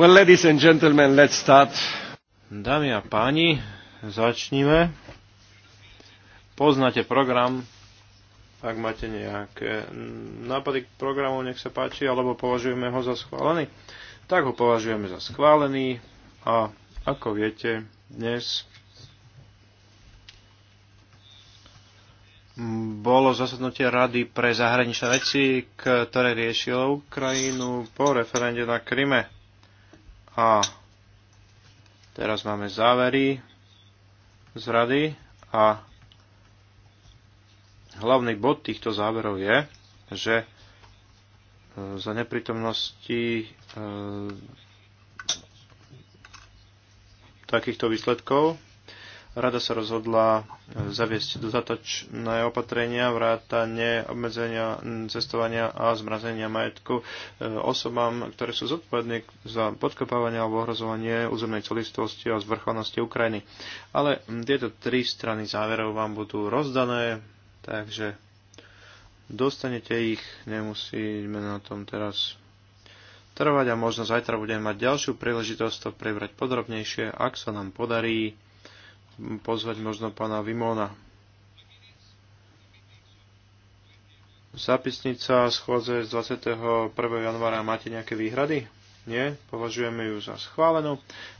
Well, ladies and gentlemen, let's start. Dámy a páni, začníme. Poznáte program. Ak máte nejaké nápady k programu, nech sa páči, alebo považujeme ho za schválený. Tak ho považujeme za schválený a ako viete, dnes bolo zasadnutie Rady pre zahraničné veci, ktoré riešilo Ukrajinu po referende na Kryme. A teraz máme závery z rady a hlavný bod týchto záverov je, že e, za neprítomnosti e, takýchto výsledkov Rada sa rozhodla e, zaviesť dodatočné opatrenia, vrátanie obmedzenia cestovania a zmrazenia majetku e, osobám, ktoré sú zodpovedné za podkopávanie alebo ohrozovanie územnej celistvosti a zvrchovanosti Ukrajiny. Ale tieto tri strany záverov vám budú rozdané, takže dostanete ich, nemusíme na tom teraz trvať a možno zajtra budeme mať ďalšiu príležitosť to prebrať podrobnejšie, ak sa nám podarí pozvať možno pána Vimona. Zápisnica schôdze z 21. januára. Máte nejaké výhrady? Nie? Považujeme ju za schválenú.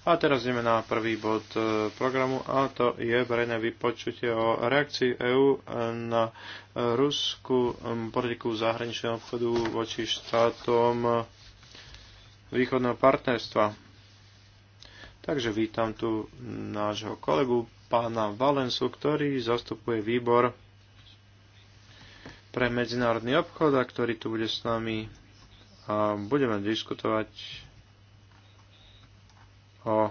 A teraz ideme na prvý bod e, programu a to je verejné vypočutie o reakcii EÚ na ruskú politiku zahraničného obchodu voči štátom východného partnerstva. Takže vítam tu nášho kolegu pána Valensu, ktorý zastupuje výbor pre medzinárodný obchod a ktorý tu bude s nami a budeme diskutovať o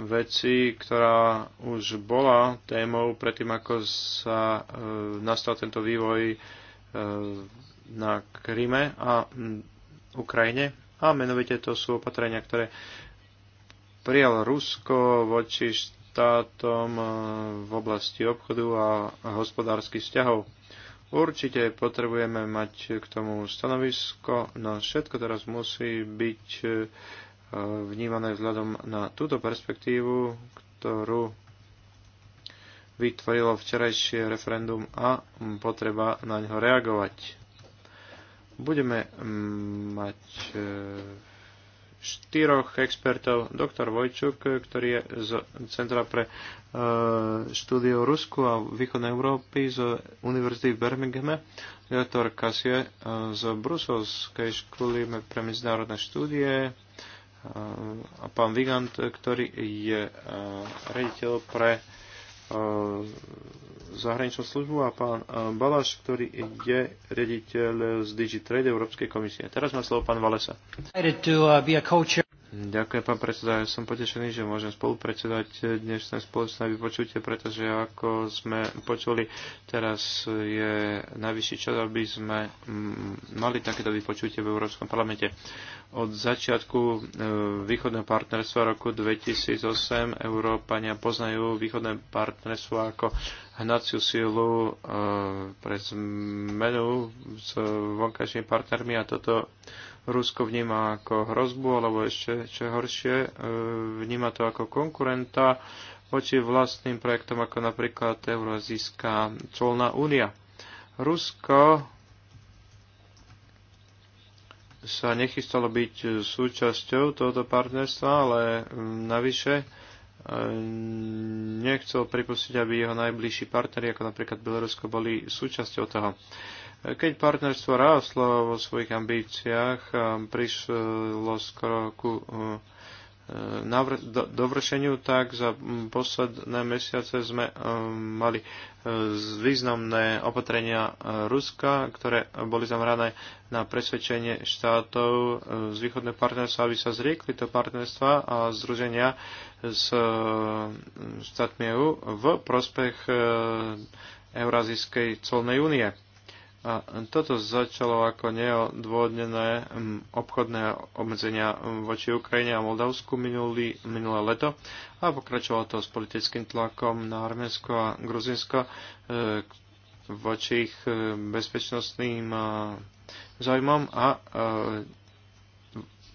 veci, ktorá už bola témou predtým, ako sa e, nastal tento vývoj e, na Kryme a m, Ukrajine. A menovite to sú opatrenia, ktoré prijalo Rusko voči štátom eh, v oblasti obchodu a hospodárskych vzťahov. Určite potrebujeme mať k tomu stanovisko, no všetko teraz musí byť eh, vnímané vzhľadom na túto perspektívu, ktorú vytvorilo včerajšie referendum a potreba na ňo reagovať budeme mm, mať e, štyroch expertov. Doktor Vojčuk, ktorý je z Centra pre e, štúdiu Rusku a východnej Európy z Univerzity v Birminghame. Doktor Kasie e, z Bruselskej školy pre medzinárodné štúdie a pán Vigant, ktorý je rediteľ pre E, zahraničnú službu a pán e, Balaš, ktorý je rediteľ z Digitrade Európskej komisie. Teraz má slovo pán Valesa. Ďakujem, pán predseda. Ja som potešený, že môžem spolupredsedať dnešné spoločné vypočutie, pretože ako sme počuli, teraz je najvyšší čas, aby sme mm, mali takéto vypočutie v Európskom parlamente. Od začiatku e, východného partnerstva roku 2008 Európania poznajú východné partnerstvo ako hnaciu sílu e, pre zmenu s vonkajšími partnermi a toto Rusko vníma ako hrozbu, alebo ešte čo horšie, e, vníma to ako konkurenta voči vlastným projektom, ako napríklad Eurozijská colná únia. Rusko sa nechystalo byť súčasťou tohoto partnerstva, ale navyše e, nechcel pripustiť, aby jeho najbližší partneri, ako napríklad Bielorusko, boli súčasťou toho. Keď partnerstvo ráslo vo svojich ambíciách, um, prišlo skoro ku uh, uh, dovršeniu, tak za um, posledné mesiace sme um, mali uh, významné opatrenia Ruska, ktoré boli zamerané na presvedčenie štátov z východného partnerstva, aby sa zriekli to partnerstva a združenia s štátmi EU v prospech Eurázijskej colnej únie. A toto začalo ako neodvodnené mm, obchodné obmedzenia voči Ukrajine a Moldavsku minulý, minulé leto a pokračovalo to s politickým tlakom na Arménsko a Gruzinsko e, voči ich e, bezpečnostným a, e, zaujímom a e,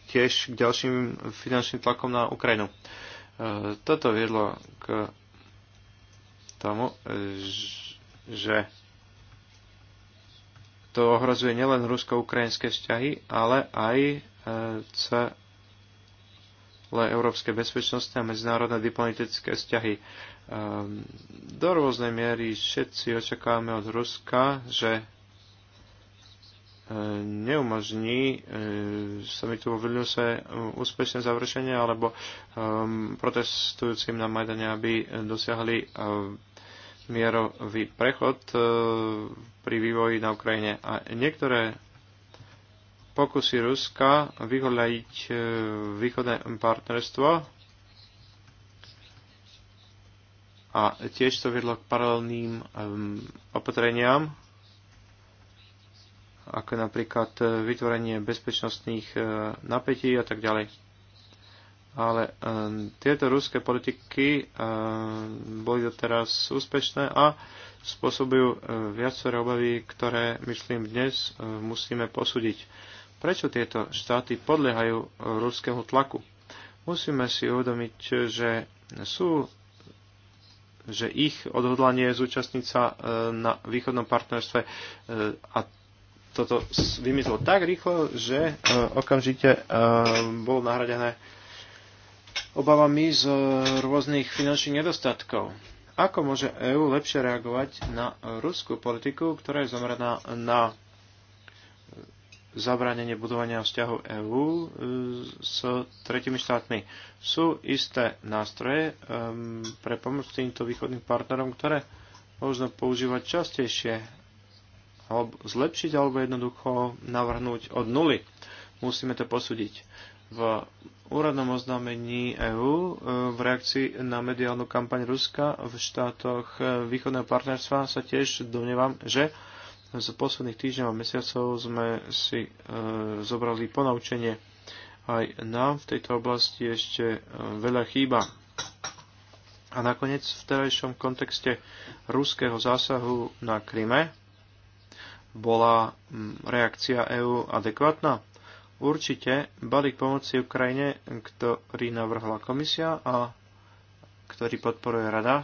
tiež k ďalším finančným tlakom na Ukrajinu. E, toto viedlo k tomu, e, že to ohrozuje nielen rusko-ukrajinské vzťahy, ale aj e, celé európske bezpečnostné a medzinárodné diplomatické vzťahy. E, do rôznej miery všetci očakávame od Ruska, že e, neumožní sa mi tu vo Vilniuse úspešné završenie alebo protestujúcim na Majdane, aby dosiahli mierový prechod e, pri vývoji na Ukrajine. A niektoré pokusy Ruska vyhľadiť e, východné partnerstvo a tiež to vedlo k paralelným opatreniam, ako napríklad e, vytvorenie bezpečnostných napätí a tak ďalej ale um, tieto ruské politiky um, boli doteraz úspešné a spôsobujú um, viaceré obavy, ktoré, myslím, dnes um, musíme posúdiť. Prečo tieto štáty podliehajú ruskému tlaku? Musíme si uvedomiť, že sú že ich odhodlanie je zúčastniť sa na východnom partnerstve a toto vymizlo tak rýchlo, že okamžite bolo nahradené obavami z e, rôznych finančných nedostatkov. Ako môže EÚ lepšie reagovať na ruskú politiku, ktorá je zameraná na e, zabránenie budovania vzťahov EÚ e, s tretimi štátmi? Sú isté nástroje pre pomoc týmto východným partnerom, ktoré možno používať častejšie, alebo zlepšiť, alebo jednoducho navrhnúť od nuly. Musíme to posúdiť v úradnom oznámení EÚ e, v reakcii na mediálnu kampaň Ruska v štátoch e, východného partnerstva sa tiež domnievam, že z posledných týždňov a mesiacov sme si e, zobrali ponaučenie. Aj nám v tejto oblasti ešte e, veľa chýba. A nakoniec v terajšom kontexte ruského zásahu na Kryme bola reakcia EÚ adekvátna? Určite balík pomoci Ukrajine, ktorý navrhla komisia a ktorý podporuje rada,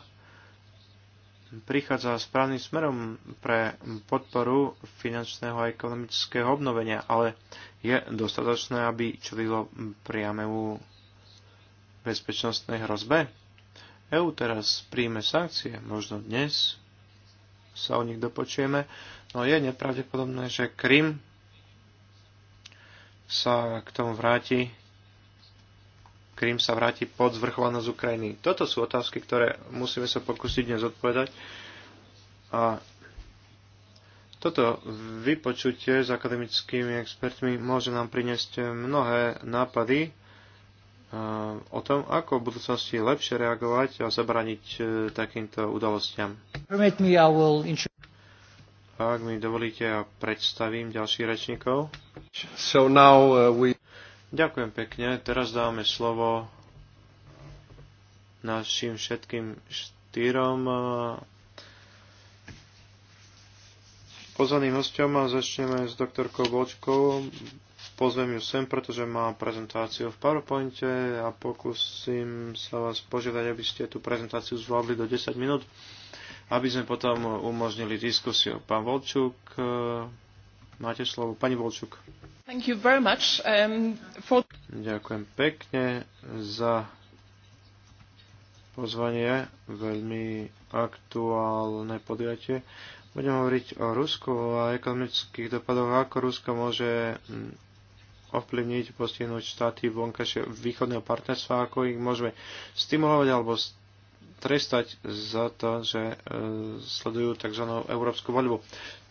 prichádza správnym smerom pre podporu finančného a ekonomického obnovenia, ale je dostatočné, aby čelilo priamému bezpečnostnej hrozbe? EU teraz príjme sankcie, možno dnes sa o nich dopočujeme, no je nepravdepodobné, že Krym sa k tomu vráti, Krym sa vráti pod zvrchovanosť Ukrajiny. Toto sú otázky, ktoré musíme sa pokúsiť dnes odpovedať. A toto vypočutie s akademickými expertmi môže nám priniesť mnohé nápady o tom, ako v budúcnosti lepšie reagovať a zabraniť e, takýmto udalostiam. Ak mi dovolíte, ja predstavím ďalších rečníkov. So now uh, we... Ďakujem pekne. Teraz dáme slovo našim všetkým štyrom uh, pozvaným hostom a začneme s doktorkou Bočkou. Pozvem ju sem, pretože má prezentáciu v PowerPointe a pokúsim sa vás požiadať, aby ste tú prezentáciu zvládli do 10 minút aby sme potom umožnili diskusiu. Pán Volčuk, eh, máte slovo. Pani Volčuk. Thank you very much, um, for... Ďakujem pekne za pozvanie, veľmi aktuálne podujatie. Budem hovoriť o Rusku a ekonomických dopadoch, ako Rusko môže mm, ovplyvniť, postihnúť štáty vonkajšie východného partnerstva, ako ich môžeme stimulovať alebo trestať za to, že e, sledujú tzv. európsku voľbu.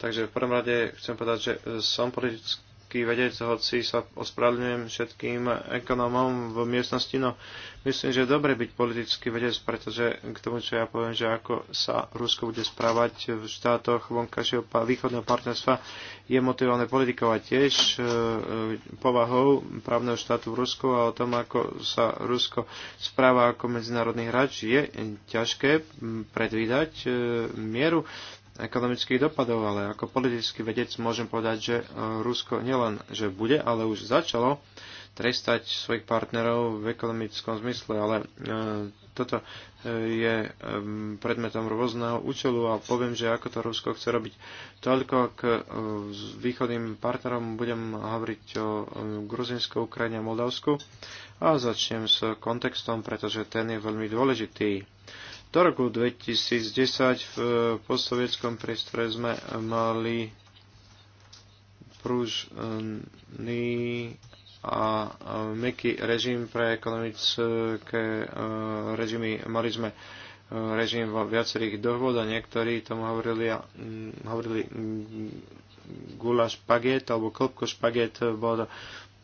Takže v prvom rade chcem povedať, že som politický slovenský vedec, hoci sa ospravedlňujem všetkým ekonomom v miestnosti, no myslím, že je dobre byť politický vedec, pretože k tomu, čo ja poviem, že ako sa Rusko bude správať v štátoch vonkajšieho východného partnerstva, je motivované politikovať tiež e, e, povahou právneho štátu v Rusku a o tom, ako sa Rusko správa ako medzinárodný hráč, je ťažké predvídať e, mieru ekonomických dopadov, ale ako politický vedec môžem povedať, že e, Rusko nielen, že bude, ale už začalo trestať svojich partnerov v ekonomickom zmysle, ale e, toto e, je predmetom rôzneho účelu a poviem, že ako to Rusko chce robiť. Toľko k východným partnerom budem hovoriť o Gruzinsku, Ukrajine a Moldavsku a začnem s kontextom, pretože ten je veľmi dôležitý. Do roku 2010 v eh, postsovietskom priestore sme mali pružný a meký režim pre ekonomické eh, režimy. Mali sme eh, režim vo viacerých dohôd a niektorí tomu hovorili, mm, hovorili mm, gula špaget alebo klopko špaget, bolo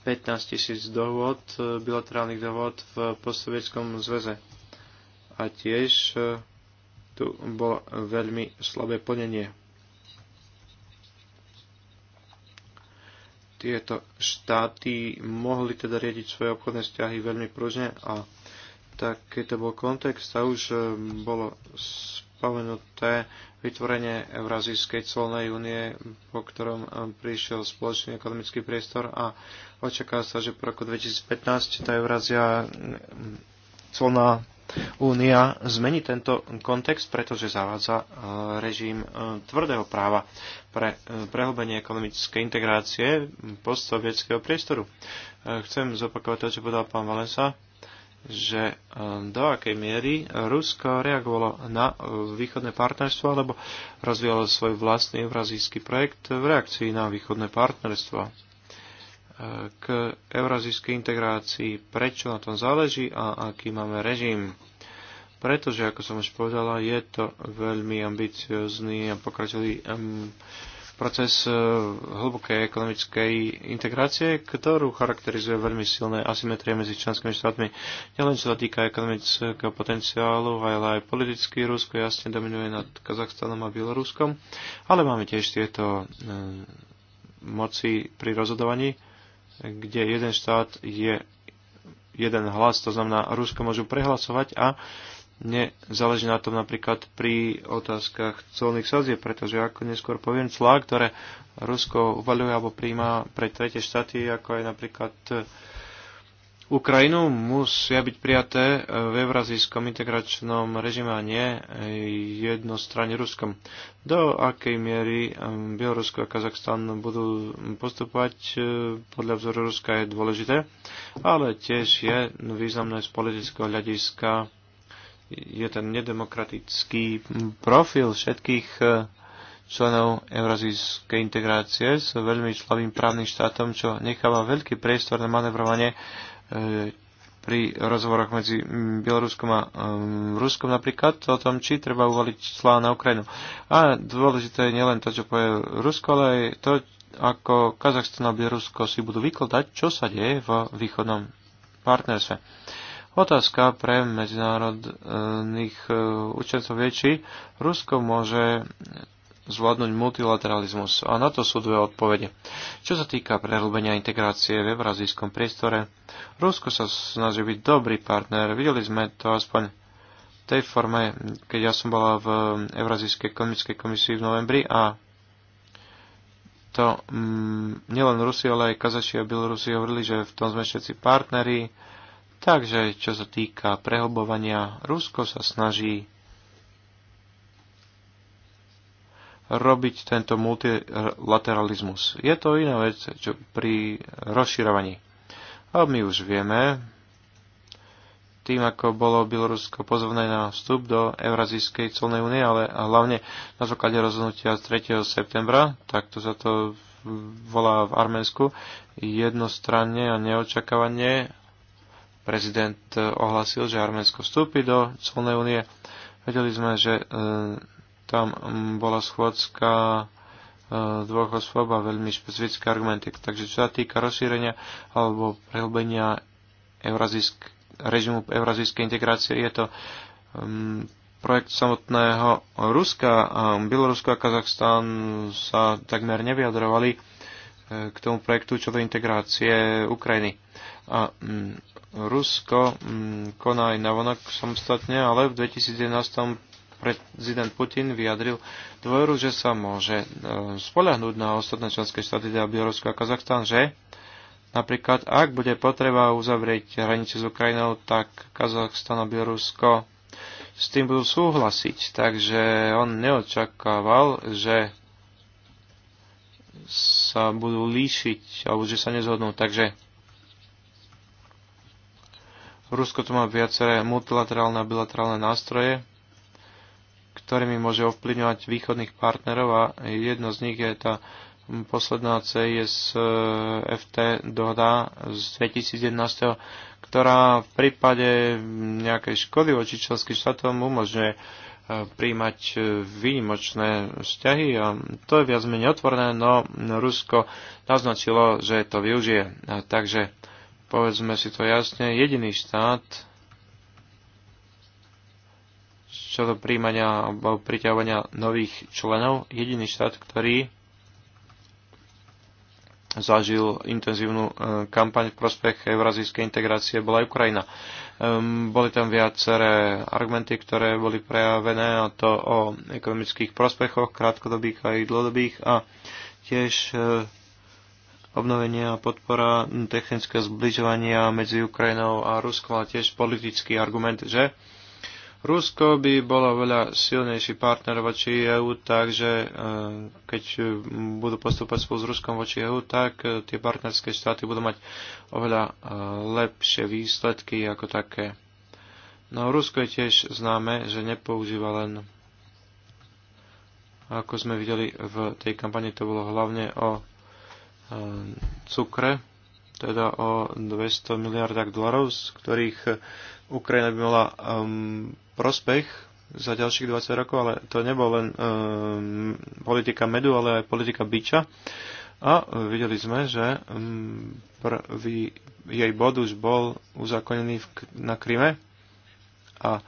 15 tisíc dohôd, bilaterálnych dohôd v postsovietskom zväze a tiež e, tu bolo veľmi slabé plnenie. Tieto štáty mohli teda riediť svoje obchodné vzťahy veľmi pružne a keď to bol kontext a už e, bolo spomenuté vytvorenie Eurázijskej colnej únie, po ktorom e, prišiel spoločný ekonomický priestor a očaká sa, že po roku 2015 tá Eurázia colná únia zmení tento kontext, pretože zavádza e, režim e, tvrdého práva pre e, prehlbenie ekonomickej integrácie postsovietského priestoru. Chcem zopakovať to, čo povedal pán Valensa že do akej miery Rusko reagovalo na východné partnerstvo alebo rozvíjalo svoj vlastný eurazijský projekt v reakcii na východné partnerstvo k eurazijskej integrácii, prečo na tom záleží a aký máme režim. Pretože, ako som už povedala, je to veľmi ambiciozný a pokračový um, proces eh, hlbokej ekonomickej integrácie, ktorú charakterizuje veľmi silné asymetrie medzi členskými štátmi. Nielen čo sa týka ekonomického potenciálu, ale aj politicky Rusko jasne dominuje nad Kazachstanom a Bieloruskom, ale máme tiež tieto eh, moci pri rozhodovaní kde jeden štát je jeden hlas, to znamená Rusko môžu prehlasovať a nezáleží na tom napríklad pri otázkach colných sadzie, pretože ako neskôr poviem, clá, ktoré Rusko uvaľuje alebo príjma pre tretie štáty, ako je napríklad Ukrajinu, musia byť prijaté eh, v Eurazijskom integračnom režime a nie eh, jednostranne Ruskom. Do akej miery eh, Bielorusko a Kazachstan budú postupovať podľa vzoru Ruska je dôležité, ale tiež je významné z politického hľadiska je ten nedemokratický profil všetkých členov eurazijskej integrácie s veľmi slabým právnym štátom, čo necháva veľký priestor na manevrovanie E, pri rozhovoroch medzi Bieloruskom a Ruskom napríklad o tom, či treba uvoliť slá na Ukrajinu. A dôležité je nielen to, čo povie Rusko, ale aj to, ako Kazachstan a Bielorusko si budú vykladať, čo sa deje v východnom partnerstve. Otázka pre medzinárodných e, učencov je, či Rusko môže zvládnuť multilateralizmus? A na to sú dve odpovede. Čo sa týka prehlbenia integrácie v eurazijskom priestore, Rusko sa snaží byť dobrý partner. Videli sme to aspoň v tej forme, keď ja som bola v Eurazijskej ekonomickej komisii v novembri a to mm, nielen Rusi, ale aj Kazaši a Bielorusi hovorili, že v tom sme všetci partneri. Takže, čo sa týka prehlbovania, Rusko sa snaží robiť tento multilateralizmus. Je to iná vec čo pri rozširovaní. A my už vieme, tým ako bolo Bielorusko pozvané na vstup do Eurazijskej colnej únie, ale hlavne na základe rozhodnutia z 3. septembra, tak to sa to volá v Arménsku, jednostranne a neočakávanie prezident ohlasil, že Arménsko vstúpi do colnej únie. Vedeli sme, že tam mm, bola schôdzka e, dvoch osôb a veľmi špecifické argumenty. Takže čo sa týka rozšírenia alebo prehlbenia eurazijsk, režimu eurazijskej integrácie, je to um, projekt samotného Ruska. Um, Bielorusko a Kazachstán sa takmer nevyjadrovali e, k tomu projektu čo do integrácie Ukrajiny. A um, Rusko um, koná aj navonok samostatne, ale v 2011 prezident Putin vyjadril dvojru, že sa môže e, spolahnúť na ostatné členské štáty, teda Bielorusko a Kazachstan, že napríklad ak bude potreba uzavrieť hranice s Ukrajinou, tak Kazachstan a Bielorusko s tým budú súhlasiť. Takže on neočakával, že sa budú líšiť alebo že sa nezhodnú. Takže Rusko tu má viaceré multilaterálne a bilaterálne nástroje ktorými môže ovplyvňovať východných partnerov a jedno z nich je tá posledná CISFT dohoda z 2011, ktorá v prípade nejakej škody voči členským štátom umožňuje e, príjmať e, výnimočné vzťahy a to je viac menej otvorené, no Rusko naznačilo, že to využije. Takže povedzme si to jasne, jediný štát, čo do príjmania alebo priťahovania nových členov. Jediný štát, ktorý zažil intenzívnu e, kampaň v prospech eurazijskej integrácie, bola Ukrajina. Ehm, boli tam viaceré argumenty, ktoré boli prejavené, a to o ekonomických prospechoch, krátkodobých aj dlhodobých, a tiež e, obnovenie a podpora technického zbližovania medzi Ukrajinou a Ruskom, a tiež politický argument, že Rusko by bolo veľa silnejší partner voči EU, takže e, keď e, budú postúpať spolu s Ruskom voči EU, tak e, tie partnerské štáty budú mať oveľa lepšie výsledky ako také. No Rusko je tiež známe, že nepoužíva len ako sme videli v tej kampani, to bolo hlavne o cukre, teda o 200 miliardách dolarov, z ktorých Ukrajina by mala um, prospech za ďalších 20 rokov, ale to nebol len um, politika medu, ale aj politika byča. A videli sme, že um, prvý jej bod už bol uzakonený v, na Kryme a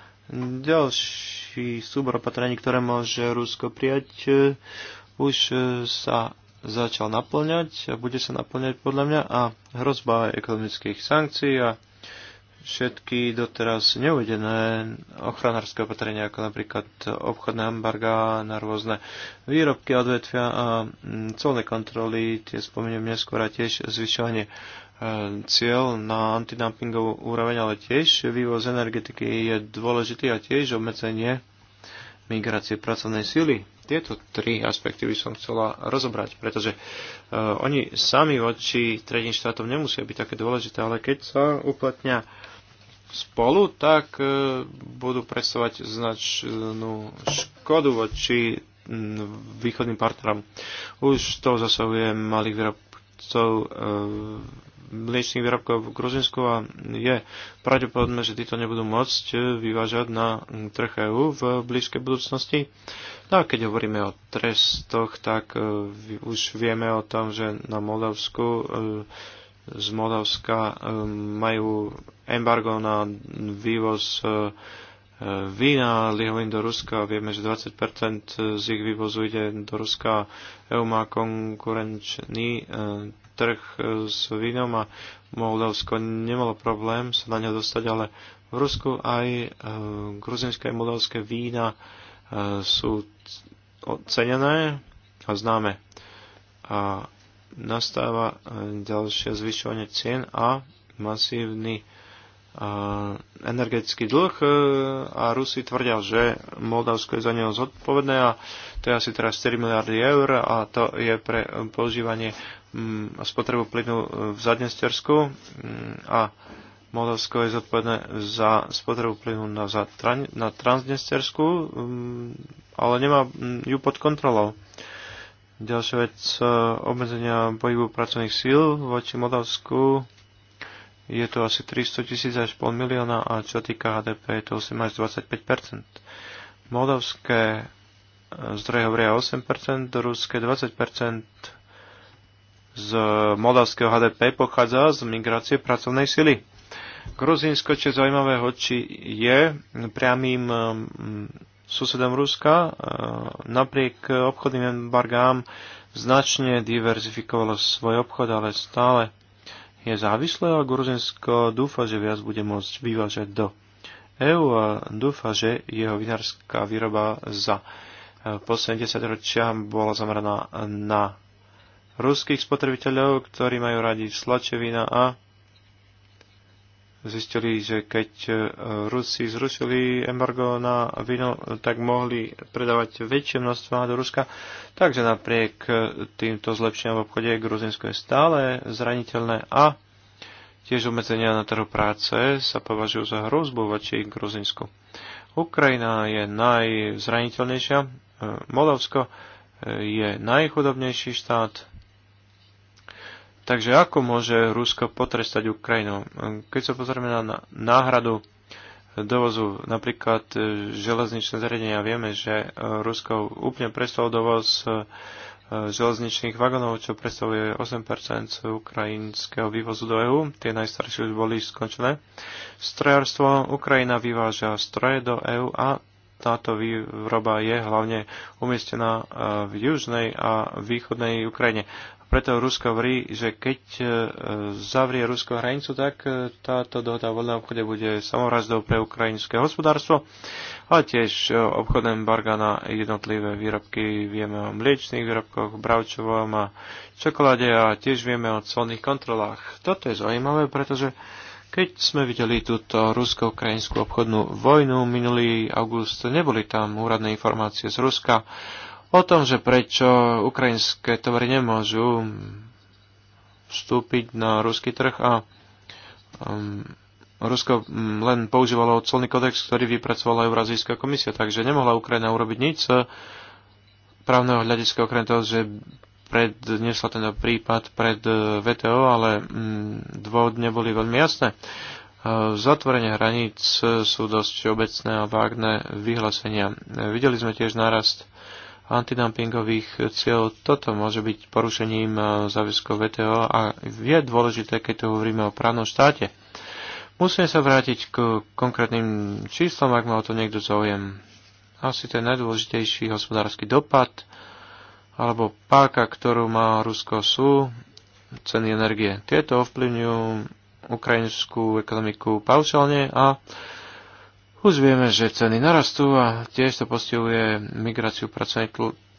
ďalší súbor opatrení, ktoré môže Rusko prijať, uh, už uh, sa začal naplňať a bude sa naplňať podľa mňa a hrozba ekonomických sankcií a všetky doteraz neuvedené ochranárske opatrenia, ako napríklad obchodné embarga na rôzne výrobky odvetvia a mm, colné kontroly, tie spomeniem neskôr a tiež zvyšovanie e, cieľ na antidumpingovú úroveň, ale tiež vývoz energetiky je dôležitý a tiež obmedzenie migrácie pracovnej sily. Tieto tri aspekty by som chcela rozobrať, pretože uh, oni sami voči tretím štátom nemusia byť také dôležité, ale keď sa uplatňa spolu, tak uh, budú predstavovať značnú škodu voči východným partnerom. Už to zasahuje malých výrobcov e, mliečných výrobkov v Gruzinsku a je pravdepodobné, že títo nebudú môcť e, vyvážať na trh EU v blízkej budúcnosti. No a keď hovoríme o trestoch, tak e, už vieme o tom, že na Moldavsku e, z Moldavska majú embargo na vývoz vína lihovín do Ruska. Vieme, že 20% z ich vývozu ide do Ruska. EU má konkurenčný e, trh e, s vínom a Moldavsko nemalo problém sa na ňa dostať, ale v Rusku aj e, gruzinské a moldavské vína sú ocenené a známe. A nastáva ďalšie zvyšovanie cien a masívny energetický dlh e, a Rusi tvrdia, že Moldavsko je za neho zodpovedné a to je asi teraz 4 miliardy eur a to je pre používanie mm, a spotrebu plynu e, v Zadnestersku mm, a Moldavsko je zodpovedné za spotrebu plynu na, za, na Transnestersku, mm, ale nemá ju pod kontrolou. Ďalšia vec, e, obmedzenia pohybu pracovných síl voči Moldavsku je to asi 300 tisíc až pol milióna a čo týka HDP je to 8 až 25 Moldavské e, zdroje hovoria 8 ruské 20 z moldavského HDP pochádza z migrácie pracovnej sily. Gruzínsko, čo je zaujímavé, hoči je priamým e, susedom Ruska, e, napriek obchodným embargám značne diverzifikovalo svoj obchod, ale stále je závislé a Gruzinsko dúfa, že viac bude môcť vyvážať do EÚ a dúfa, že jeho vinárska výroba za e, posledné 10 ročia bola zameraná na ruských spotrebiteľov, ktorí majú radi sladšie vína a zistili, že keď e, Rusi zrušili embargo na víno, tak mohli predávať väčšie množstva do Ruska. Takže napriek e, týmto zlepšeniam v obchode Gruzinsko je stále zraniteľné a tiež obmedzenia na trhu práce sa považujú za hrozbu voči Gruzinsku. Ukrajina je najzraniteľnejšia, e, Moldavsko je najchudobnejší štát Takže ako môže Rusko potrestať Ukrajinu? Keď sa pozrieme na náhradu dovozu, napríklad e, železničné zariadenia, vieme, že e, Rusko úplne prestalo dovoz e, železničných vagónov, čo predstavuje 8% ukrajinského vývozu do EÚ. Tie najstaršie už boli skončené. Strojárstvo Ukrajina vyváža stroje do EÚ a táto výroba je hlavne umiestnená v južnej a východnej Ukrajine. Preto Rusko hovorí, že keď e, zavrie Rusko hranicu, tak e, táto dohoda o voľnom obchode bude samovrazdou pre ukrajinské hospodárstvo, ale tiež e, obchodné embarga na jednotlivé výrobky. Vieme o mliečných výrobkoch, bravčovom a čokoláde a tiež vieme o colných kontrolách. Toto je zaujímavé, pretože keď sme videli túto rusko-ukrajinskú obchodnú vojnu minulý august, neboli tam úradné informácie z Ruska o tom, že prečo ukrajinské tovary nemôžu vstúpiť na ruský trh a um, Rusko um, len používalo colný kodex, ktorý vypracovala Eurázijská komisia, takže nemohla Ukrajina urobiť nič právneho hľadiska, okrem toho, že predniesla ten prípad pred uh, VTO, ale um, dôvody neboli veľmi jasné. Uh, zatvorenie hraníc sú dosť obecné a vágne vyhlásenia. Videli sme tiež nárast antidumpingových cieľov. Toto môže byť porušením e, záväzkov VTO a je dôležité, keď tu hovoríme o právnom štáte. Musíme sa vrátiť k konkrétnym číslom, ak ma o to niekto zaujem. Asi ten najdôležitejší hospodársky dopad alebo páka, ktorú má Rusko, sú ceny energie. Tieto ovplyvňujú ukrajinskú ekonomiku paušálne a už vieme, že ceny narastú a tiež to postihuje migráciu pracovnej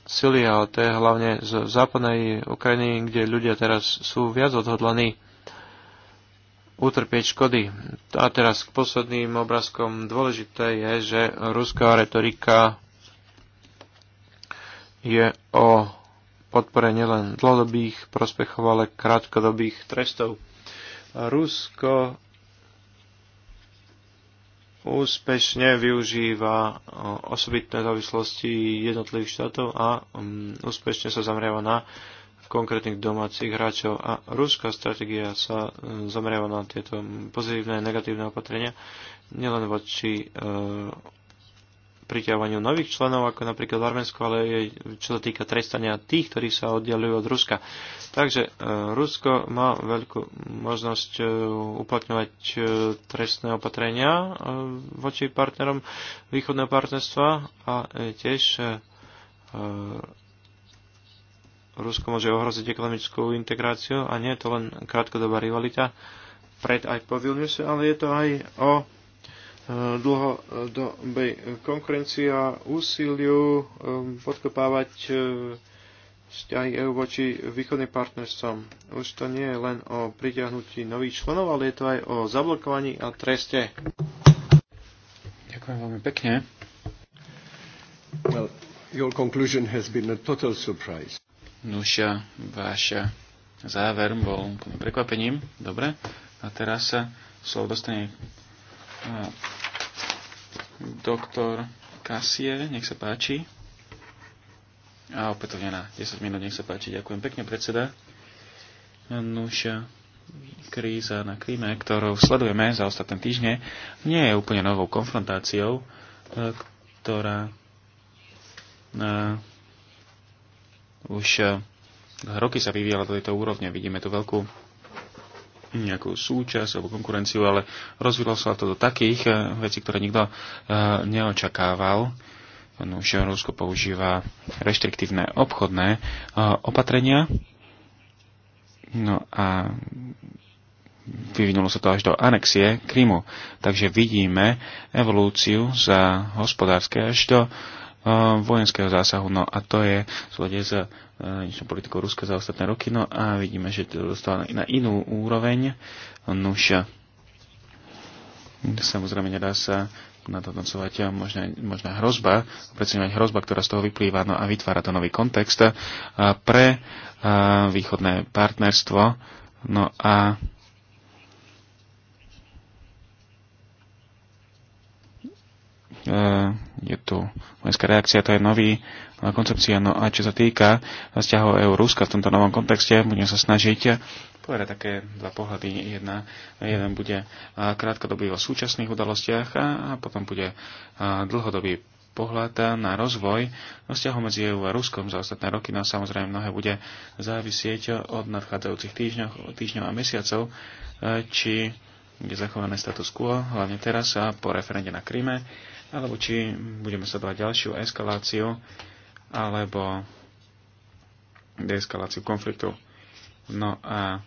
sily, ale to je hlavne z západnej Ukrajiny, kde ľudia teraz sú viac odhodlaní utrpieť škody. A teraz k posledným obrázkom dôležité je, že ruská retorika je o podpore nielen dlhodobých prospechov, ale krátkodobých trestov. Rusko úspešne využíva osobitné závislosti jednotlivých štátov a mm, úspešne sa zameriava na konkrétnych domácich hráčov. A ruská stratégia sa e, zameriava na tieto pozitívne a negatívne opatrenia, nielen voči e, priťahovaniu nových členov, ako napríklad Arménsku, ale je, čo sa týka trestania tých, ktorí sa oddelujú od Ruska. Takže e, Rusko má veľkú možnosť e, uplatňovať e, trestné opatrenia voči partnerom východného partnerstva a tiež Rusko môže ohroziť ekonomickú integráciu a nie je to len krátkodobá rivalita pred aj po Vilniuse, ale je to aj o dlhodobej e, konkurencii a úsiliu e, podkopávať e, vzťahy EU voči východným partnerstvom. Už to nie je len o pritiahnutí nových členov, ale je to aj o zablokovaní a treste. Ďakujem veľmi pekne. Well, your conclusion has been a total surprise. Nuša, váša záver bol prekvapením. Dobre. A teraz sa slovo dostane Doktor Kasie, nech sa páči. A opätovne na 10 minút, nech sa páči. Ďakujem pekne, predseda. Nuša, kríza na Kríme, ktorú sledujeme za ostatné týždne, nie je úplne novou konfrontáciou, e, ktorá e, už e, roky sa vyvíjala do tejto úrovne. Vidíme tu veľkú nejakú súčasť alebo konkurenciu, ale rozvilo sa to do takých eh, vecí, ktoré nikto eh, neočakával. No, že Rusko používa reštriktívne obchodné eh, opatrenia. No a vyvinulo sa to až do anexie Krymu. Takže vidíme evolúciu za hospodárske až do Eh, vojenského zásahu. No a to je súlade s zahraničnou eh, politikou Ruska za ostatné roky. No a vidíme, že to dostáva na inú úroveň. No už samozrejme nedá sa na to tancovať a eh, možná, možná hrozba, predsedňovať hrozba, ktorá z toho vyplýva no a vytvára to nový kontext pre východné partnerstvo. No a uh, je tu vojenská reakcia, to je nový koncepcia. No a čo sa týka vzťahov EU-Ruska v tomto novom kontexte, budem sa snažiť povedať také dva pohľady. Jedna, jeden bude krátkodobý o súčasných udalostiach a, a potom bude dlhodobý pohľad na rozvoj vzťahov medzi EU a Ruskom za ostatné roky. No samozrejme mnohé bude závisieť od nadchádzajúcich týždňov, týždňov a mesiacov, e, či bude zachované status quo, hlavne teraz a po referende na Kryme alebo či budeme sa dávať ďalšiu eskaláciu, alebo deeskaláciu konfliktu. No a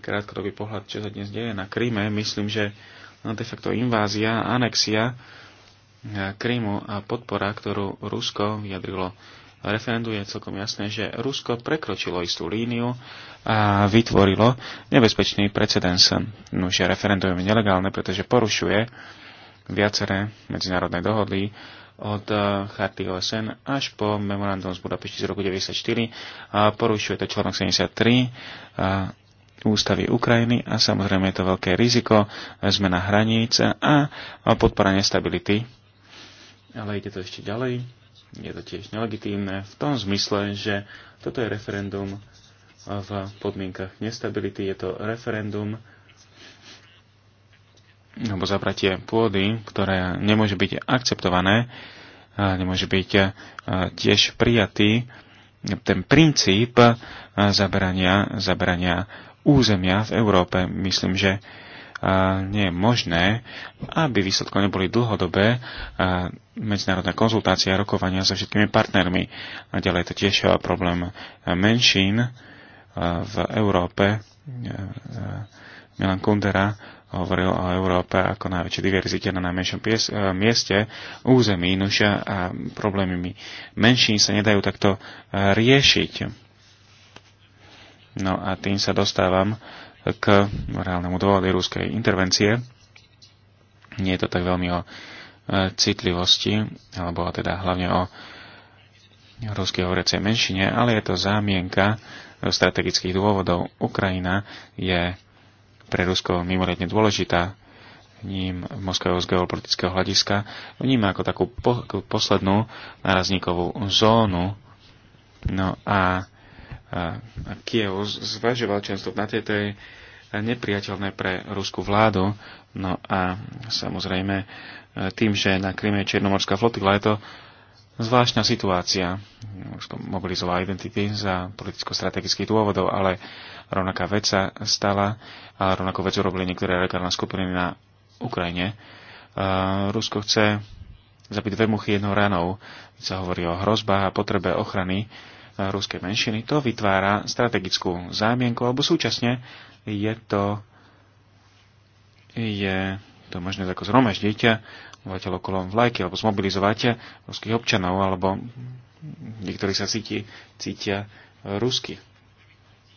krátkodobý pohľad, čo sa dnes deje na Kríme, myslím, že no, de facto invázia, anexia Krímu a podpora, ktorú Rusko vyjadrilo referendu, je celkom jasné, že Rusko prekročilo istú líniu a vytvorilo nebezpečný precedens. No, že referendum je nelegálne, pretože porušuje viaceré medzinárodné dohody od eh, charty OSN až po memorandum z Budapešti z roku 1994. Eh, porušuje to článok 73 eh, ústavy Ukrajiny a samozrejme je to veľké riziko, zmena hraníc a podpora nestability. Ale ide to ešte ďalej. Je to tiež nelegitímne v tom zmysle, že toto je referendum v podmienkach nestability. Je to referendum alebo zabratie pôdy, ktoré nemôže byť akceptované, nemôže byť tiež prijatý ten princíp zabrania, zabrania územia v Európe. Myslím, že nie je možné, aby výsledkom neboli dlhodobé medzinárodné konzultácie a rokovania so všetkými partnermi. A ďalej je to tiež problém menšín v Európe. Milan Kundera hovoril o Európe ako najväčšej diverzite na najmenšom pies, e, mieste, území nuša a problémy menšín sa nedajú takto e, riešiť. No a tým sa dostávam k reálnemu dôvodu rúskej intervencie. Nie je to tak veľmi o e, citlivosti, alebo teda hlavne o ruskej hovoriacej menšine, ale je to zámienka strategických dôvodov. Ukrajina je pre Rusko mimoriadne dôležitá, ním Moskvého z geopolitického hľadiska vníma ako takú po, poslednú nárazníkovú zónu. No a, a, a Kiev zvažoval často na tieto je nepriateľné pre ruskú vládu. No a samozrejme e, tým, že na Kryme je Černomorská flotila, je to zvláštna situácia. Už to mobilizovala identity za politicko-strategických dôvodov, ale rovnaká vec sa stala a rovnakú vec urobili niektoré radikálne skupiny na Ukrajine. Rusko chce zabiť dve muchy jednou ranou. Sa hovorí o hrozbách a potrebe ochrany ruskej menšiny. To vytvára strategickú zámienku, alebo súčasne je to je to možné ako zhromaždiť obyvateľ okolo vlajky, alebo zmobilizovať ruských občanov, alebo niektorí sa cíti, cítia rusky.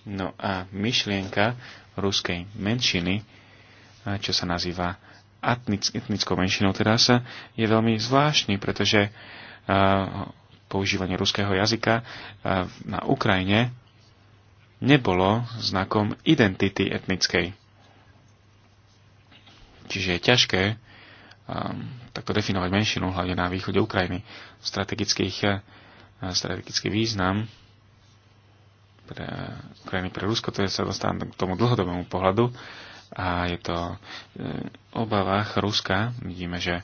No a myšlienka ruskej menšiny, čo sa nazýva etnickou menšinou teraz, je veľmi zvláštny, pretože používanie ruského jazyka na Ukrajine nebolo znakom identity etnickej. Čiže je ťažké Ehm, takto definovať menšinu, hlavne na východe Ukrajiny. Strategických, eh, strategický význam pre Ukrajiny, pre Rusko, to je sa dostávam k tomu dlhodobému pohľadu a je to v eh, obavách Ruska. Vidíme, že eh,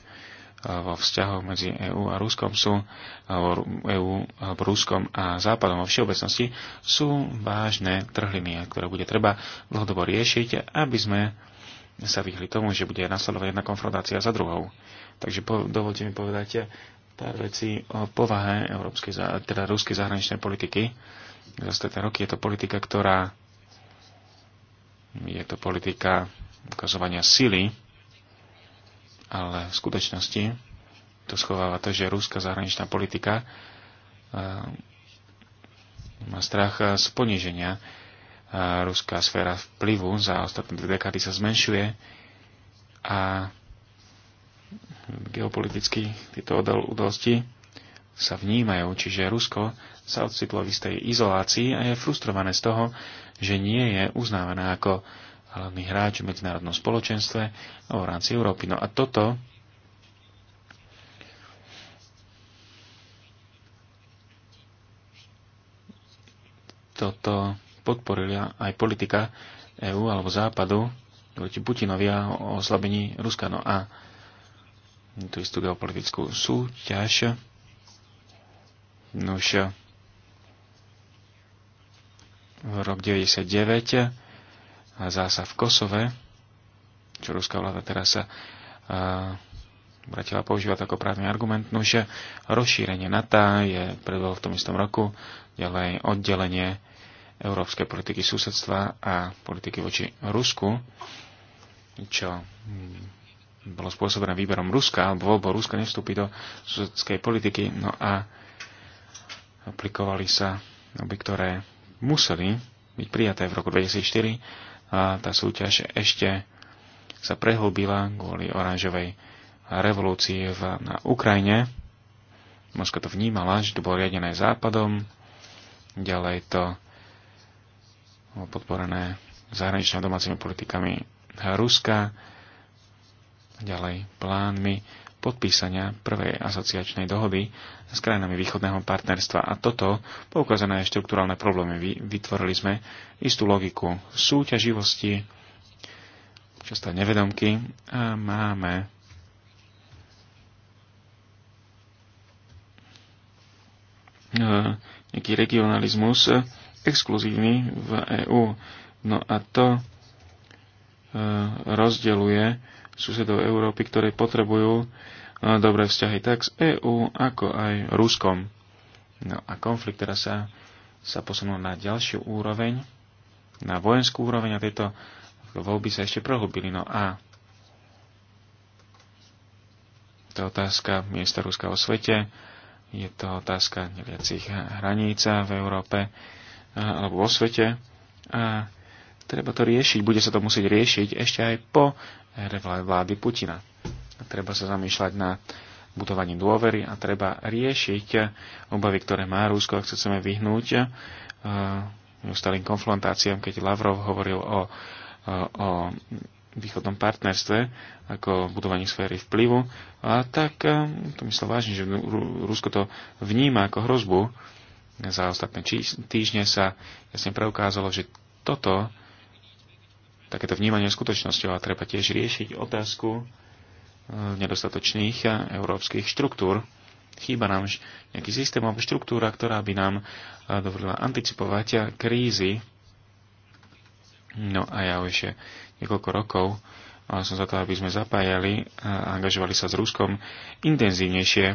vo vzťahoch medzi EÚ a Ruskom sú, alebo EÚ, alebo Ruskom a Západom vo všeobecnosti sú vážne trhliny, ktoré bude treba dlhodobo riešiť, aby sme sa vyhli tomu, že bude nasledovať jedna konfrontácia za druhou. Takže po, dovolte mi povedať pár vecí o povahe európskej, teda ruskej zahraničnej politiky. Za ostatné roky je to politika, ktorá je to politika ukazovania sily, ale v skutočnosti to schováva to, že ruská zahraničná politika eh, má strach z poníženia ruská sféra vplyvu za ostatné dve dekády sa zmenšuje a geopoliticky tieto udalosti sa vnímajú, čiže Rusko sa ocitlo v istej izolácii a je frustrované z toho, že nie je uznávané ako hlavný hráč v medzinárodnom spoločenstve a v rámci Európy. No a toto toto podporila aj politika EÚ alebo Západu proti Putinovi a o oslabení Ruska. No a tú istú geopolitickú súťaž. už v rok 99 a zása v Kosove, čo ruská vláda teraz sa Bratila používať ako právny argument, no že rozšírenie NATO je predvol v tom istom roku, ďalej oddelenie európskej politiky susedstva a politiky voči Rusku, čo bolo spôsobené výberom Ruska, alebo voľbou Ruska nevstúpi do susedskej politiky, no a aplikovali sa aby ktoré museli byť prijaté v roku 2004 a tá súťaž ešte sa prehlbila kvôli oranžovej revolúcii v, na Ukrajine. Moskva to vnímala, že to bolo riadené západom, ďalej to podporené zahraničnými domácimi politikami Ruska, ďalej plánmi podpísania prvej asociačnej dohody s krajinami východného partnerstva. A toto poukazané štruktúralne problémy. Vytvorili sme istú logiku súťaživosti, často nevedomky a máme nejaký regionalizmus, exkluzívny v EÚ. No a to e, rozdeluje susedov Európy, ktoré potrebujú e, dobré vzťahy tak s EÚ, ako aj Ruskom. No a konflikt teraz sa, sa posunul na ďalšiu úroveň, na vojenskú úroveň a tieto voľby sa ešte prohlbili. No a to otázka miesta Ruska o svete, je to otázka neviacich hraníc v Európe, alebo vo svete a treba to riešiť, bude sa to musieť riešiť ešte aj po vlády Putina. Treba sa zamýšľať na budovaním dôvery a treba riešiť obavy, ktoré má Rusko, ak chceme vyhnúť neustalým konfrontáciám, keď Lavrov hovoril o, o, o východnom partnerstve ako budovaní sféry vplyvu, a tak to myslel vážne, že Rusko to vníma ako hrozbu za ostatné týždne sa jasne preukázalo, že toto, takéto vnímanie skutočnosťou a treba tiež riešiť otázku e, nedostatočných e, európskych štruktúr. Chýba nám nejaký systémová štruktúra, ktorá by nám e, dovolila anticipovať krízy. No a ja už niekoľko rokov som za to, aby sme zapájali a angažovali sa s Ruskom intenzívnejšie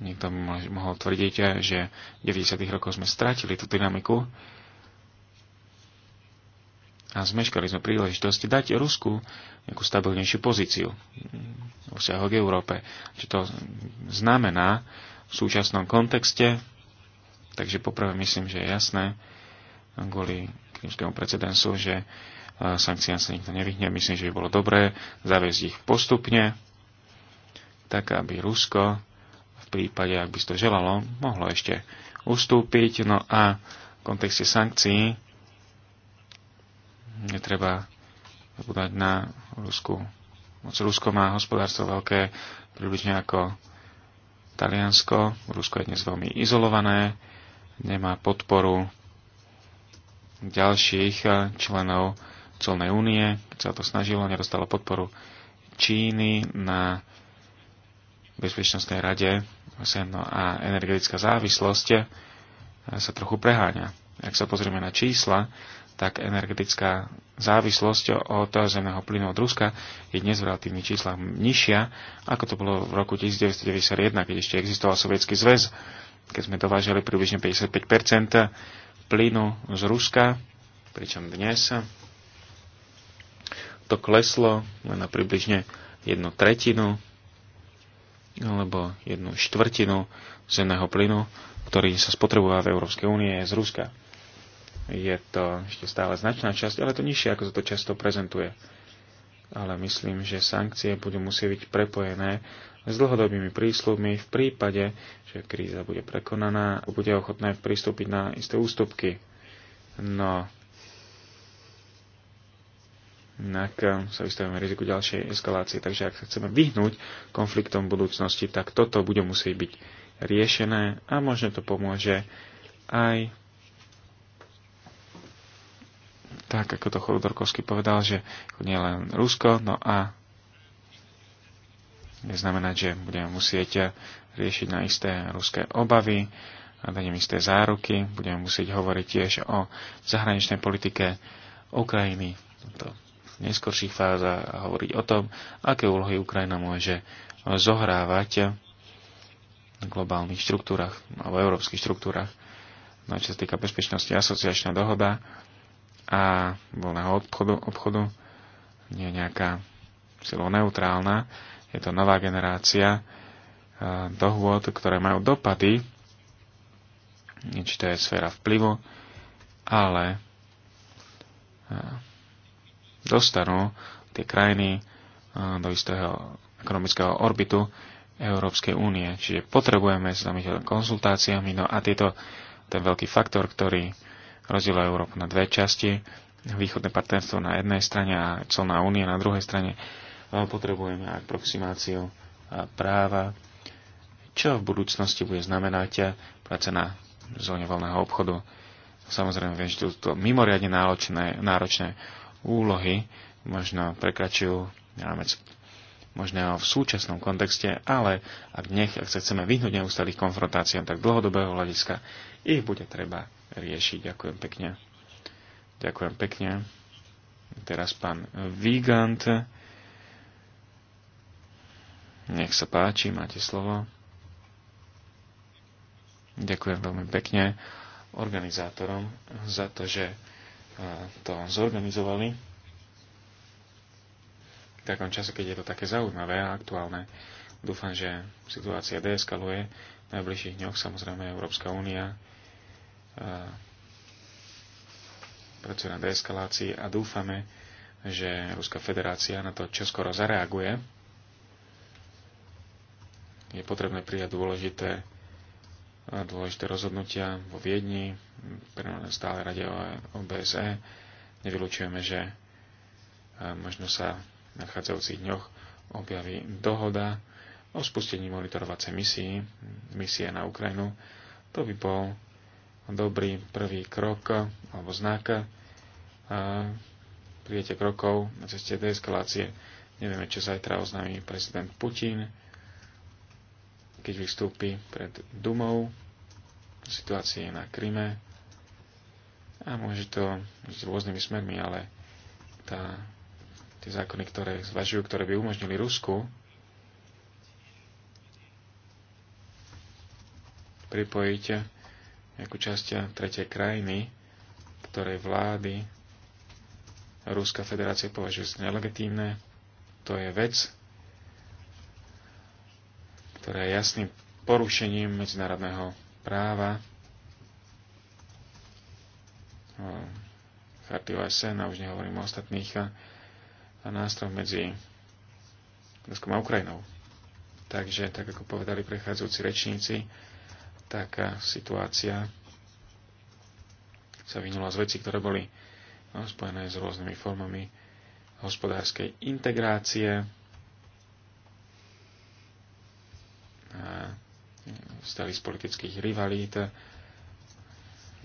Niekto by mohol tvrdiť, že v 90. rokoch sme strátili tú dynamiku a zmeškali sme príležitosti dať Rusku nejakú stabilnejšiu pozíciu v vzťahu k Európe. Čo to znamená v súčasnom kontexte, takže poprvé myslím, že je jasné kvôli krímskému precedensu, že e, sankciám sa nikto nevyhne. Myslím, že by bolo dobré zaviesť ich postupne, tak aby Rusko prípade, ak by si to želalo, mohlo ešte ustúpiť. No a v kontexte sankcií netreba zabúdať na Rusku. Moc Rusko má hospodárstvo veľké, približne ako Taliansko. Rusko je dnes veľmi izolované, nemá podporu ďalších členov colnej únie, keď sa to snažilo, nedostalo podporu Číny na Bezpečnostnej rade no a energetická závislosť eh, sa trochu preháňa. Ak sa pozrieme na čísla, tak energetická závislosť od zemného plynu od Ruska je dnes v relatívnych číslach nižšia, ako to bolo v roku 1991, keď ešte existoval Sovietský zväz, keď sme dovážali približne 55 plynu z Ruska, pričom dnes to kleslo len na približne jednu tretinu alebo jednu štvrtinu zemného plynu, ktorý sa spotrebuje v Európskej únie z Ruska. Je to ešte stále značná časť, ale to nižšie, ako sa to často prezentuje. Ale myslím, že sankcie budú musieť byť prepojené s dlhodobými prísľubmi v prípade, že kríza bude prekonaná a bude ochotné pristúpiť na isté ústupky. No, inak eh, sa vystavíme riziku ďalšej eskalácie. Takže ak sa chceme vyhnúť konfliktom v budúcnosti, tak toto bude musieť byť riešené a možno to pomôže aj tak, ako to Chodorkovský povedal, že nie len Rusko, no a znamená, že budeme musieť riešiť na isté ruské obavy a dať im isté záruky. Budeme musieť hovoriť tiež o zahraničnej politike Ukrajiny. To neskorších fázach a hovoriť o tom, aké úlohy Ukrajina môže zohrávať v globálnych štruktúrach alebo európskych štruktúrach. No, čo sa týka bezpečnosti, asociačná dohoda a voľného obchodu, obchodu nie je nejaká silo neutrálna. Je to nová generácia e, dohôd, ktoré majú dopady, či to je sféra vplyvu, ale e, dostanú tie krajiny do istého ekonomického orbitu Európskej únie. Čiže potrebujeme znamiteľ teda konzultáciami, no a tieto, ten veľký faktor, ktorý rozdiela Európu na dve časti, východné partnerstvo na jednej strane a celná únia na druhej strane, potrebujeme aproximáciu práva, čo v budúcnosti bude znamenať práce na zóne voľného obchodu. Samozrejme, viem, že to je mimoriadne náročné, náročné úlohy možno prekračujú rámec možného v súčasnom kontexte, ale ak, nech, ak sa chceme vyhnúť neustálých konfrontáciám, tak dlhodobého hľadiska ich bude treba riešiť. Ďakujem pekne. Ďakujem pekne. Teraz pán Vigant. Nech sa páči, máte slovo. Ďakujem veľmi pekne organizátorom za to, že to zorganizovali v takom čase, keď je to také zaujímavé a aktuálne. Dúfam, že situácia deeskaluje. V najbližších dňoch samozrejme Európska únia pracuje na deeskalácii a dúfame, že Ruská federácia na to čoskoro zareaguje. Je potrebné prijať dôležité dôležité rozhodnutia vo Viedni, stále rade o OBSE. Nevylučujeme, že e, možno sa v nadchádzajúcich dňoch objaví dohoda o spustení monitorovacej misie, misie na Ukrajinu. To by bol dobrý prvý krok alebo znak e, prijete krokov na ceste deeskalácie. Nevieme, čo zajtra oznámi prezident Putin keď vystúpi pred Dumou situácie na Kryme a môže to s rôznymi smermi, ale tá, tie zákony, ktoré zvažujú, ktoré by umožnili Rusku pripojiť nejakú časť tretej krajiny, ktorej vlády Ruská federácia považuje za nelegitímne, to je vec, ktorá je jasným porušením medzinárodného práva charty OSN a už nehovorím o ostatných a nástroj medzi Ruskom a Ukrajinou. Takže, tak ako povedali prechádzajúci rečníci, taká situácia sa vyhnula z veci, ktoré boli no, spojené s rôznymi formami hospodárskej integrácie, stali z politických rivalít,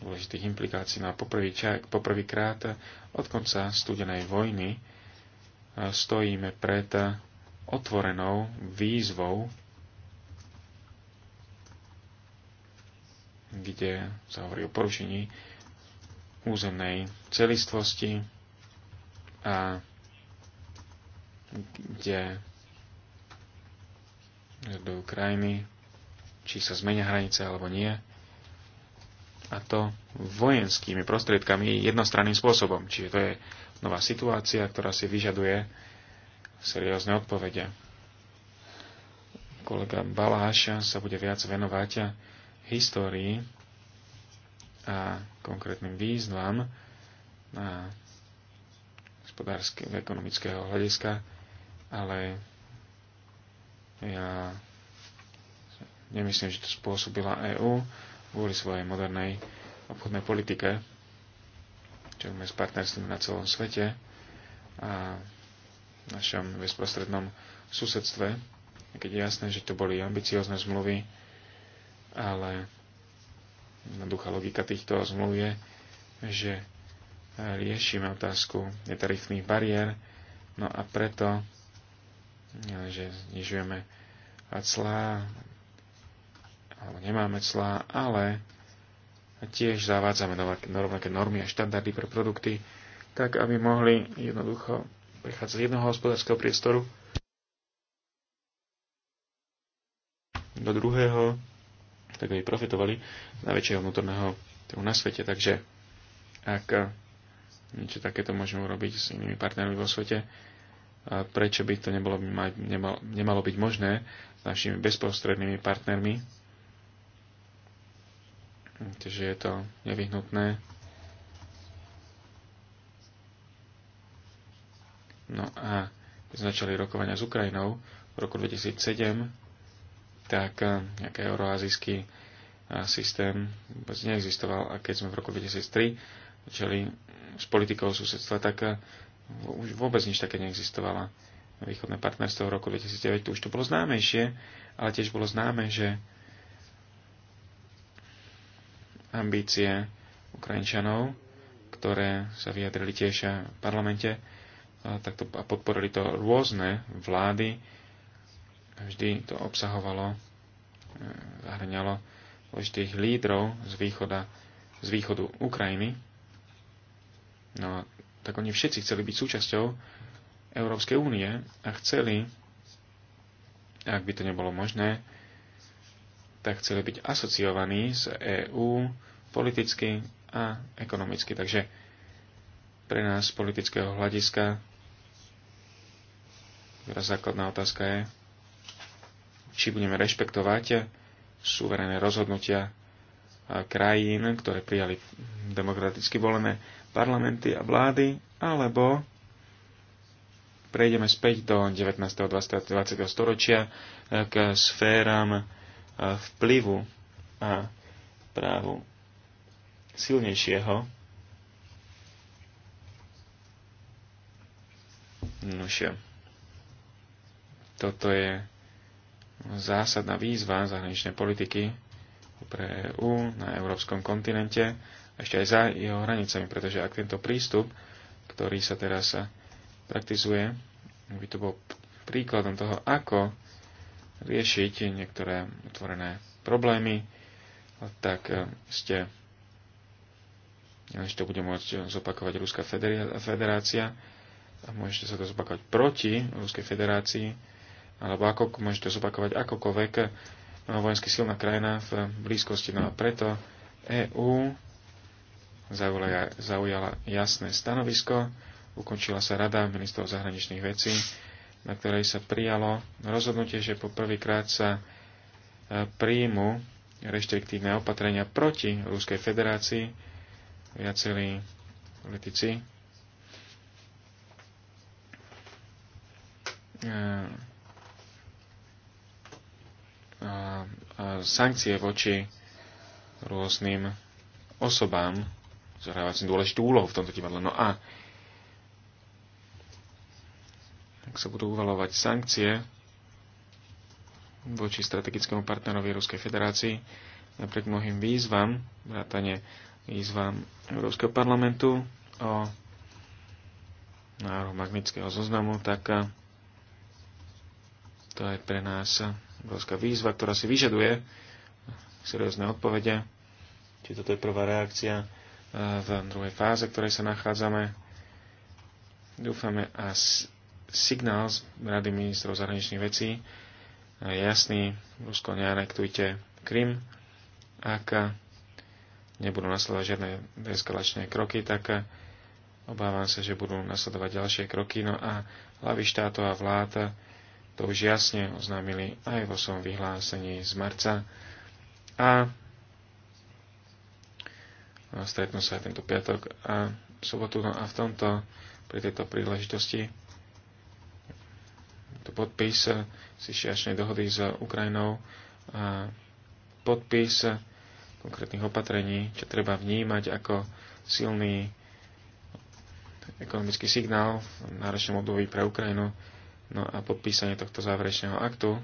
dôležitých implikácií. No a poprvý, poprvýkrát od konca studenej vojny e, stojíme pred otvorenou výzvou, kde sa hovorí o porušení územnej celistvosti a kde do krajiny či sa zmenia hranice alebo nie. A to vojenskými prostriedkami jednostranným spôsobom. Čiže to je nová situácia, ktorá si vyžaduje seriózne odpovede. Kolega Baláša sa bude viac venovať histórii a konkrétnym výzvam na hospodárskeho, ekonomického hľadiska, ale ja Nemyslím, že to spôsobila EÚ kvôli svojej modernej obchodnej politike, čo sme s partnerstvami na celom svete a v našom bezprostrednom susedstve, keď je jasné, že to boli ambiciozne zmluvy, ale jednoduchá logika týchto zmluv je, že riešime otázku netarifných bariér, no a preto, že znižujeme clá, alebo nemáme clá, ale tiež zavádzame do rovnaké normy a štandardy pre produkty, tak aby mohli jednoducho prichádzať z jednoho hospodárskeho priestoru do druhého, tak aby profitovali z najväčšieho vnútorného trhu na svete. Takže ak niečo takéto môžeme urobiť s inými partnermi vo svete, a prečo by to nebolo, nemalo, nemalo byť možné s našimi bezprostrednými partnermi, Takže je to nevyhnutné. No a keď začali rokovania s Ukrajinou v roku 2007, tak eh, nejaký euroazijský eh, systém vôbec neexistoval. A keď sme v roku 2003 začali s politikou susedstva, tak eh, už vôbec nič také neexistovalo. Východné partnerstvo v roku 2009 to už to bolo známejšie, ale tiež bolo známe, že ambície Ukrajinčanov, ktoré sa vyjadrili tiež v parlamente a podporili to rôzne vlády. Vždy to obsahovalo, e, zahrňalo tých lídrov z, východa, z východu Ukrajiny. No tak oni všetci chceli byť súčasťou Európskej únie a chceli, ak by to nebolo možné, tak chceli byť asociovaní s EÚ politicky a ekonomicky. Takže pre nás z politického hľadiska teraz základná otázka je, či budeme rešpektovať suverené rozhodnutia krajín, ktoré prijali demokraticky volené parlamenty a vlády, alebo prejdeme späť do 19. a 20. storočia k sféram vplyvu a právu silnejšieho. Nože, toto je zásadná výzva zahraničnej politiky pre EU na európskom kontinente, ešte aj za jeho hranicami, pretože ak tento prístup, ktorý sa teraz praktizuje, by to bol príkladom toho, ako riešiť niektoré otvorené problémy, tak eh, ste že to bude môcť zopakovať Ruská federácia a môžete sa to zopakovať proti Ruskej federácii alebo ako, môžete to zopakovať akokoľvek eh, vojenský silná krajina v blízkosti. No a preto EÚ zaujala, zaujala jasné stanovisko, ukončila sa rada ministrov zahraničných vecí na ktorej sa prijalo rozhodnutie, že po prvýkrát sa e, príjmu reštriktívne opatrenia proti Ruskej federácii. Viacerí politici e, sankcie voči rôznym osobám zohrávajúcim dôležitú úlohu v tomto divadle. No a ak sa budú uvalovať sankcie voči strategickému partnerovi Ruskej federácii, napriek mnohým výzvam, vrátane výzvam Európskeho parlamentu o návrhu magnického zoznamu, tak eh, to je pre nás obrovská výzva, ktorá si vyžaduje seriózne odpovede. Či toto je prvá reakcia eh, v druhej fáze, v ktorej sa nachádzame. Dúfame a signál z Rady ministrov zahraničných vecí je jasný. Rusko neanektujte Krym. Ak nebudú nasledovať žiadne deeskalačné kroky, tak obávam sa, že budú nasledovať ďalšie kroky. No a hlavy štátov a vlád to už jasne oznámili aj vo svojom vyhlásení z marca. A stretnú sa aj tento piatok a sobotu. No a v tomto, pri tejto príležitosti to podpis eh, sišiačnej dohody s Ukrajinou a podpis eh, konkrétnych opatrení, čo treba vnímať ako silný ekonomický signál v náročnom období pre Ukrajinu. No a podpísanie tohto záverečného aktu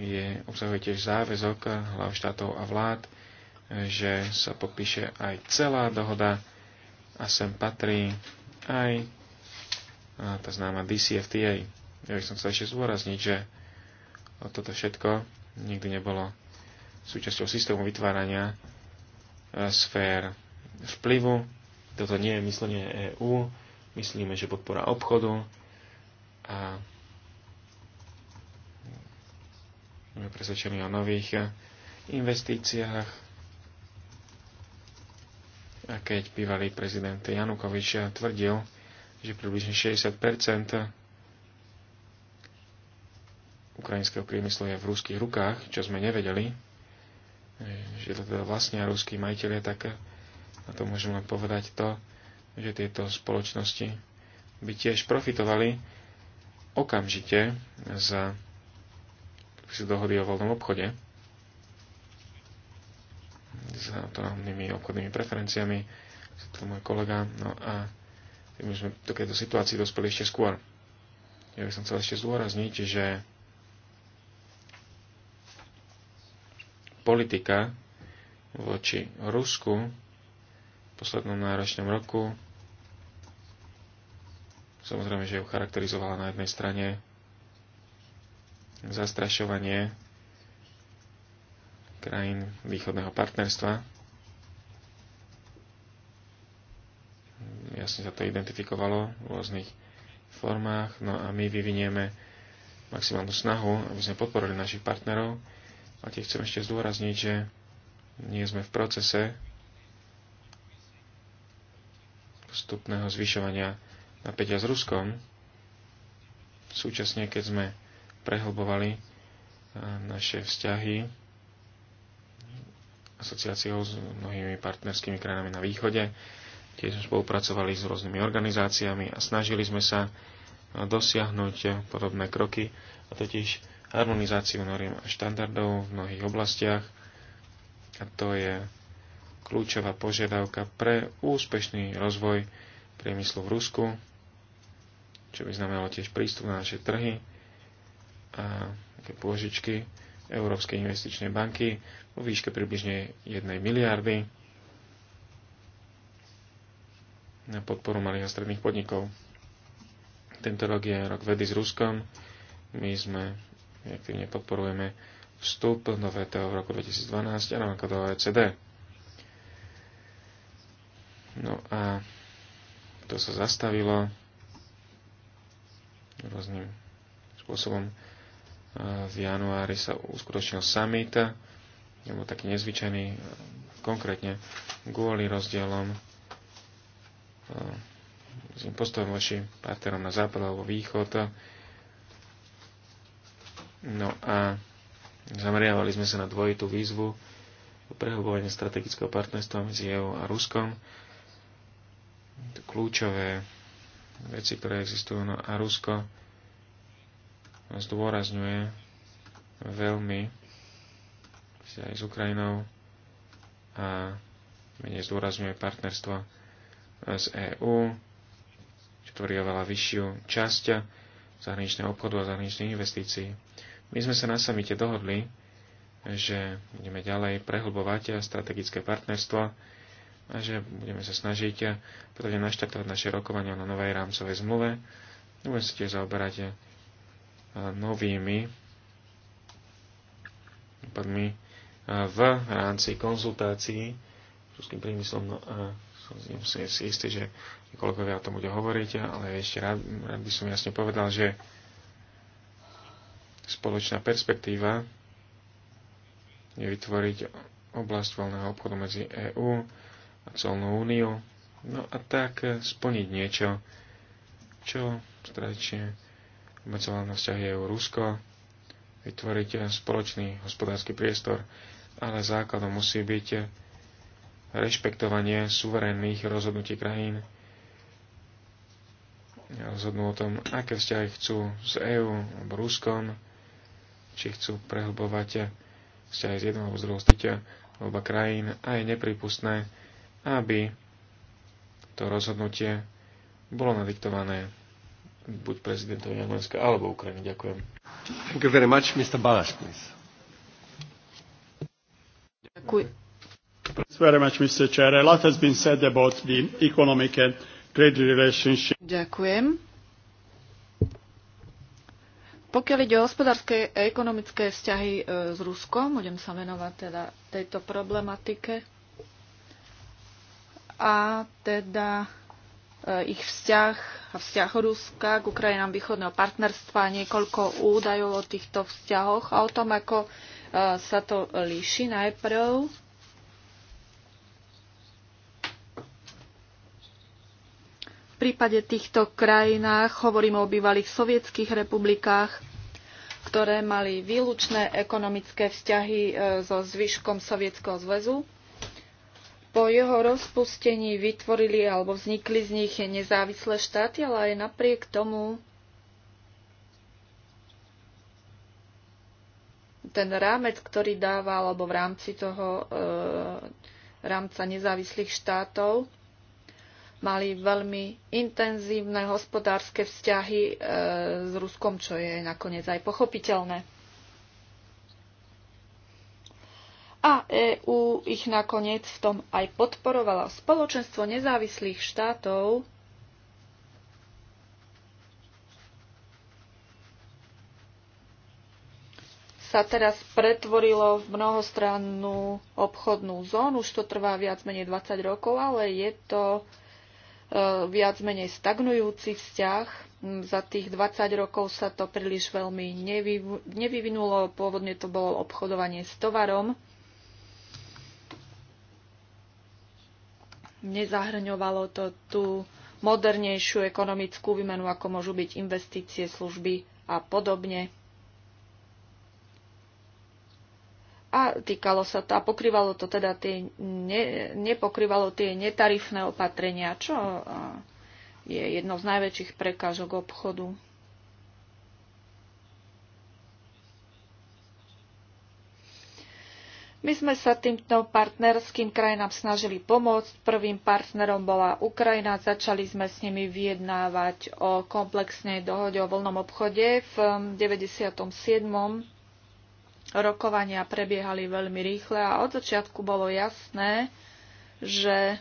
je, obsahuje tiež záväzok hlav štátov a vlád, že sa podpíše aj celá dohoda a sem patrí aj tá známa DCFTA. Ja by som chcel ešte zdôrazniť, že toto všetko nikdy nebolo súčasťou systému vytvárania e, sfér vplyvu. Toto nie je myslenie EÚ. Myslíme, že podpora obchodu a sme presvedčení o nových e, investíciách. A keď bývalý prezident Janukovič e, tvrdil, že približne 60 ukrajinského priemyslu je v ruských rukách, čo sme nevedeli, že to teda vlastnia ruskí je tak na to môžem len povedať to, že tieto spoločnosti by tiež profitovali okamžite za dohody o voľnom obchode s autonómnymi obchodnými preferenciami, to môj kolega, no a my sme do tejto situácii dospeli ešte skôr. Ja by som chcel ešte zdôrazniť, že politika voči Rusku v poslednom náročnom roku samozrejme, že ju charakterizovala na jednej strane zastrašovanie krajín východného partnerstva, jasne sa to identifikovalo v rôznych formách, no a my vyvinieme maximálnu snahu, aby sme podporili našich partnerov. A tie chcem ešte zdôrazniť, že nie sme v procese postupného zvyšovania napätia s Ruskom. Súčasne, keď sme prehlbovali naše vzťahy asociáciou s mnohými partnerskými krajinami na východe, Tiež sme spolupracovali s rôznymi organizáciami a snažili sme sa dosiahnuť podobné kroky, a totiž harmonizáciu noriem a štandardov v mnohých oblastiach. A to je kľúčová požiadavka pre úspešný rozvoj priemyslu v Rusku, čo by znamenalo tiež prístup na naše trhy a také pôžičky Európskej investičnej banky vo výške približne 1 miliardy na podporu malých a stredných podnikov. Tento rok je rok vedy s Ruskom. My sme aktívne podporujeme vstup do VTO v roku 2012 a rovnako do OECD. No a to sa zastavilo rôznym spôsobom. V januári sa uskutočnil summit, bol taký nezvyčajný, konkrétne kvôli rozdielom s tým postojom voči partnerom na západ alebo východ. No a zameriavali sme sa na dvojitú výzvu prehlbovanie strategického partnerstva medzi EU a Ruskom. To Kľúčové veci, ktoré existujú. No a Rusko zdôrazňuje veľmi aj s Ukrajinou a menej zdôrazňuje partnerstvo z EÚ, čo tvorí oveľa vyššiu časť zahraničného obchodu a zahraničných investícií. My sme sa na samite dohodli, že budeme ďalej prehlbovať strategické partnerstvo a že budeme sa snažiť podľa naštartovať naše rokovania na novej rámcovej zmluve. Budeme sa tiež zaoberať eh, novými eh, v rámci konzultácií s ruským priemyslom. No a som si istý, že kolegovia o tom bude hovoriť, ale ešte rád, rád by som jasne povedal, že spoločná perspektíva je vytvoriť oblasť voľného obchodu medzi EÚ a celnou úniu, no a tak eh, splniť niečo, čo tradične obmedzovalo na vzťahy eú rusko vytvoriť eh, spoločný hospodársky priestor, ale základom musí byť eh, rešpektovanie suverénnych rozhodnutí krajín. Rozhodnú o tom, aké vzťahy chcú s EÚ alebo Ruskom, či chcú prehlbovať vzťahy z jedného alebo z druhého stytia oba krajín a je nepripustné, aby to rozhodnutie bolo nadiktované buď prezidentom Jablonska alebo Ukrajiny. Ďakujem. Ďakujem Mr. Balaš, please. Ďakujem very much, Mr. Chair. A lot has been said about the economic and trade relationship. Ďakujem. Pokiaľ ide o hospodárske a ekonomické vzťahy e, s Ruskom, budem sa venovať teda tejto problematike a teda e, ich vzťah a vzťah Ruska k Ukrajinám východného partnerstva, niekoľko údajov o týchto vzťahoch a o tom, ako e, sa to líši najprv prípade týchto krajinách hovoríme o bývalých sovietských republikách, ktoré mali výlučné ekonomické vzťahy e, so zvyškom Sovietskeho zväzu. Po jeho rozpustení vytvorili alebo vznikli z nich nezávislé štáty, ale aj napriek tomu ten rámec, ktorý dával alebo v rámci toho e, rámca nezávislých štátov, mali veľmi intenzívne hospodárske vzťahy e, s Ruskom, čo je nakoniec aj pochopiteľné. A EÚ ich nakoniec v tom aj podporovala. Spoločenstvo nezávislých štátov sa teraz pretvorilo v mnohostrannú obchodnú zónu, už to trvá viac menej 20 rokov, ale je to viac menej stagnujúci vzťah. Za tých 20 rokov sa to príliš veľmi nevyvinulo. Pôvodne to bolo obchodovanie s tovarom. Nezahrňovalo to tú modernejšiu ekonomickú výmenu, ako môžu byť investície, služby a podobne. a týkalo sa to a pokrývalo to teda tie, ne, nepokrývalo tie netarifné opatrenia, čo je jednou z najväčších prekážok obchodu. My sme sa týmto partnerským krajinám snažili pomôcť. Prvým partnerom bola Ukrajina. Začali sme s nimi vyjednávať o komplexnej dohode o voľnom obchode v 97 um, Rokovania prebiehali veľmi rýchle a od začiatku bolo jasné, že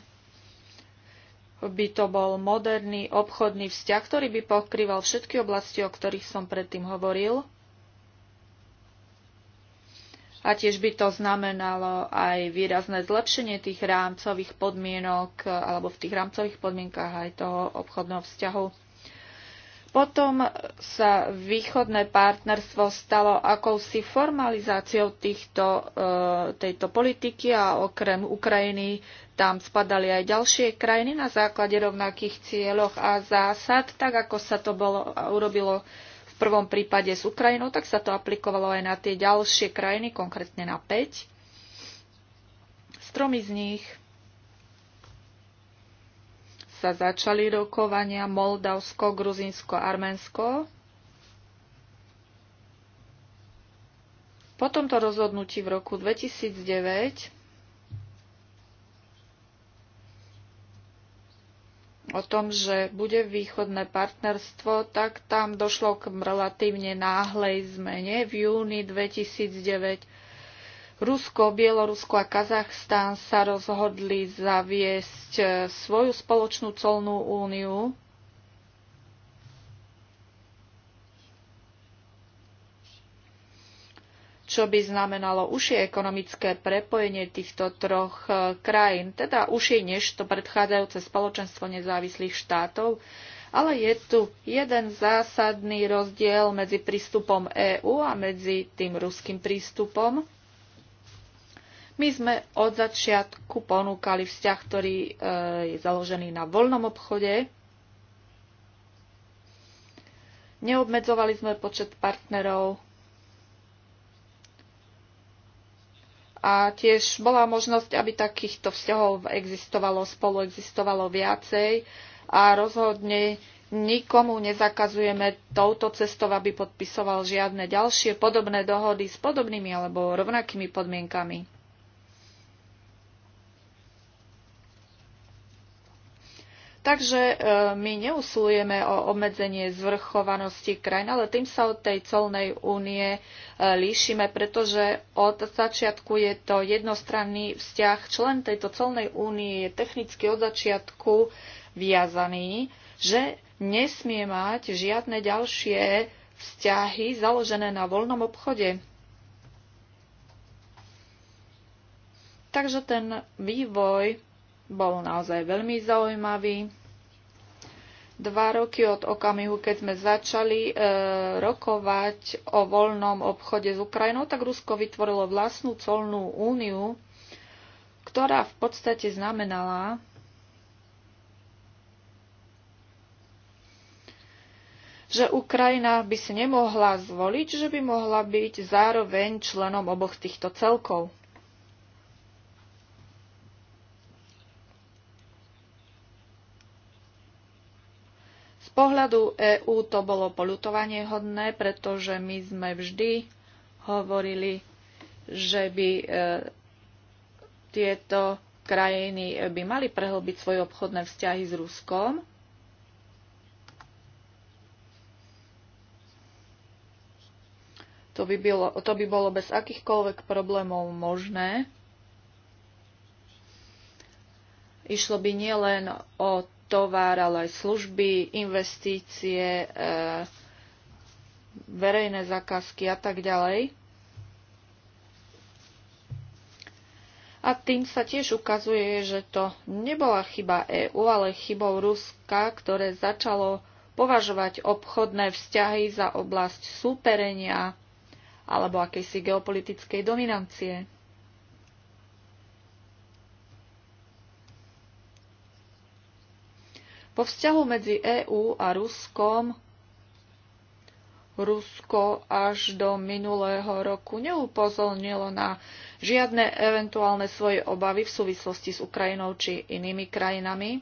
by to bol moderný obchodný vzťah, ktorý by pokrýval všetky oblasti, o ktorých som predtým hovoril. A tiež by to znamenalo aj výrazné zlepšenie tých rámcových podmienok alebo v tých rámcových podmienkách aj toho obchodného vzťahu. Potom sa východné partnerstvo stalo akousi formalizáciou týchto, e, tejto politiky a okrem Ukrajiny tam spadali aj ďalšie krajiny na základe rovnakých cieľoch a zásad, tak ako sa to bolo, urobilo v prvom prípade s Ukrajinou, tak sa to aplikovalo aj na tie ďalšie krajiny, konkrétne na 5. Stromy z nich sa začali rokovania Moldavsko, Gruzinsko, Arménsko. Po tomto rozhodnutí v roku 2009 o tom, že bude východné partnerstvo, tak tam došlo k relatívne náhlej zmene. V júni 2009 Rusko, Bielorusko a Kazachstán sa rozhodli zaviesť e, svoju spoločnú colnú úniu. čo by znamenalo užšie ekonomické prepojenie týchto troch e, krajín, teda užšie než to predchádzajúce spoločenstvo nezávislých štátov. Ale je tu jeden zásadný rozdiel medzi prístupom EÚ a medzi tým ruským prístupom. My sme od začiatku ponúkali vzťah, ktorý e, je založený na voľnom obchode. Neobmedzovali sme počet partnerov, A tiež bola možnosť, aby takýchto vzťahov existovalo, spolu existovalo viacej a rozhodne nikomu nezakazujeme touto cestou, aby podpisoval žiadne ďalšie podobné dohody s podobnými alebo rovnakými podmienkami. Takže e, my neusilujeme o obmedzenie zvrchovanosti krajín, ale tým sa od tej colnej únie e, líšime, pretože od začiatku je to jednostranný vzťah. Člen tejto colnej únie je technicky od začiatku viazaný, že nesmie mať žiadne ďalšie vzťahy založené na voľnom obchode. Takže ten vývoj bol naozaj veľmi zaujímavý dva roky od okamihu, keď sme začali e, rokovať o voľnom obchode s Ukrajinou, tak Rusko vytvorilo vlastnú colnú úniu, ktorá v podstate znamenala, že Ukrajina by si nemohla zvoliť, že by mohla byť zároveň členom oboch týchto celkov. Z pohľadu EÚ to bolo polutovanie hodné, pretože my sme vždy hovorili, že by e, tieto krajiny e, by mali prehlbiť svoje obchodné vzťahy s Ruskom. To by, bylo, to by bolo bez akýchkoľvek problémov možné. Išlo by nielen o tovar, ale aj služby, investície, e, verejné zákazky a tak ďalej. A tým sa tiež ukazuje, že to nebola chyba EÚ, ale chybou Ruska, ktoré začalo považovať obchodné vzťahy za oblasť súperenia alebo akejsi geopolitickej dominancie. Po vzťahu medzi EÚ a Ruskom Rusko až do minulého roku neupozornilo na žiadne eventuálne svoje obavy v súvislosti s Ukrajinou či inými krajinami.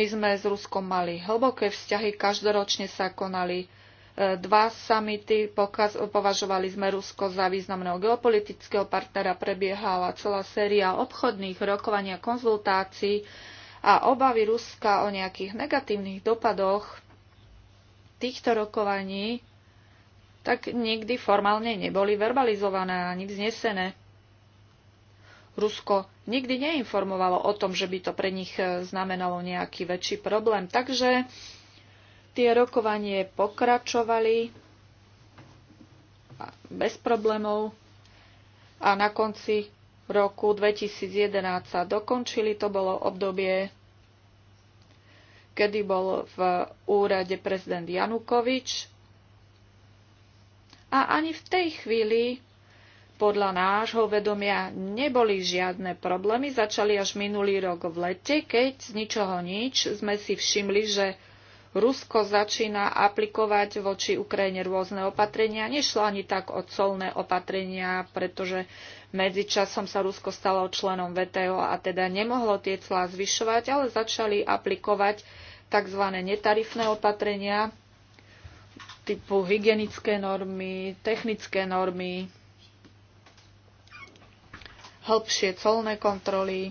My sme s Ruskom mali hlboké vzťahy, každoročne sa konali e, dva samity, považovali sme Rusko za významného geopolitického partnera, prebiehala celá séria obchodných rokovania, konzultácií, konzultácií a obavy Ruska o nejakých negatívnych dopadoch týchto rokovaní tak nikdy formálne neboli verbalizované ani vznesené. Rusko nikdy neinformovalo o tom, že by to pre nich znamenalo nejaký väčší problém. Takže tie rokovanie pokračovali bez problémov a na konci roku 2011 sa dokončili. To bolo obdobie, kedy bol v úrade prezident Janukovič. A ani v tej chvíli podľa nášho vedomia neboli žiadne problémy. Začali až minulý rok v lete, keď z ničoho nič sme si všimli, že Rusko začína aplikovať voči Ukrajine rôzne opatrenia. Nešlo ani tak o colné opatrenia, pretože medzičasom sa Rusko stalo členom VTO a teda nemohlo tie clá zvyšovať, ale začali aplikovať tzv. netarifné opatrenia typu hygienické normy, technické normy, hĺbšie colné kontroly,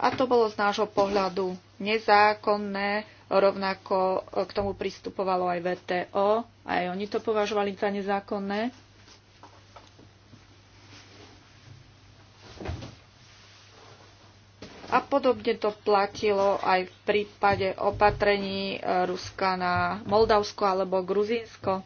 a to bolo z nášho pohľadu nezákonné, rovnako e, k tomu pristupovalo aj VTO, aj oni to považovali za nezákonné. A podobne to platilo aj v prípade opatrení e, Ruska na Moldavsko alebo Gruzínsko.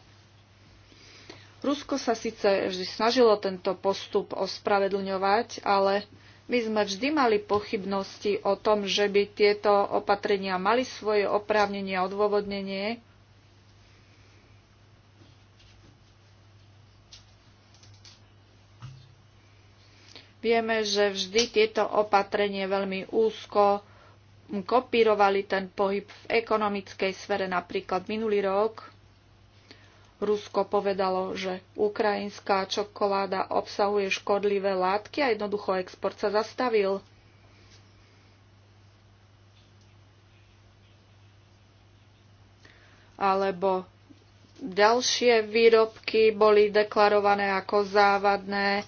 Rusko sa síce vždy snažilo tento postup ospravedlňovať, ale my sme vždy mali pochybnosti o tom, že by tieto opatrenia mali svoje oprávnenie a odôvodnenie. Vieme, že vždy tieto opatrenie veľmi úzko kopírovali ten pohyb v ekonomickej sfere. Napríklad minulý rok Rusko povedalo, že ukrajinská čokoláda obsahuje škodlivé látky a jednoducho export sa zastavil. Alebo ďalšie výrobky boli deklarované ako závadné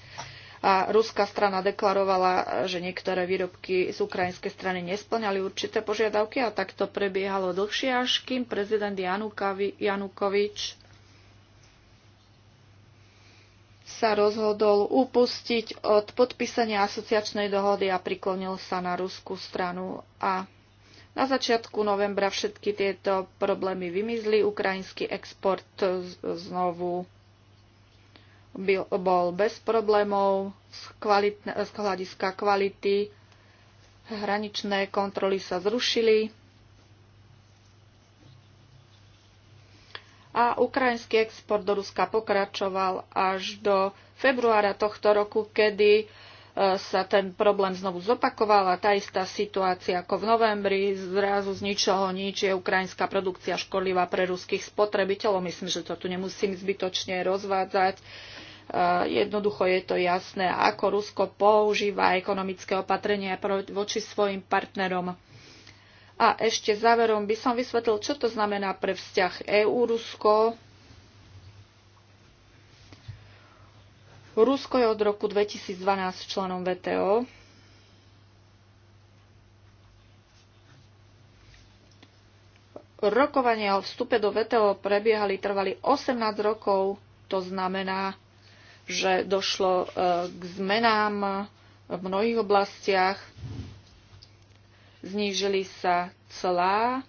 a ruská strana deklarovala, že niektoré výrobky z ukrajinskej strany nesplňali určité požiadavky a takto prebiehalo dlhšie, až kým prezident Janukovič sa rozhodol upustiť od podpísania asociačnej dohody a priklonil sa na ruskú stranu. A na začiatku novembra všetky tieto problémy vymizli, ukrajinský export znovu bol bez problémov z, kvalitne, z hľadiska kvality, hraničné kontroly sa zrušili a ukrajinský export do Ruska pokračoval až do februára tohto roku, kedy e, sa ten problém znovu zopakoval a tá istá situácia ako v novembri, zrazu z ničoho nič je ukrajinská produkcia škodlivá pre ruských spotrebiteľov. Myslím, že to tu nemusím zbytočne rozvádzať. E, jednoducho je to jasné, ako Rusko používa ekonomické opatrenia voči svojim partnerom a ešte záverom by som vysvetlil, čo to znamená pre vzťah EU-Rusko. Rusko je od roku 2012 členom VTO. Rokovania o vstupe do VTO prebiehali, trvali 18 rokov, to znamená, že došlo e, k zmenám v mnohých oblastiach znížili sa clá,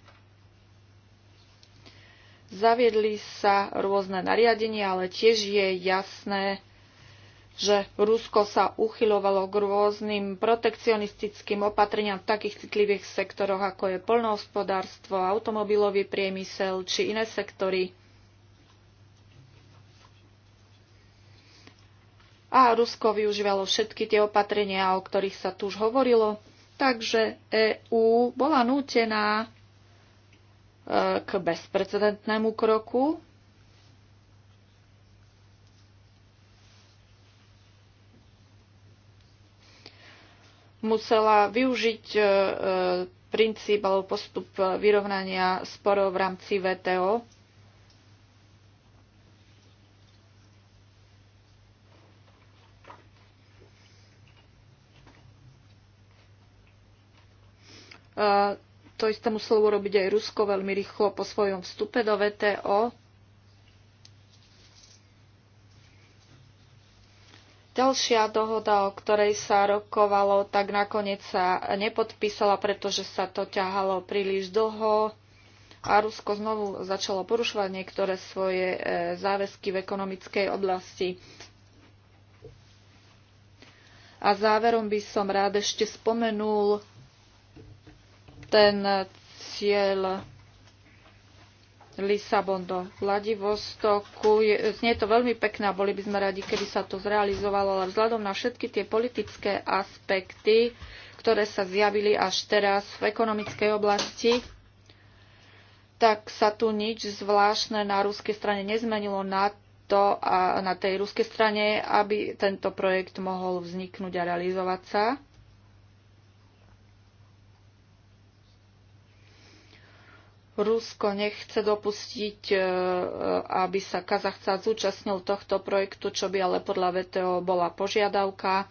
zaviedli sa rôzne nariadenia, ale tiež je jasné, že Rusko sa uchylovalo k rôznym protekcionistickým opatreniam v takých citlivých sektoroch, ako je poľnohospodárstvo, automobilový priemysel či iné sektory. A Rusko využívalo všetky tie opatrenia, o ktorých sa tu už hovorilo. Takže EÚ bola nútená e, k bezprecedentnému kroku. Musela využiť e, e, princíp alebo postup vyrovnania sporov v rámci VTO To isté muselo urobiť aj Rusko veľmi rýchlo po svojom vstupe do VTO. Ďalšia dohoda, o ktorej sa rokovalo, tak nakoniec sa nepodpísala, pretože sa to ťahalo príliš dlho a Rusko znovu začalo porušovať niektoré svoje e, záväzky v ekonomickej oblasti. A záverom by som rád ešte spomenul ten cieľ Lisabon do Vladivostoku. Znie to veľmi pekné a boli by sme radi, keby sa to zrealizovalo, ale vzhľadom na všetky tie politické aspekty, ktoré sa zjavili až teraz v ekonomickej oblasti, tak sa tu nič zvláštne na ruskej strane nezmenilo na to a na tej ruskej strane, aby tento projekt mohol vzniknúť a realizovať sa. Rusko nechce dopustiť, e, aby sa Kazachstán zúčastnil tohto projektu, čo by ale podľa VTO bola požiadavka.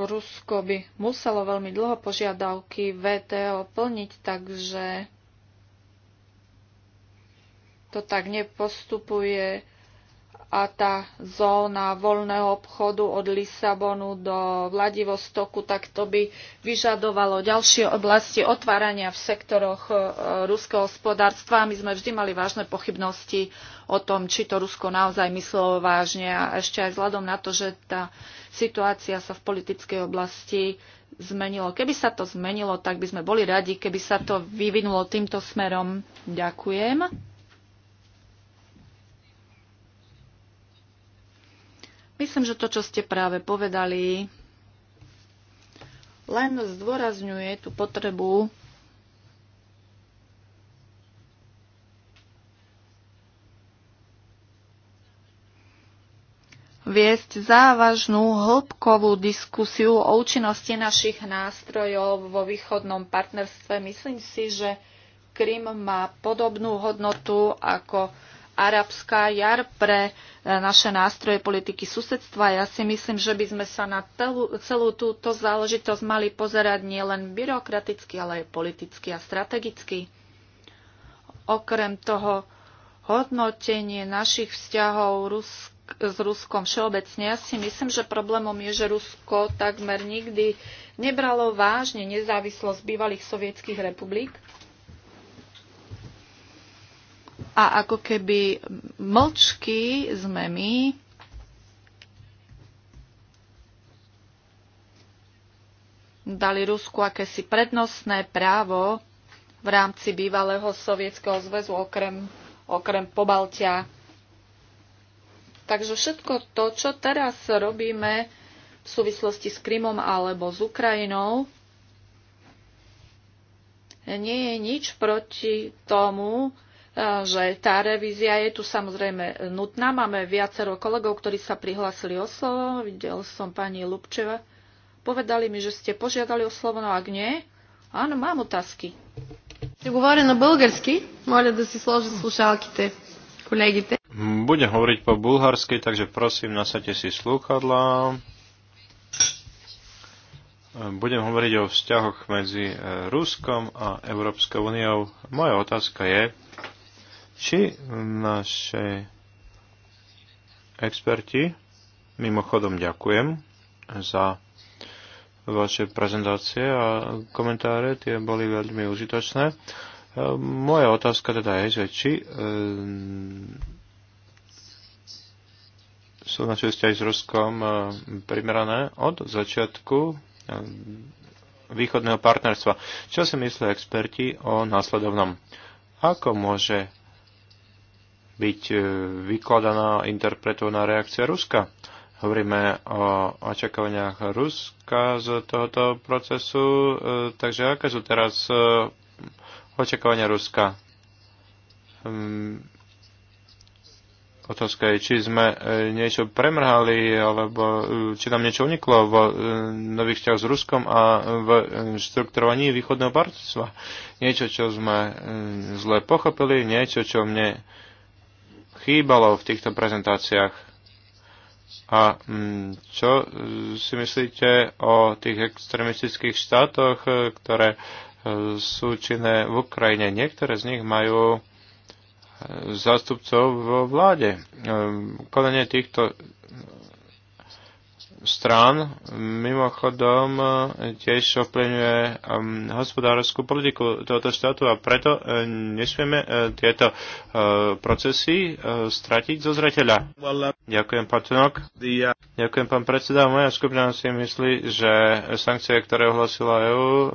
Rusko by muselo veľmi dlho požiadavky VTO plniť, takže to tak nepostupuje a tá zóna voľného obchodu od Lisabonu do Vladivostoku, tak to by vyžadovalo ďalšie oblasti otvárania v sektoroch e, ruského hospodárstva. My sme vždy mali vážne pochybnosti o tom, či to Rusko naozaj myslelo vážne a ešte aj vzhľadom na to, že tá situácia sa v politickej oblasti zmenilo. Keby sa to zmenilo, tak by sme boli radi, keby sa to vyvinulo týmto smerom. Ďakujem. Myslím, že to, čo ste práve povedali, len zdôrazňuje tú potrebu viesť závažnú hĺbkovú diskusiu o účinnosti našich nástrojov vo východnom partnerstve. Myslím si, že Krym má podobnú hodnotu ako arabská jar pre e, naše nástroje politiky susedstva. Ja si myslím, že by sme sa na celú, celú túto záležitosť mali pozerať nielen byrokraticky, ale aj politicky a strategicky. Okrem toho hodnotenie našich vzťahov Rusk- s Ruskom všeobecne. Ja si myslím, že problémom je, že Rusko takmer nikdy nebralo vážne nezávislosť bývalých sovietských republik a ako keby mlčky sme my dali Rusku akési prednostné právo v rámci bývalého sovietského zväzu okrem, okrem Pobaltia. Takže všetko to, čo teraz robíme v súvislosti s Krymom alebo s Ukrajinou, nie je nič proti tomu, E, že tá revízia je tu samozrejme nutná. Máme viacero kolegov, ktorí sa prihlásili o slovo. Videl som pani Lubčeva. Povedali mi, že ste požiadali o slovo, no ak nie, áno, mám otázky. Ще na bulgarsky? Môžem da si složiť slušalky te, колегите. Budem hovoriť po булгарски takže prosím, nasadte si slúchadla. Budem hovoriť o vzťahoch medzi Ruskom a Európskou úniou. Moja otázka je, či naše experti, mimochodom ďakujem za vaše prezentácie a komentáre, tie boli veľmi užitočné. E, moja otázka teda je, že či e, sú naše vzťahy s Ruskom e, primerané od začiatku východného partnerstva. Čo si myslia experti o následovnom? Ako môže byť e, vykladaná, interpretovaná reakcia Ruska. Hovoríme o očakávaniach Ruska z tohoto procesu, e, takže aké sú teraz e, očakávania Ruska? Hm, otázka je, či sme niečo premrhali, alebo či nám niečo uniklo v nových vzťahoch s Ruskom a v štrukturovaní východného partnerstva. Niečo, čo sme zle pochopili, niečo, čo mne chýbalo v týchto prezentáciách. A mm, čo e, si myslíte o tých extremistických štátoch, e, ktoré e, sú činné v Ukrajine? Niektoré z nich majú zástupcov vo vláde. Konanie týchto strán. Mimochodom e, tiež ovplyvňuje e, hospodárskú politiku tohoto štátu a preto e, nesmieme tieto procesy stratiť zo zreteľa. Ďakujem, pán Tunok. Ďakujem, pán predseda. Moja skupina si myslí, že sankcie, ktoré ohlasila EU,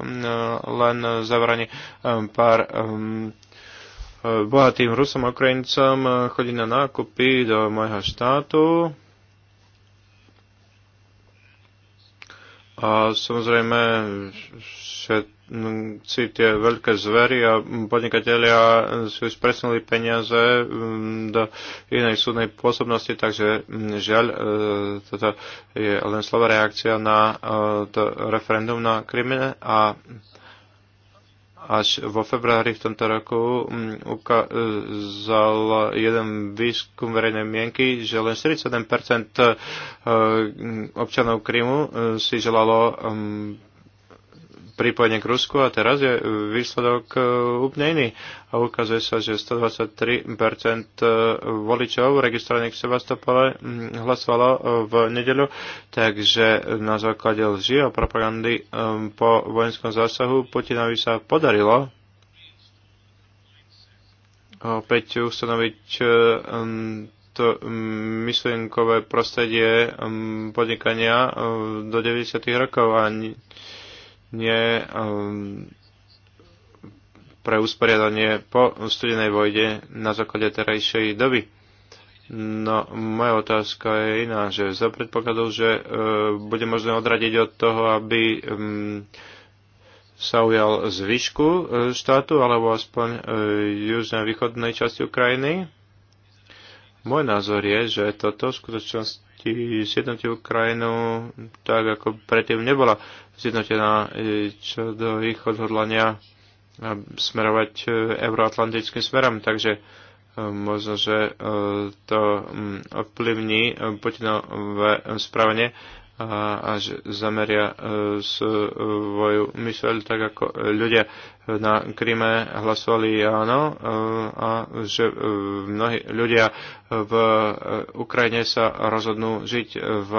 len zavrani pár bohatým Rusom a Ukrajincom chodí na nákupy do môjho štátu A samozrejme, všetci tie veľké zvery a podnikatelia si už presunuli peniaze mm, do inej súdnej pôsobnosti, takže mm, žiaľ, e, toto je len slova reakcia na e, to referendum na Krymine a až vo februári v tomto roku mm, ukázal jeden výskum verejnej mienky, že len 41% eh, občanov Krymu eh, si želalo mm, pripojenie k Rusku a teraz je e, výsledok e, úplne iný. A ukazuje sa, že 123% e, voličov registrovaných v Sebastopole hlasovalo v nedeľu, takže na základe lži a propagandy po vojenskom zásahu Putinovi sa podarilo opäť ustanoviť to myšlienkové prostredie podnikania do 90. rokov a nie ehm, pre usporiadanie po studenej vojde na základe terajšej doby. No, moja otázka je iná, že za predpokladov, že e, bude možné odradiť od toho, aby m, ehm, sa ujal zvyšku e, štátu, alebo aspoň e, južnej a východnej časti Ukrajiny. Môj názor je, že toto v skutočnosti ti zjednotil krajinu tak, ako predtým nebola zjednotená e, čo do ich odhodlania e, smerovať e, euroatlantickým smerom. Takže možno, že to mm, ovplyvní Putinové správanie a, a zameria e, svoju myseľ tak ako ľudia na Kryme hlasovali áno e, a že e, mnohí ľudia v Ukrajine sa rozhodnú žiť v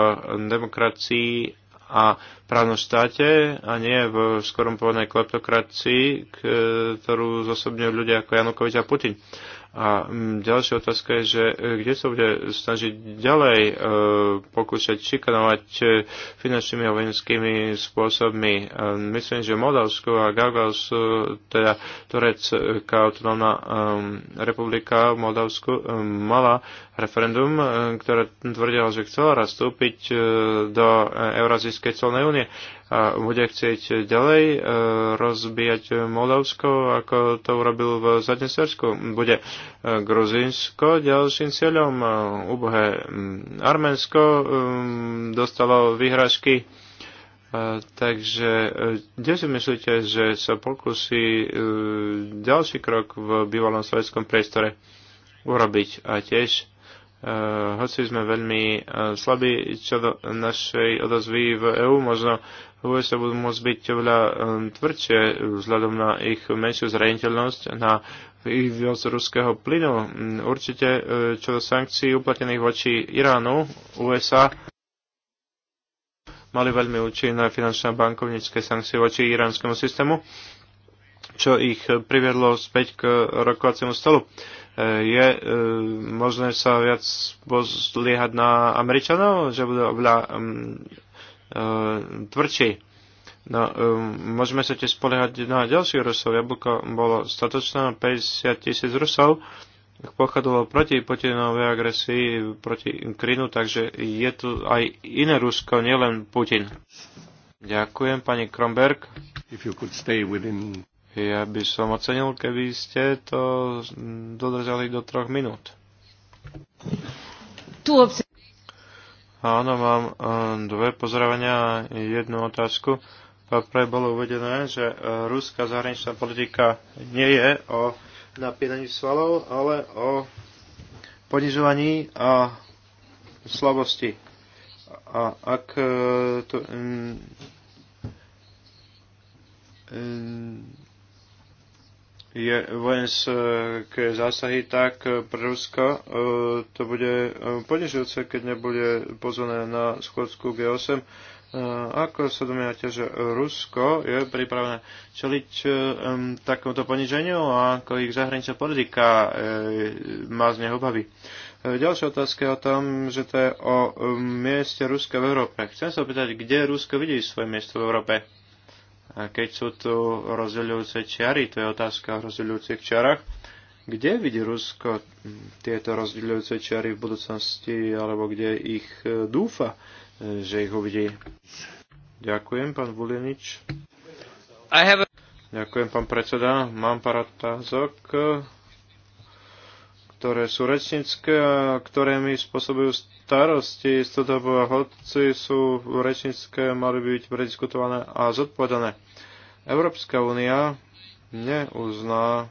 demokracii a právnom štáte a nie v skorumpovanej kleptokracii, ktorú zosobňujú ľudia ako Janukovič a Putin. A mm, ďalšia otázka je, že e, kde sa bude snažiť ďalej e, pokúšať šikanovať e, finančnými a vojenskými spôsobmi. E, myslím, že Moldavsko a Gargaus, e, teda Turecká autonómna e, republika v Moldavsku, e, mala referendum, e, ktoré tvrdilo, že chcela rastúpiť e, do Eurazijskej celnej únie bude chcieť ďalej e, rozbíjať Moldavsko, ako to urobil v Zadnesersku. Bude e, Gruzinsko ďalším cieľom, e, ubohé Arménsko dostalo vyhražky. takže kde si myslíte, že sa pokusí ďalší krok v bývalom sovietskom priestore urobiť? A tiež, hoci sme veľmi slabí čo do našej odozvy v EÚ, možno USA budú môcť byť oveľa um, tvrdšie vzhľadom na ich menšiu zraniteľnosť na vývoz ruského plynu. Mm, určite e, čo do sankcií uplatnených voči Iránu, USA mali veľmi účinné finančné bankovnícke sankcie voči iránskemu systému, čo ich priviedlo späť k rokovaciemu stolu e, je e, možné sa viac pozliehať na Američanov, že budú oveľa mm, E, tvrdší. No, um, môžeme sa tiež spoliehať na ďalších Rusov. Jablko bolo statočné, 50 tisíc Rusov pochádzalo proti Putinovej agresii, proti Krynu, takže je tu aj iné Rusko, nielen Putin. Ďakujem, pani Kromberg. If you could stay within... Ja by som ocenil, keby ste to dodržali do troch minút. Tu obce... Áno, mám eh, dve pozdravenia a jednu otázku. Pre bolo uvedené, že eh, ruská zahraničná politika nie je o napínaní svalov, ale o ponižovaní a slabosti. A ak eh, to, um, um, je vojenské zásahy, tak pre Rusko e, to bude e, ponižujúce, keď nebude pozvané na schôdzku G8. E, ako sa domnievate, že Rusko je pripravené čeliť takémuto poniženiu a ako ich zahraničná politika má z neho obavy? Ďalšia otázka je o tom, že to je o mieste Ruska v Európe. Chcem sa opýtať, kde Rusko vidí svoje miesto v Európe? A keď sú tu rozdeľujúce čiary, to je otázka o rozdeľujúcich čiarach, kde vidí Rusko hm, tieto rozdeľujúce čiary v budúcnosti, alebo kde ich e, dúfa, e, že ich uvidí? Ďakujem, pán Vulienič. A... Ďakujem, pán predseda. Mám pár otázok, e, ktoré sú rečnícke a ktoré mi spôsobujú starosti. Z toho hoci sú rečnícke, mali byť prediskutované a zodpovedané. Európska únia neuzná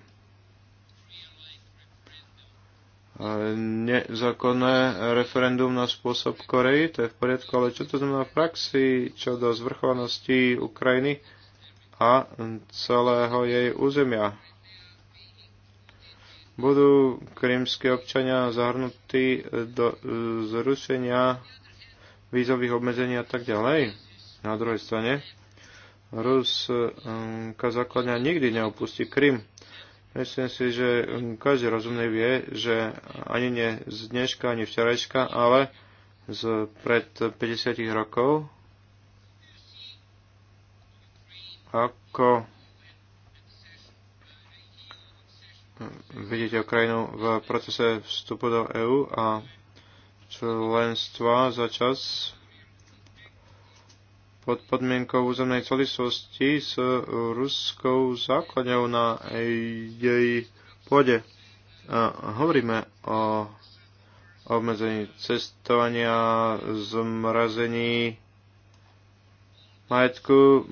nezákonné referendum na spôsob Koreji, to je v poriadku, ale čo to znamená v praxi, čo do zvrchovanosti Ukrajiny a celého jej územia? Budú krímsky občania zahrnutí do zrušenia vízových obmedzení a tak ďalej? Na druhej strane, Ruska základňa nikdy neopustí Krym. Myslím si, že každý rozumný vie, že ani nie z dneška, ani včerajška, ale z pred 50 rokov, ako vidíte Ukrajinu v procese vstupu do EÚ a členstva za čas pod podmienkou územnej celistvosti s e, ruskou základňou na e, jej pôde. A hovoríme o obmedzení cestovania, zmrazení majetku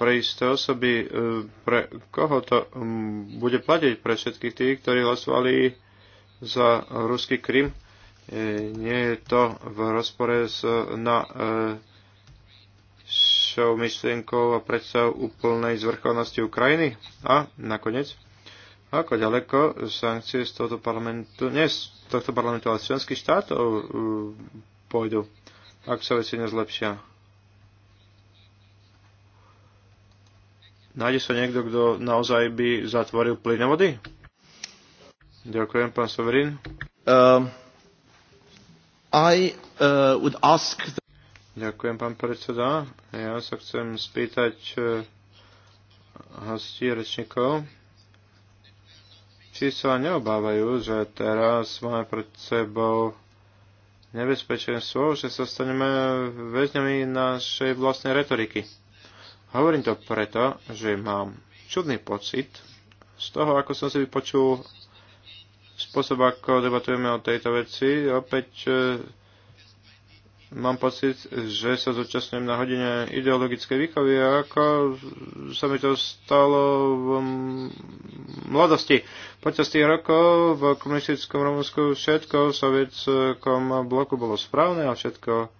pre isté osoby. E, pre koho to bude platiť? Pre všetkých tých, ktorí hlasovali za ruský Krym? Nie je to v rozpore s, na e, našou myšlienkou a predstav úplnej zvrchovanosti Ukrajiny? A nakoniec, ako ďaleko sankcie z tohto parlamentu, nie z tohto parlamentu, ale z členských štátov uh, pôjdu, ak sa veci nezlepšia? Nájde sa niekto, kto naozaj by zatvoril plynovody? Ďakujem, pán Severin. Um, I uh, would ask the Ďakujem, pán predseda. Ja sa chcem spýtať e, hostí rečníkov, či sa neobávajú, že teraz máme pred sebou nebezpečenstvo, že sa staneme väzňami našej vlastnej retoriky. Hovorím to preto, že mám čudný pocit z toho, ako som si vypočul spôsob, ako debatujeme o tejto veci. Opäť e, mám pocit, že sa zúčastňujem na hodine ideologickej výchovy, ako sa mi to stalo v mladosti. Počas tých rokov v komunistickom Rumunsku všetko v sovietskom bloku bolo správne a všetko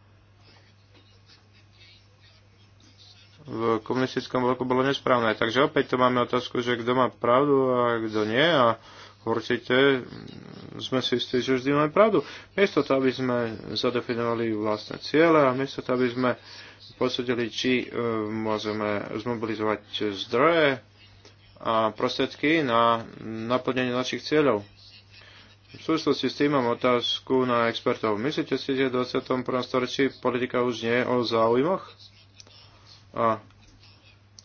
v komunistickom bloku bolo nesprávne. Takže opäť tu máme otázku, že kto má pravdu a kto nie. A určite sme si istí, že vždy máme pravdu. Miesto to, aby sme zadefinovali vlastné ciele a miesto to, aby sme posúdili, či e, môžeme zmobilizovať zdroje a prostriedky na naplnenie našich cieľov. V súvislosti s tým mám otázku na expertov. Myslíte si, že v 21. storočí politika už nie je o záujmoch? A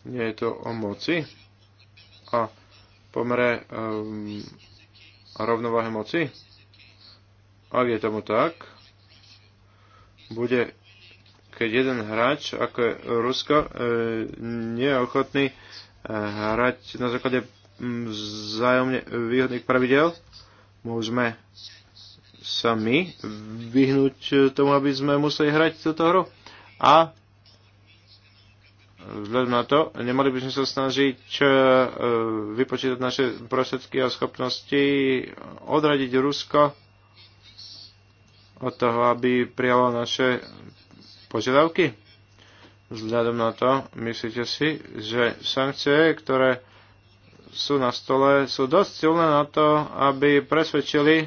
nie je to o moci? A pomere um, rovnováhe moci? Ak je tomu tak, bude, keď jeden hráč, ako je Rusko, e, nie je ochotný e, hrať na základe vzájomne výhodných pravidel, môžeme sa my vyhnúť tomu, aby sme museli hrať túto hru. A vzhľadom na to, nemali by sme sa snažiť e, e, vypočítať naše prostriedky a schopnosti odradiť Rusko od toho, aby prijalo naše požiadavky? Vzhľadom na to, myslíte si, že sankcie, ktoré sú na stole, sú dosť silné na to, aby presvedčili,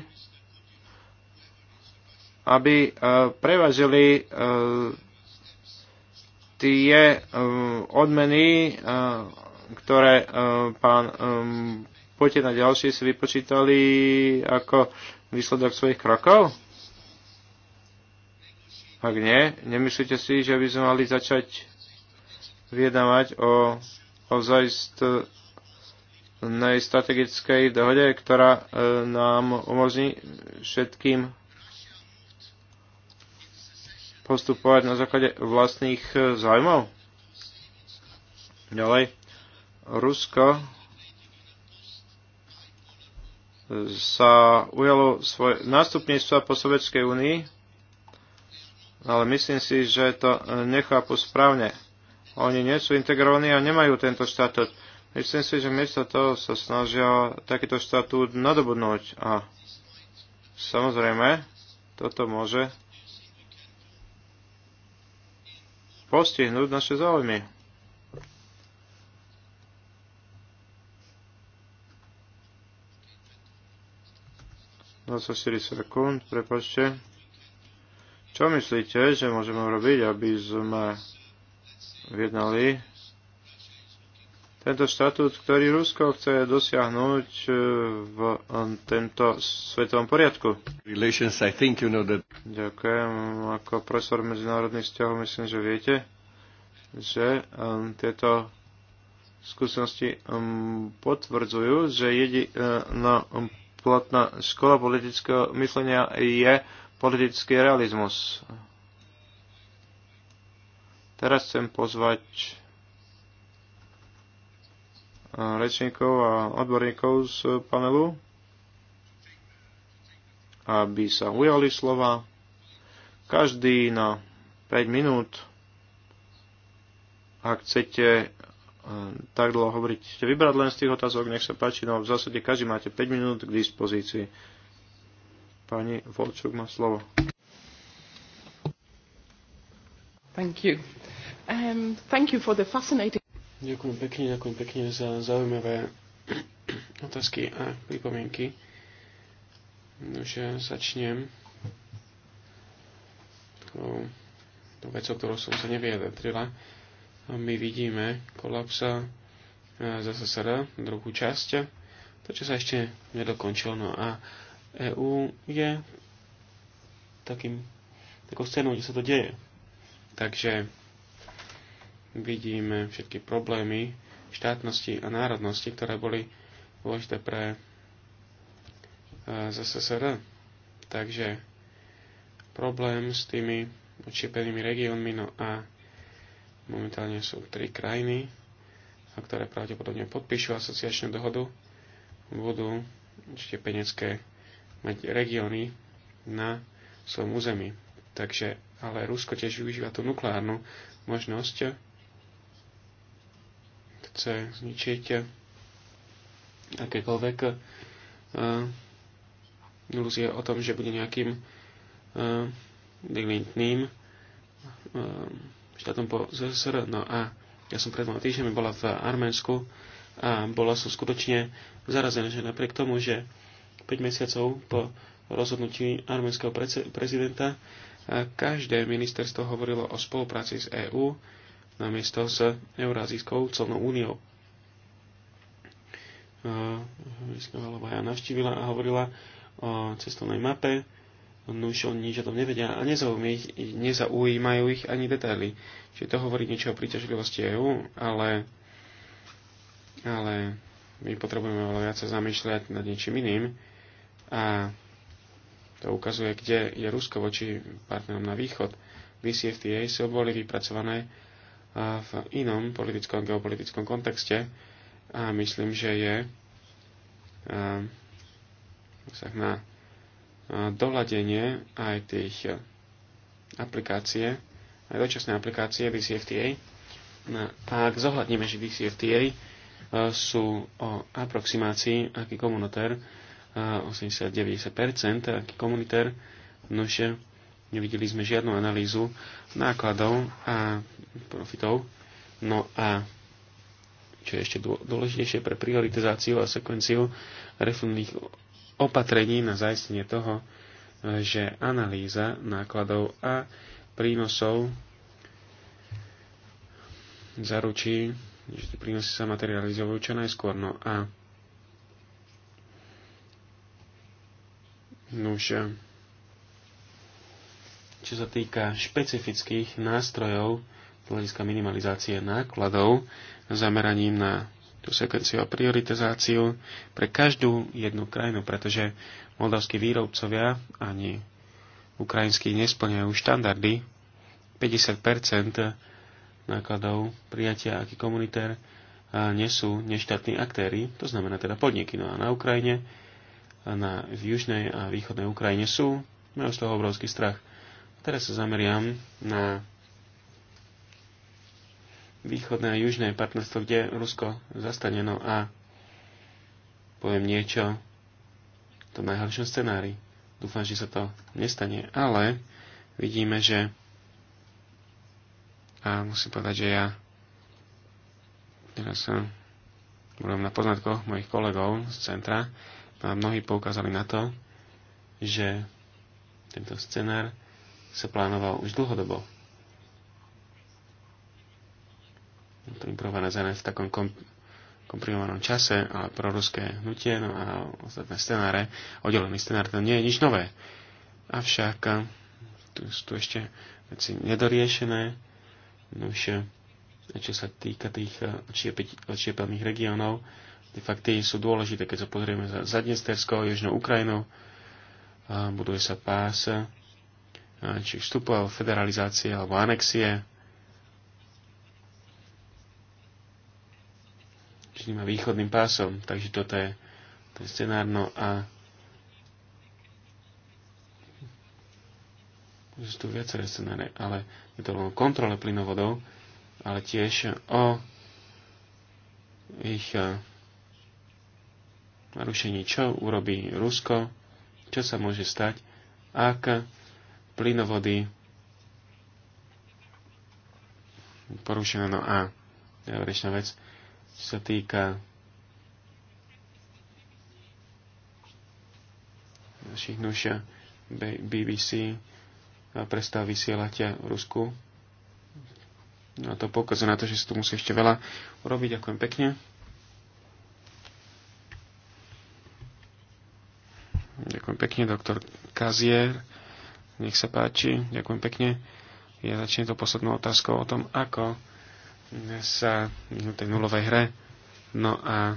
aby e, prevažili tie eh, odmeny, eh, ktoré eh, pán Putin a ďalší si vypočítali ako výsledok svojich krokov? Ak nie, nemyslíte si, že by sme mali začať vyjednávať o ozajstnej strategickej dohode, ktorá nám umožní všetkým postupovať na základe vlastných e, zájmov. Ďalej, Rusko sa ujalo svoje nástupníctva po Sovjetskej únii, ale myslím si, že to nechápu správne. Oni nie sú integrovaní a nemajú tento štatút. Myslím si, že miesto toho sa snažia takýto štatút nadobudnúť. A samozrejme, toto môže postihnúť naše záujmy. No sa 40 sekúnd, prepačte. Čo myslíte, že môžeme urobiť, aby sme vyjednali tento štatút, ktorý Rusko chce dosiahnuť e, v e, tento svetovom poriadku. Relations, I think you know that... Ďakujem. Ako profesor medzinárodných vzťahov myslím, že viete, že um, tieto skúsenosti um, potvrdzujú, že jediná um, platná škola politického myslenia je politický realizmus. Teraz chcem pozvať rečníkov a odborníkov z panelu, aby sa ujali slova. Každý na 5 minút. Ak chcete e, tak dlho hovoriť, chcete vybrať len z tých otázok, nech sa páči, no v zásade každý máte 5 minút k dispozícii. Pani Volčuk má slovo. Thank you. Um, thank you for the fascinating... Ďakujem pekne, ďakujem pekne za zaujímavé otázky a pripomienky. Už eh, začnem vec, o ktorú som sa nevyjadrila. My vidíme kolapsa eh, z SSR, druhú časť, to, čo sa ešte nedokončilo. No a EU je takým, takou scénou, kde sa to deje. Takže vidíme všetky problémy štátnosti a národnosti, ktoré boli dôležité pre eh, ZSSR. Takže problém s tými odšiepenými regiónmi, no a momentálne sú tri krajiny, ktoré pravdepodobne podpíšu asociačnú dohodu, budú štepenecké mať regióny na svojom území. Takže, ale Rusko tiež využíva tú nukleárnu možnosť chce zničiť akékoľvek eh, ilúzie o tom, že bude nejakým eh, dignitným eh, štátom po ZSR. No a ja som pred dvoma týždňami bola v Arménsku a bola som skutočne zarazená, že napriek tomu, že 5 mesiacov po rozhodnutí arménskeho prezidenta každé ministerstvo hovorilo o spolupráci s EÚ namiesto s Eurázijskou celnou úniou. Vyskávalová ja navštívila a hovorila o cestovnej mape, nuž no oni nič o tom nevedia a nezaujímajú ich ani detaily. Čiže to hovorí niečo o príťažlivosti EU, ale, ale my potrebujeme veľa viac sa zamýšľať nad niečím iným a to ukazuje, kde je Rusko voči partnerom na východ. VCFTA sú boli vypracované v inom politickom a geopolitickom kontexte a myslím, že je na doladenie aj tých aplikácie, aj dočasné aplikácie DCFTA. No, a ak zohľadníme, že DCFTA e, sú o aproximácii aký komunitér 80-90%, e, aký komunitér, nože Nevideli sme žiadnu analýzu nákladov a profitov. No a čo je ešte dôležitejšie pre prioritizáciu a sekvenciu reformných opatrení na zaistenie toho, že analýza nákladov a prínosov zaručí, že tie prínosy sa materializujú čo najskôr. No a Nuž, čo sa týka špecifických nástrojov z hľadiska minimalizácie nákladov, zameraním na tú sekvenciu a prioritizáciu pre každú jednu krajinu, pretože moldavskí výrobcovia ani ukrajinskí nesplňajú štandardy. 50 nákladov prijatia aký komunitér nesú neštátni aktéry, to znamená teda podniky. No a na Ukrajine, a na, v južnej a východnej Ukrajine sú, majú z toho obrovský strach. Teraz sa zameriam na východné a južné partnerstvo, kde Rusko zastaneno a poviem niečo tom najhoršom scenári. Dúfam, že sa to nestane, ale vidíme, že a musím povedať, že ja teraz sa budem na poznatkoch mojich kolegov z centra no a mnohí poukázali na to, že tento scenár sa plánoval už dlhodobo. Je to improvizované v takom kom- komprimovanom čase, ale proruské hnutie, no a ostatné scenáre, oddelený scenár, to nie je nič nové. Avšak tu sú tu ešte veci nedoriešené, no už čo sa týka tých odšiepených regiónov, tie fakty sú dôležité, keď sa pozrieme za, za Dnestersko, Južnou Ukrajinou, buduje sa pás či vstupu alebo federalizácie alebo anexie. Čiže má východným pásom, takže toto je ten scenár. No a sú tu viaceré scenáre, ale je to len o kontrole plynovodov, ale tiež o ich narušení, čo urobí Rusko, čo sa môže stať, ak plynovody porušené. No a záverečná vec, čo sa týka našich nušia BBC prestal vysielať v Rusku. No to pokazuje na to, že sa tu musí ešte veľa urobiť. Ďakujem pekne. Ďakujem pekne, doktor Kazier. Nech sa páči, ďakujem pekne. Ja začnem to poslednou otázkou o tom, ako sa v tej nulovej hre. No a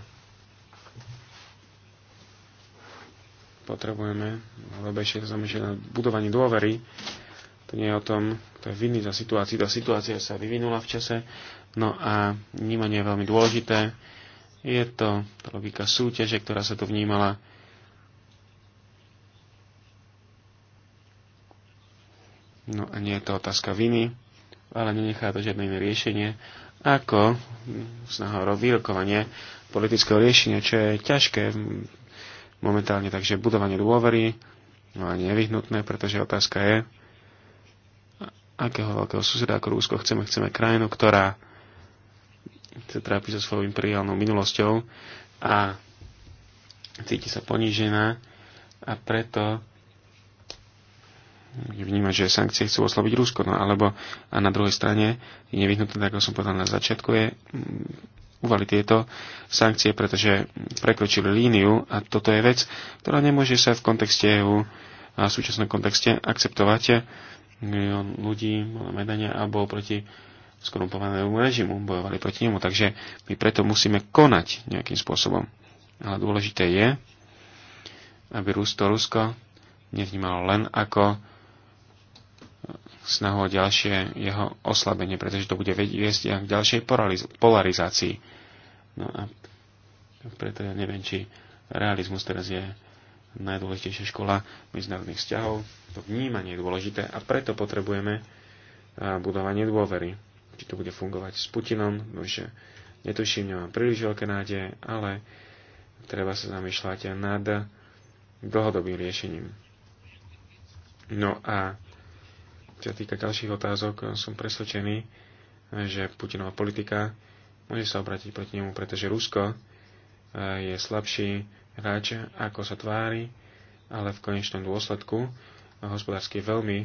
potrebujeme hlbejšie zamýšľať na budovanie dôvery. To nie je o tom, to je vinný za situáciu. Tá situácia sa vyvinula v čase. No a vnímanie je veľmi dôležité. Je to logika súťaže, ktorá sa tu vnímala No a nie je to otázka viny, ale nenechá to žiadne iné riešenie, ako snaha o vyrokovanie politického riešenia, čo je ťažké momentálne, takže budovanie dôvery, no a nevyhnutné, pretože otázka je, akého veľkého suseda ako Rúsko chceme. Chceme krajinu, ktorá sa trápi so svojou imperiálnou minulosťou a cíti sa ponížená a preto vnímať, že sankcie chcú osloviť Rusko, no alebo a na druhej strane je nevyhnutné, ako som povedal na začiatku, je mm, uvali tieto sankcie, pretože prekročili líniu a toto je vec, ktorá nemôže sa v kontexte EU a v súčasnom kontexte akceptovať milión ľudí, medania alebo proti skorumpovanému režimu, bojovali proti nemu, takže my preto musíme konať nejakým spôsobom. Ale dôležité je, aby Rusko, Rusko nevnímalo len ako snahu o ďalšie jeho oslabenie, pretože to bude viesť k ďalšej polarizácii. No a preto ja neviem, či realizmus teraz je najdôležitejšia škola medzinárodných vzťahov. To vnímanie je dôležité a preto potrebujeme budovanie dôvery. Či to bude fungovať s Putinom, no, že netuším, nemám príliš veľké nádeje, ale treba sa zamýšľať aj nad dlhodobým riešením. No a sa týka ďalších otázok, som presvedčený, že Putinová politika môže sa obrátiť proti nemu, pretože Rusko eh, je slabší hráč, ako sa tvári, ale v konečnom dôsledku hospodársky je veľmi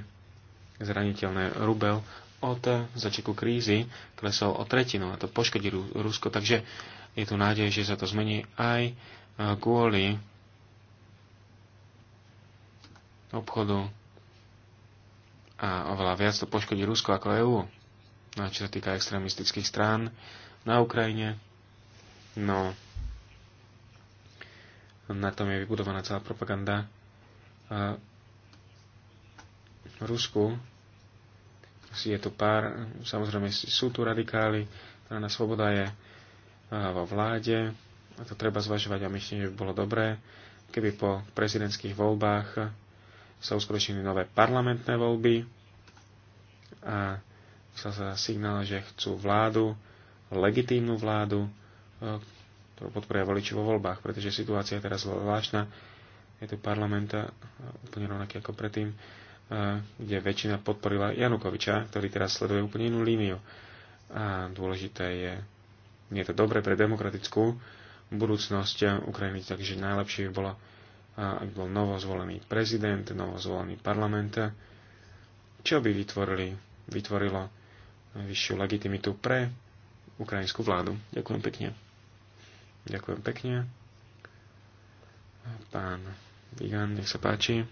zraniteľné. Rubel od začiatku krízy klesol o tretinu a to poškodí Rusko, takže je tu nádej, že sa to zmení aj eh, kvôli obchodu a oveľa viac to poškodí Rusko ako EÚ. No čo sa týka extrémistických strán na Ukrajine, no na tom je vybudovaná celá propaganda a v Rusku je tu pár, samozrejme sú tu radikáli, na svoboda je vo vláde a to treba zvažovať a myslím, že by bolo dobré, keby po prezidentských voľbách sa uskutočnili nové parlamentné voľby a sa sa signál, že chcú vládu, legitímnu vládu, e, ktorú podporia voliči vo voľbách, pretože situácia je teraz zvláštna. Je tu parlamenta e, úplne rovnaký ako predtým, e, kde väčšina podporila Janukoviča, ktorý teraz sleduje úplne inú líniu. A dôležité je, nie je to dobré pre demokratickú budúcnosť Ukrajiny, takže najlepšie by bolo aby bol novozvolený prezident, novozvolený parlament, čo by vytvorili, vytvorilo vyššiu legitimitu pre ukrajinskú vládu. Ďakujem pekne. Ďakujem pekne. Pán Vigan, nech sa páči.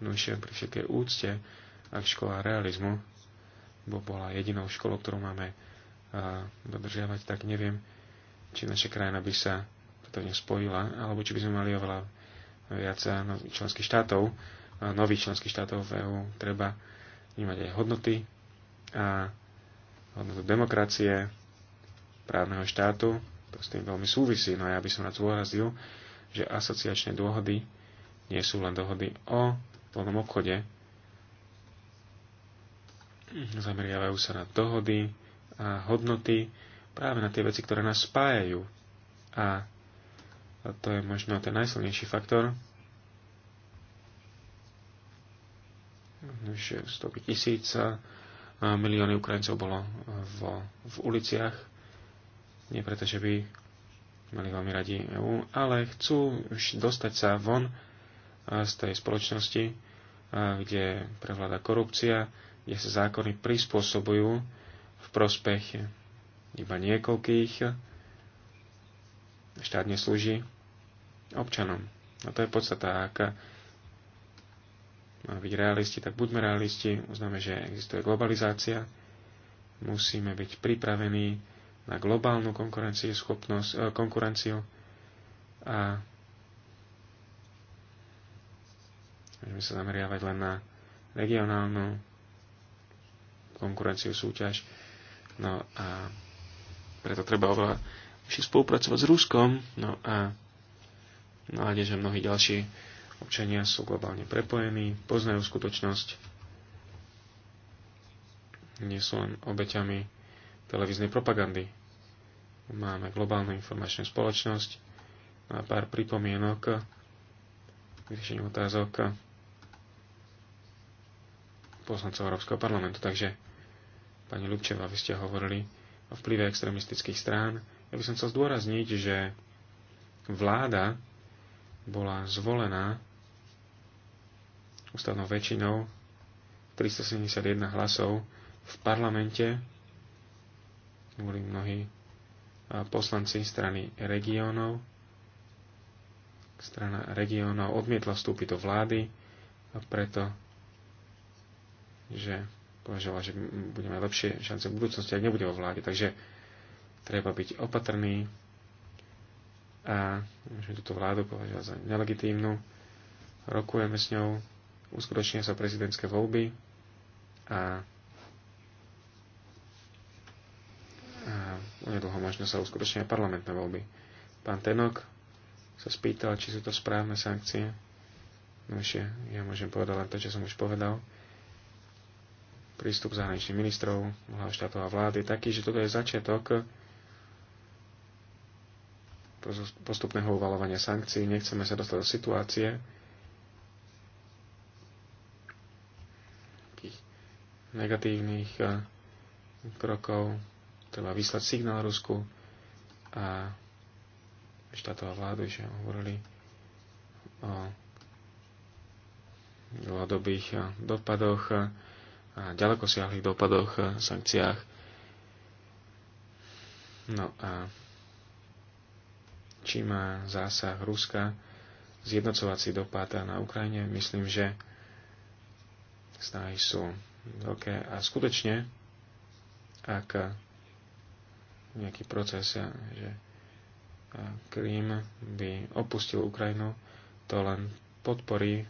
No pri všetkej úcte, ak škola realizmu, bo bola jedinou školou, ktorú máme a, dodržiavať, tak neviem, či naša krajina by sa to ňu spojila, alebo či by sme mali oveľa viac eh, členských štátov, eh, nových členských štátov v EÚ, treba vnímať aj hodnoty a hodnotu demokracie, právneho štátu, to s tým veľmi súvisí. No a ja by som rád zúrazil, že asociačné dôhody nie sú len dohody o plnom obchode, zameriavajú sa na dohody a hodnoty, práve na tie veci, ktoré nás spájajú. A a to je možno ten najsilnejší faktor. Že 105 tisíc milióny Ukrajincov bolo v, v uliciach. Nie preto, že by mali veľmi radi EU, ale chcú už dostať sa von z tej spoločnosti, kde prevláda korupcia, kde sa zákony prispôsobujú v prospech iba niekoľkých štát neslúži občanom. A to je podstata, ak máme byť realisti, tak buďme realisti, uznáme, že existuje globalizácia, musíme byť pripravení na globálnu konkurenciu, schopnosť, eh, konkurenciu a môžeme sa zameriavať len na regionálnu konkurenciu, súťaž. No a preto treba oveľa išli spolupracovať s Ruskom, no a nájde, že mnohí ďalší občania sú globálne prepojení, poznajú skutočnosť, nie sú len obeťami televíznej propagandy. Máme globálnu informačnú spoločnosť no a pár pripomienok vyriešení otázok poslancov Európskeho parlamentu. Takže, pani Ľubčeva, vy ste hovorili o vplyve extremistických strán ja by som chcel zdôrazniť, že vláda bola zvolená ústavnou väčšinou 371 hlasov v parlamente. Boli mnohí poslanci strany regiónov. Strana regiónov odmietla vstúpiť do vlády a preto, že považovala, že budeme lepšie šance v budúcnosti, ak nebude vo vláde. Takže treba byť opatrný a že túto vládu považovať za nelegitímnu. Rokujeme s ňou, uskutočnia sa prezidentské voľby a, a nedlho možno sa uskutočnia parlamentné voľby. Pán Tenok sa spýtal, či sú to správne sankcie. No ešte, ja môžem povedať len to, čo som už povedal. Prístup zahraničných ministrov, hlav štátov a vlády taký, že toto je začiatok postupného uvalovania sankcií. Nechceme sa dostať do situácie, negatívnych eh, krokov, treba vyslať signál Rusku a štátová vládu, že hovorili o dlhodobých eh, dopadoch a ďaleko siahlých dopadoch, eh, sankciách. No a či má zásah Ruska zjednocovací dopad na Ukrajine. Myslím, že snahy sú veľké a skutočne, ak nejaký proces, že Krím by opustil Ukrajinu, to len podporí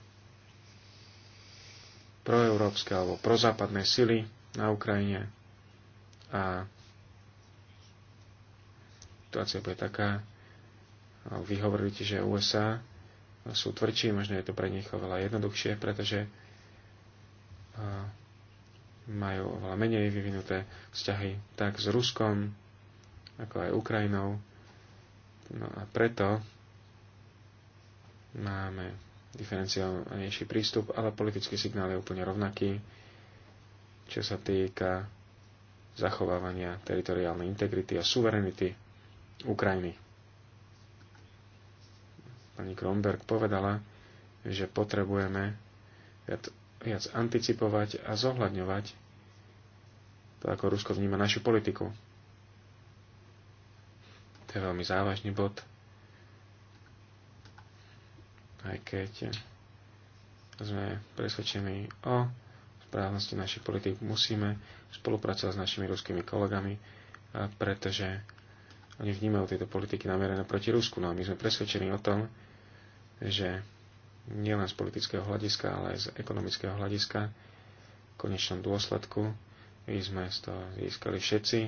proeurópske alebo prozápadné sily na Ukrajine a situácia bude taká, vy hovoríte, že USA sú tvrdší, možno je to pre nich oveľa jednoduchšie, pretože majú oveľa menej vyvinuté vzťahy tak s Ruskom, ako aj Ukrajinou. No a preto máme diferenciálnejší prístup, ale politický signál je úplne rovnaký, čo sa týka zachovávania teritoriálnej integrity a suverenity Ukrajiny. Pani Kronberg povedala, že potrebujeme viac, viac anticipovať a zohľadňovať to, ako Rusko vníma našu politiku. To je veľmi závažný bod. Aj keď sme presvedčení o správnosti našich politik, musíme spolupracovať s našimi ruskými kolegami, pretože oni vnímajú tieto politiky namierené proti Rusku. No a my sme presvedčení o tom, že nielen z politického hľadiska, ale aj z ekonomického hľadiska, v konečnom dôsledku, my sme z toho získali všetci,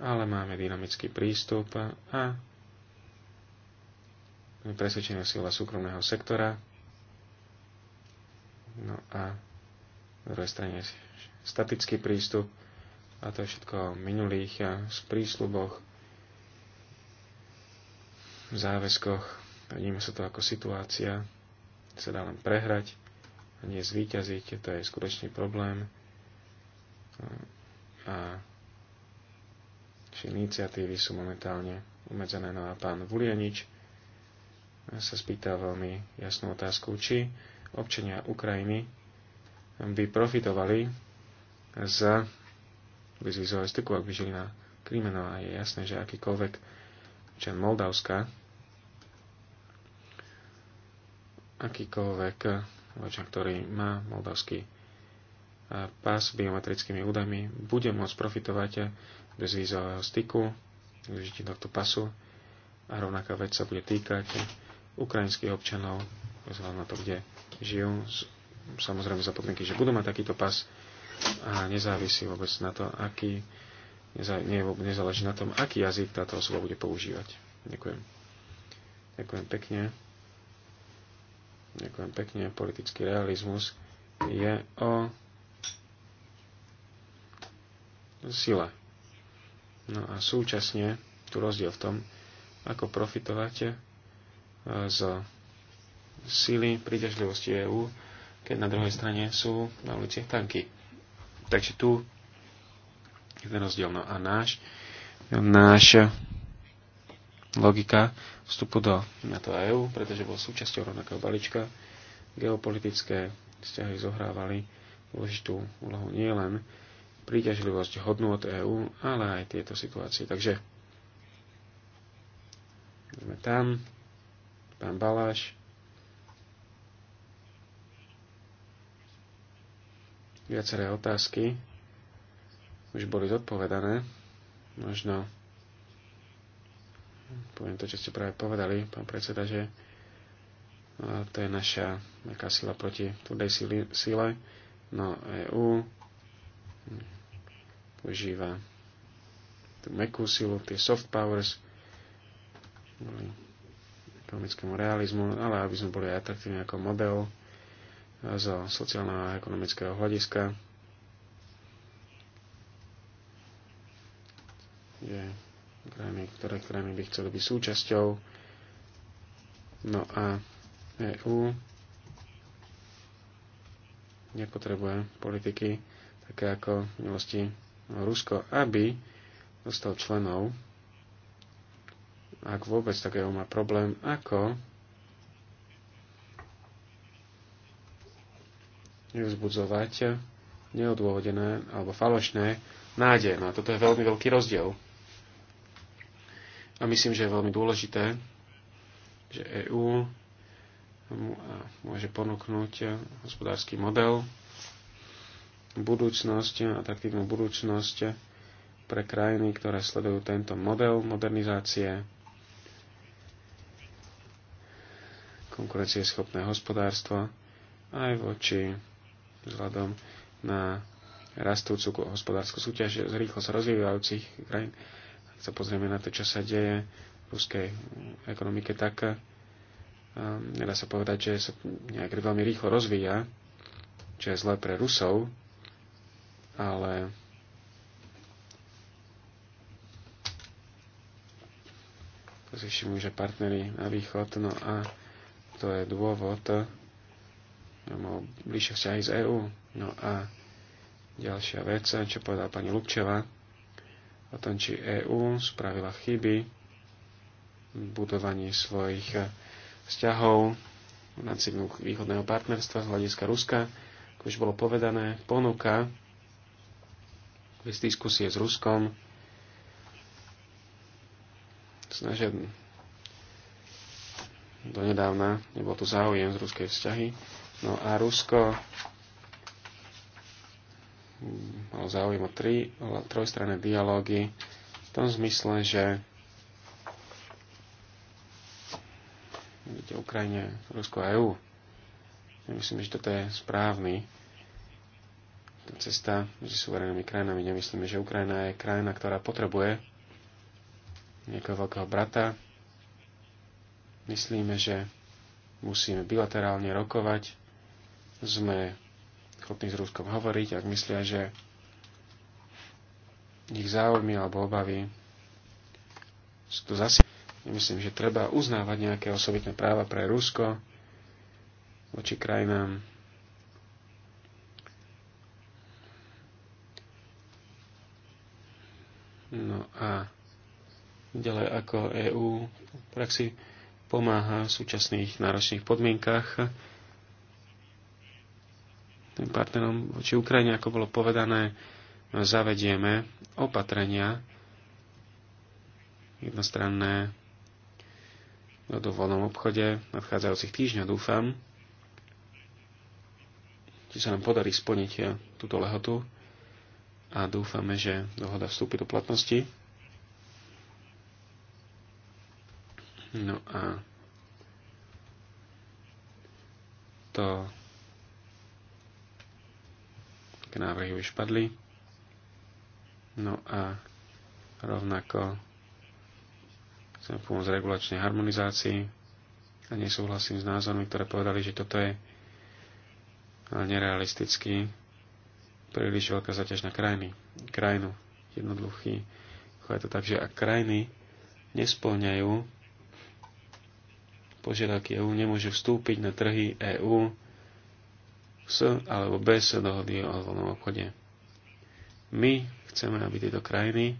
ale máme dynamický prístup a presvedčená sila súkromného sektora. No a z druhej strane statický prístup a to je všetko o minulých a z prísluboch, záväzkoch Vidíme sa to ako situácia, sa dá len prehrať a nie zvíťaziť, to je skutočný problém. A iniciatívy sú momentálne umedzené. No a pán Vulianič sa spýta veľmi jasnú otázku, či občania Ukrajiny by profitovali za bezvizového styku, ak by žili na krimenová a je jasné, že akýkoľvek občan Moldavska akýkoľvek občan, ktorý má moldavský e, pás s biometrickými údami, bude môcť profitovať bez vízového styku, využití tohto pasu a rovnaká vec sa bude týkať ukrajinských občanov, bez na to, kde žijú, samozrejme za podmienky, že budú mať takýto pas a nezávisí vôbec na to, aký, nezáleží na tom, aký jazyk táto osoba bude používať. Ďakujem. Ďakujem pekne. Ďakujem pekne. Politický realizmus je o sile. No a súčasne tu rozdiel v tom, ako profitovať e, z sily príťažlivosti EÚ, keď na druhej strane sú na uliciach tanky. Takže tu je ten rozdiel. No a náš, náš logika vstupu do NATO a EU, pretože bol súčasťou rovnakého balíčka. Geopolitické vzťahy zohrávali dôležitú úlohu nielen príťažlivosť hodnú od EÚ, ale aj tieto situácie. Takže sme tam, pán Baláš. Viaceré otázky už boli zodpovedané. Možno poviem to, čo ste práve povedali, pán predseda, že to je naša nejaká sila proti tvrdej sile, No EU používa tú mekú silu, tie soft powers, ekonomickému realizmu, ale aby sme boli aj atraktívni ako model zo sociálneho a ekonomického hľadiska. Yeah krajiny, ktoré krajiny by chceli byť súčasťou. No a EU nepotrebuje politiky také ako v milosti Rusko, aby dostal členov, ak vôbec tak EU má problém, ako nevzbudzovať neodôvodené alebo falošné nádeje. No a toto je veľmi veľký rozdiel. A myslím, že je veľmi dôležité, že EÚ môže ponúknuť hospodársky model, budúcnosť, atraktívnu budúcnosť pre krajiny, ktoré sledujú tento model modernizácie, konkurencieschopné hospodárstvo aj voči vzhľadom na rastúcu hospodárskú súťaž z rýchlo sa rozvíjajúcich krajín sa pozrieme na to, čo sa deje v ruskej ekonomike, tak eh, nedá sa povedať, že sa nejak veľmi rýchlo rozvíja, čo je zlé pre Rusov, ale si všimu, že partnery na východ, no a to je dôvod, mal bližšie vzťahy z EÚ. No a ďalšia vec, čo povedala pani Lubčeva, o tom, či EÚ spravila chyby v budovaní svojich eh, vzťahov na cyklu východného partnerstva z hľadiska Ruska. Ako už bolo povedané, ponuka bez diskusie s Ruskom snažia donedávna nebol tu záujem z ruskej vzťahy. No a Rusko mal záujem o tri trojstranné dialógy v tom zmysle, že vidíte Ukrajine, Rusko a EU. Ja myslím, že toto je správny tá cesta medzi suverénnymi krajinami. Nemyslím, že Ukrajina je krajina, ktorá potrebuje nejakého veľkého brata. Myslíme, že musíme bilaterálne rokovať. Sme schopní s Ruskom hovoriť, ak myslia, že ich záujmy alebo obavy sú tu zase. Myslím, že treba uznávať nejaké osobitné práva pre Rusko voči krajinám No a ďalej ako EÚ v praxi pomáha v súčasných náročných podmienkách tým partnerom voči Ukrajine, ako bolo povedané, zavedieme opatrenia jednostranné do dovolnom obchode nadchádzajúcich týždňov, dúfam, či sa nám podarí splniť túto lehotu a dúfame, že dohoda vstúpi do platnosti. No a to všetky návrhy už padli. No a rovnako chcem pomôcť regulačnej harmonizácii a nesúhlasím s názormi, ktoré povedali, že toto je nerealistický, príliš veľká zaťaž na krajiny, krajinu. Jednoduchý. Je to tak, že ak krajiny nesplňajú požiadavky EÚ, nemôžu vstúpiť na trhy EÚ s alebo bez dohody o voľnom obchode. My chceme, aby tieto krajiny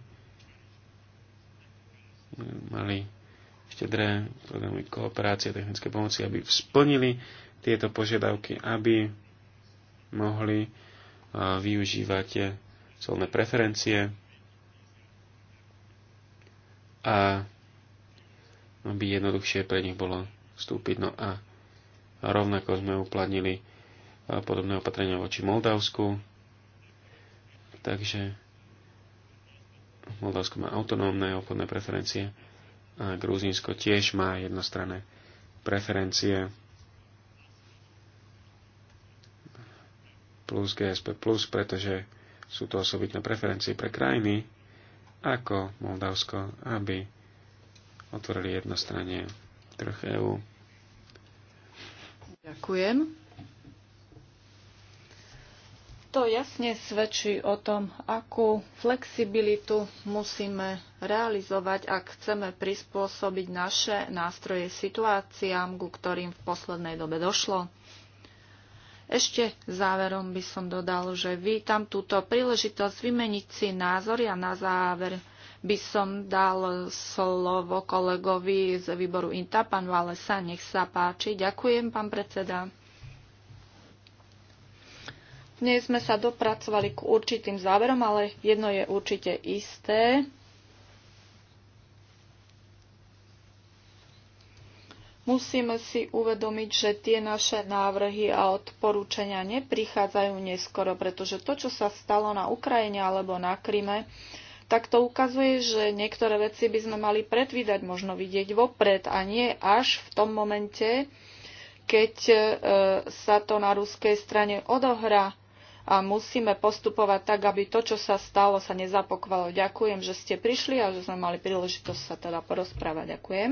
mali štedré programy kooperácie a technické pomoci, aby splnili tieto požiadavky, aby mohli využívať colné preferencie a aby jednoduchšie pre nich bolo vstúpiť. No a rovnako sme uplatnili podobné opatrenia voči Moldavsku. Takže Moldavsko má autonómne obchodné preferencie a Gruzínsko tiež má jednostranné preferencie plus GSP plus, pretože sú to osobitné preferencie pre krajiny ako Moldavsko, aby otvorili jednostranne trh EU. Ďakujem. To jasne svedčí o tom, akú flexibilitu musíme realizovať, ak chceme prispôsobiť naše nástroje situáciám, ku ktorým v poslednej dobe došlo. Ešte záverom by som dodal, že vítam túto príležitosť vymeniť si názory a na záver by som dal slovo kolegovi z výboru INTA, pán Valesa, nech sa páči. Ďakujem, pán predseda. Dnes sme sa dopracovali k určitým záverom, ale jedno je určite isté. Musíme si uvedomiť, že tie naše návrhy a odporúčania neprichádzajú neskoro, pretože to, čo sa stalo na Ukrajine alebo na Kryme, tak to ukazuje, že niektoré veci by sme mali predvídať, možno vidieť vopred a nie až v tom momente, keď e, sa to na ruskej strane odohrá a musíme postupovať tak, aby to, čo sa stalo, sa nezapokvalo. Ďakujem, že ste prišli a že sme mali príležitosť sa teda porozprávať. Ďakujem.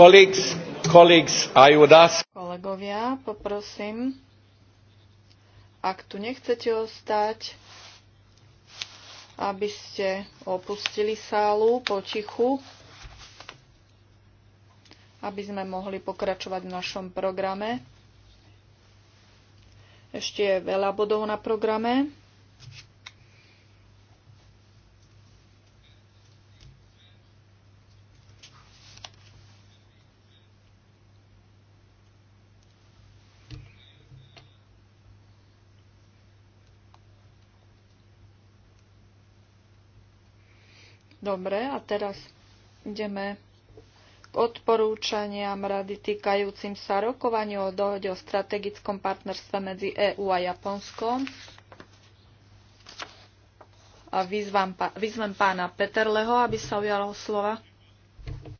Colleagues, colleagues, I would ask... Kolegovia, poprosím, ak tu nechcete ostať, aby ste opustili sálu potichu, aby sme mohli pokračovať v našom programe. Ešte je veľa bodov na programe. Dobre, a teraz ideme k odporúčaniam rady týkajúcim sa rokovaniu o dohode o strategickom partnerstve medzi EÚ a Japonskom. A vyzvám, vyzvem pána Peterleho, aby sa ujalo slova.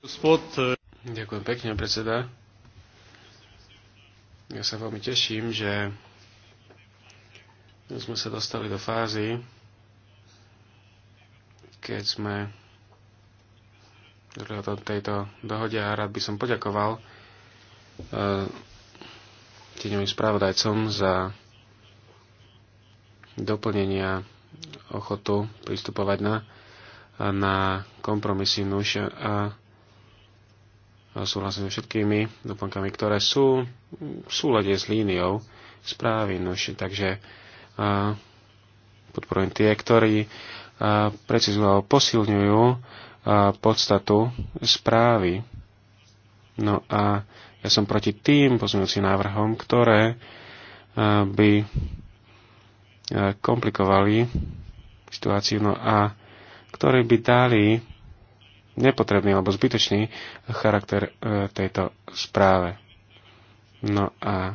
Spod. E- Ďakujem pekne, predseda. Ja sa veľmi teším, že sme sa dostali do fázy, keď sme o tejto dohode a rád by som poďakoval uh, tieňovým spravodajcom za doplnenia ochotu pristupovať na, na kompromisy nuž a, e, a súhlasím so všetkými doplnkami, ktoré sú v súlade s líniou správy nuž. Takže uh, podporujem tie, ktorí precizujú alebo posilňujú podstatu správy. No a ja som proti tým pozmeňujúcim návrhom, ktoré by komplikovali situáciu no a ktoré by dali nepotrebný alebo zbytočný charakter e, tejto správe. No a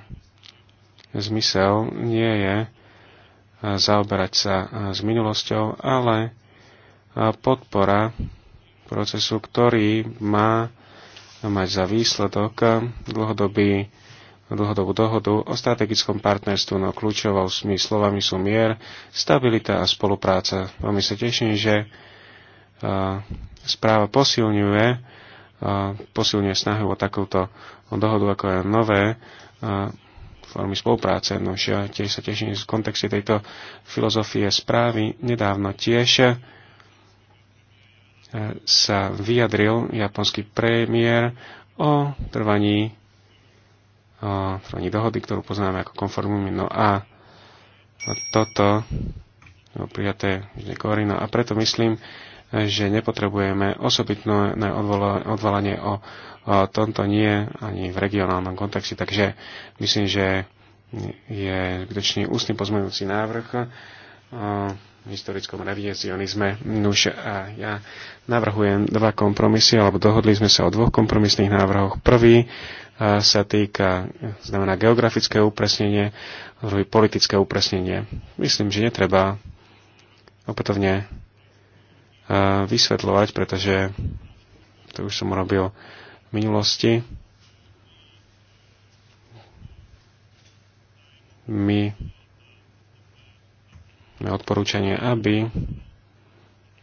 zmysel nie je zaoberať sa e, s minulosťou, ale e, podpora procesu, ktorý má mať za výsledok e, dlhodobý, dlhodobú dohodu o strategickom partnerstvu. No kľúčovými slovami sú mier, stabilita a spolupráca. Veľmi no sa teším, že správa posilňuje, posilňuje snahu o takúto dohodu, ako je nové formy spolupráce. No tiež sa teším v kontexte tejto filozofie správy. Nedávno tiež e, sa vyjadril japonský premiér o trvaní, o trvaní dohody, ktorú poznáme ako konformumi. No a toto no, prijaté Korino. A preto myslím, že nepotrebujeme osobitné odvolanie o, tomto nie ani v regionálnom kontexte. Takže myslím, že je skutočný ústny pozmenujúci návrh v historickom revizionizme. Nuž a ja navrhujem dva kompromisy, alebo dohodli sme sa o dvoch kompromisných návrhoch. Prvý sa týka, znamená geografické upresnenie, druhý politické upresnenie. Myslím, že netreba opätovne Eh, vysvetľovať, pretože to už som robil v minulosti. My na odporúčanie, aby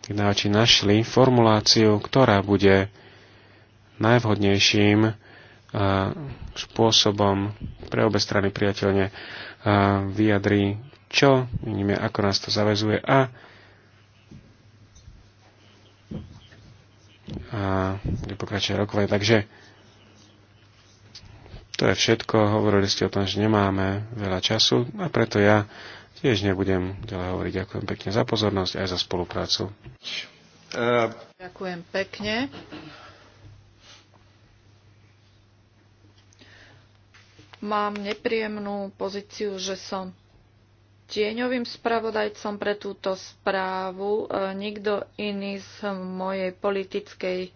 vydávači našli formuláciu, ktorá bude najvhodnejším eh, spôsobom pre obe strany priateľne eh, vyjadri čo vidíme, ako nás to zavezuje a a kde pokračuje rokovanie. Takže to je všetko. Hovorili ste o tom, že nemáme veľa času a preto ja tiež nebudem ďalej hovoriť. Ďakujem pekne za pozornosť aj za spoluprácu. Ďakujem pekne. Mám nepríjemnú pozíciu, že som tieňovým spravodajcom pre túto správu. E, nikto iný z mojej politickej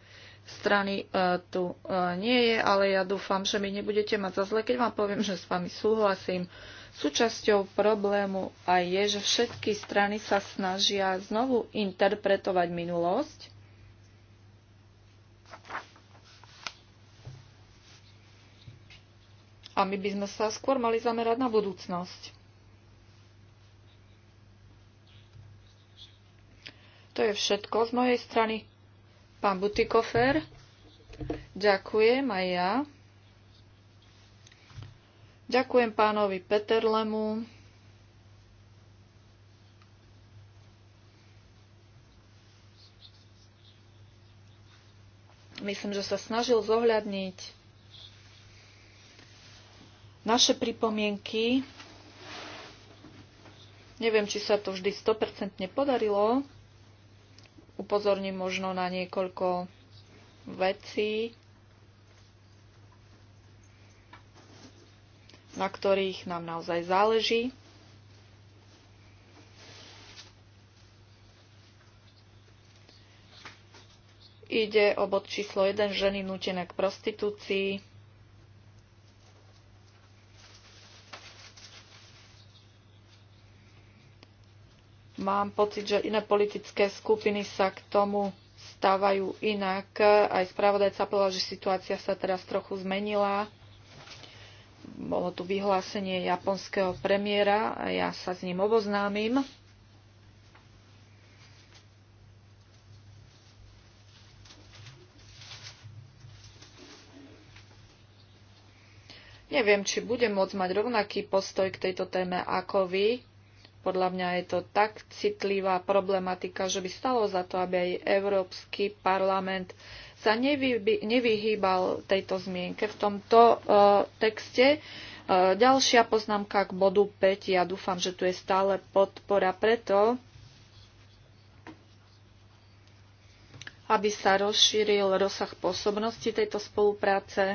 strany e, tu e, nie je, ale ja dúfam, že mi nebudete mať za zle, keď vám poviem, že s vami súhlasím. Súčasťou problému aj je, že všetky strany sa snažia znovu interpretovať minulosť. A my by sme sa skôr mali zamerať na budúcnosť. To je všetko z mojej strany. Pán Butikofer, ďakujem aj ja. Ďakujem pánovi Peterlemu. Myslím, že sa snažil zohľadniť naše pripomienky. Neviem, či sa to vždy 100% podarilo, upozorním možno na niekoľko vecí, na ktorých nám naozaj záleží. Ide o bod číslo 1 ženy nutené k prostitúcii. Mám pocit, že iné politické skupiny sa k tomu stávajú inak. Aj spravodajca povedal, že situácia sa teraz trochu zmenila. Bolo tu vyhlásenie japonského premiéra a ja sa s ním oboznámim. Neviem, či budem môcť mať rovnaký postoj k tejto téme ako vy, podľa mňa je to tak citlivá problematika, že by stalo za to, aby aj Európsky parlament sa nevy, nevyhýbal tejto zmienke v tomto uh, texte. Uh, ďalšia poznámka k bodu 5. Ja dúfam, že tu je stále podpora preto, aby sa rozšíril rozsah pôsobnosti tejto spolupráce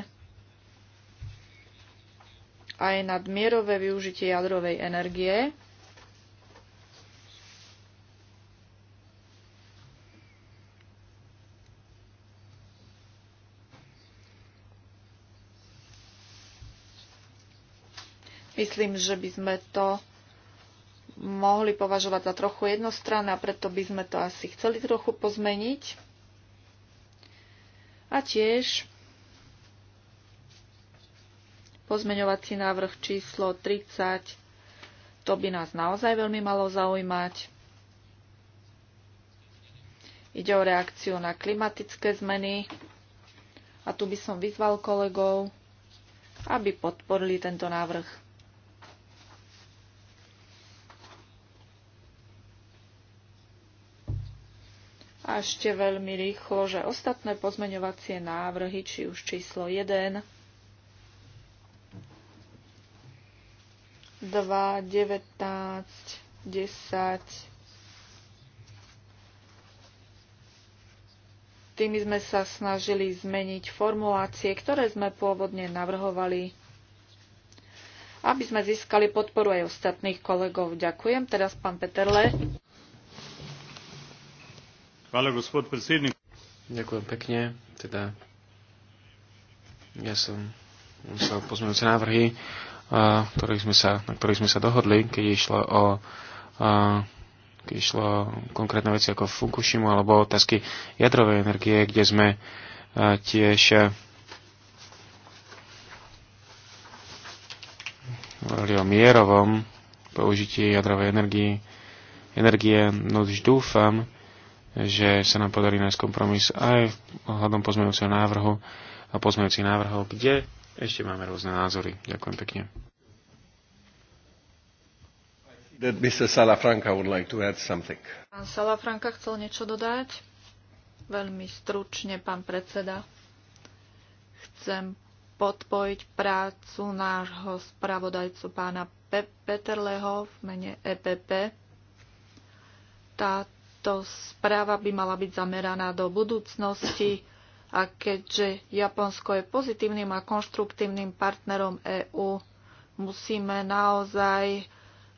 aj nadmierové využitie jadrovej energie Myslím, že by sme to mohli považovať za trochu jednostranné a preto by sme to asi chceli trochu pozmeniť. A tiež pozmeňovací návrh číslo 30 to by nás naozaj veľmi malo zaujímať. Ide o reakciu na klimatické zmeny a tu by som vyzval kolegov, aby podporili tento návrh. a ešte veľmi rýchlo, že ostatné pozmeňovacie návrhy, či už číslo 1, 2, 19, 10, tými sme sa snažili zmeniť formulácie, ktoré sme pôvodne navrhovali, aby sme získali podporu aj ostatných kolegov. Ďakujem. Teraz pán Peterle. Ďakujem pekne. Teda ja som musel pozmeňujúce návrhy, ktorých sme sa, na ktorých sme sa dohodli, keď išlo o keď išlo konkrétne veci ako Fukushima alebo otázky jadrovej energie, kde sme tiež hovorili o mierovom použití jadrovej energie. energie. No už dúfam, že sa nám podarí nájsť kompromis aj hľadom pozmeňujúceho návrhu a pozmeňujúcich návrhov, kde ešte máme rôzne názory. Ďakujem pekne. That Mr. Salafranca would like to add something. Pán Salafranca chcel niečo dodať? Veľmi stručne, pán predseda. Chcem podpojiť prácu nášho spravodajcu pána Pe- Peterleho v mene EPP. Táto táto správa by mala byť zameraná do budúcnosti a keďže Japonsko je pozitívnym a konštruktívnym partnerom EÚ, musíme naozaj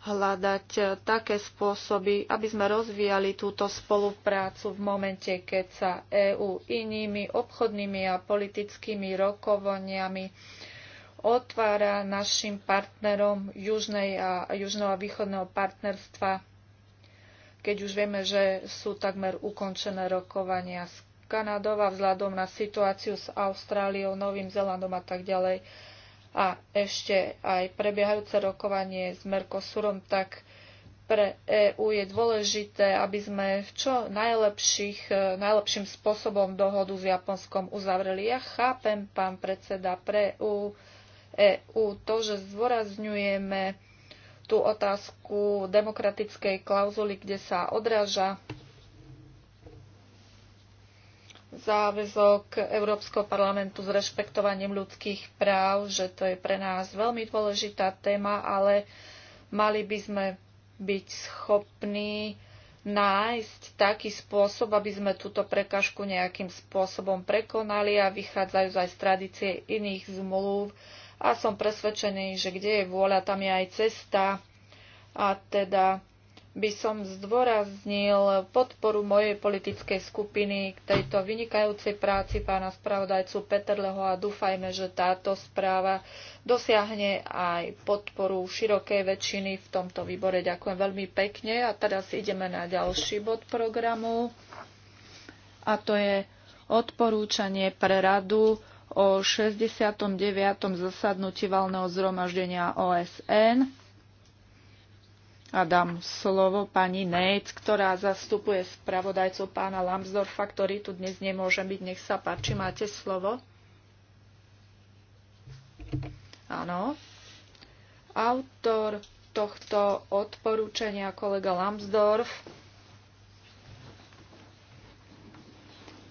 hľadať také spôsoby, aby sme rozvíjali túto spoluprácu v momente, keď sa EÚ inými obchodnými a politickými rokovaniami otvára našim partnerom južnej a, južného a východného partnerstva keď už vieme, že sú takmer ukončené rokovania s Kanadou a vzhľadom na situáciu s Austráliou, Novým Zelandom a tak ďalej a ešte aj prebiehajúce rokovanie s Mercosurom, tak pre EÚ je dôležité, aby sme v čo e, najlepším spôsobom dohodu s Japonskom uzavreli. Ja chápem, pán predseda, pre EÚ, e to, že zdôrazňujeme tú otázku demokratickej klauzuly, kde sa odráža záväzok Európskeho parlamentu s rešpektovaním ľudských práv, že to je pre nás veľmi dôležitá téma, ale mali by sme byť schopní nájsť taký spôsob, aby sme túto prekažku nejakým spôsobom prekonali a vychádzajú aj z tradície iných zmluv, a som presvedčený, že kde je vôľa, tam je aj cesta. A teda by som zdôraznil podporu mojej politickej skupiny k tejto vynikajúcej práci pána spravodajcu Peterleho a dúfajme, že táto správa dosiahne aj podporu širokej väčšiny v tomto výbore. Ďakujem veľmi pekne a teraz ideme na ďalší bod programu a to je odporúčanie pre radu o 69. zasadnutí valného zhromaždenia OSN. A dám slovo pani Nejc, ktorá zastupuje spravodajcu pána Lambsdorfa, ktorý tu dnes nemôže byť. Nech sa páči, máte slovo. Áno. Autor tohto odporúčania kolega Lambsdorff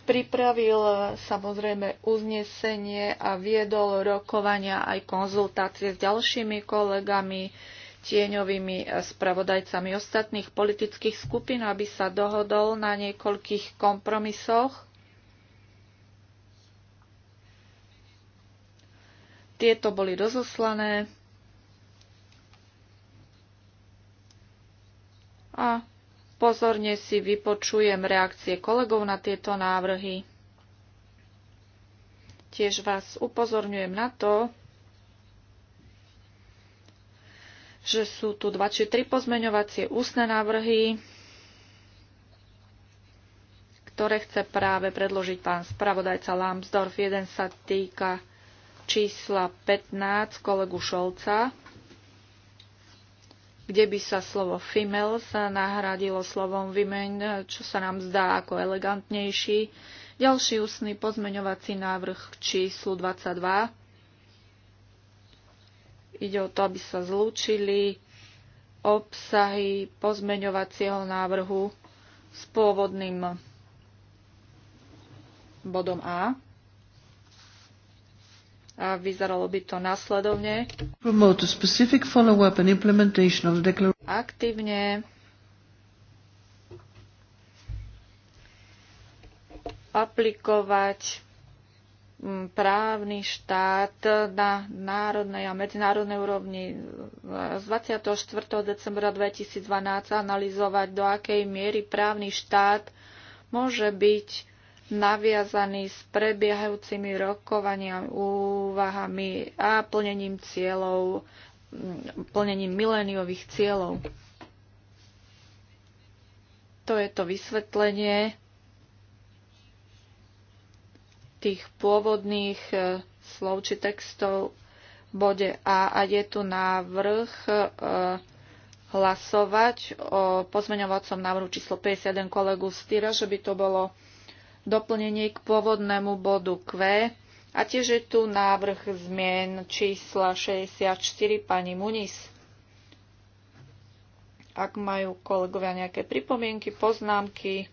pripravil e, samozrejme uznesenie a viedol rokovania aj konzultácie s ďalšími kolegami, tieňovými e, spravodajcami ostatných politických skupín, aby sa dohodol na niekoľkých kompromisoch. Tieto boli rozoslané a Pozorne si vypočujem reakcie kolegov na tieto návrhy. Tiež vás upozorňujem na to, že sú tu dva či tri pozmeňovacie ústne návrhy, ktoré chce práve predložiť pán spravodajca Lambsdorff. Jeden sa týka čísla 15 kolegu Šolca kde by sa slovo females nahradilo slovom women, čo sa nám zdá ako elegantnejší. Ďalší ústny pozmeňovací návrh k číslu 22. Ide o to, aby sa zlúčili obsahy pozmeňovacieho návrhu s pôvodným bodom A. A vyzeralo by to následovne. Aktívne aplikovať mm, právny štát na národnej a medzinárodnej úrovni e, z 24. decembra 2012 analyzovať, do akej miery právny štát môže byť naviazaný s prebiehajúcimi rokovaniami, úvahami a plnením cieľov, mm, plnením miléniových cieľov. To je to vysvetlenie tých pôvodných e, slov či textov v bode A a je tu návrh e, hlasovať o pozmeňovacom návrhu číslo 51 kolegu Styra, že by to bolo doplnenie k pôvodnému bodu Q. A tiež je tu návrh zmien čísla 64 pani Munis. Ak majú kolegovia nejaké pripomienky, poznámky,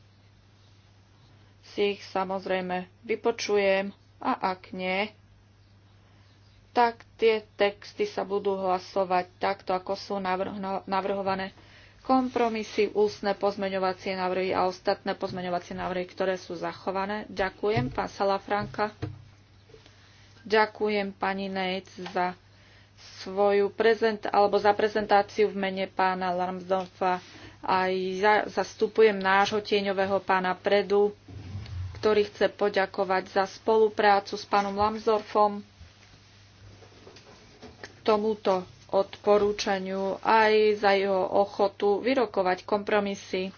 si ich samozrejme vypočujem a ak nie, tak tie texty sa budú hlasovať takto, ako sú navrhované kompromisy, ústne pozmeňovacie návrhy a ostatné pozmeňovacie návrhy, ktoré sú zachované. Ďakujem, pán Salafranka. Ďakujem, pani Nejc, za svoju prezent, alebo za prezentáciu v mene pána Lambsdorfa. Aj ja zastupujem nášho tieňového pána Predu, ktorý chce poďakovať za spoluprácu s pánom Lambsdorfom k tomuto odporúčaniu aj za jeho ochotu vyrokovať kompromisy.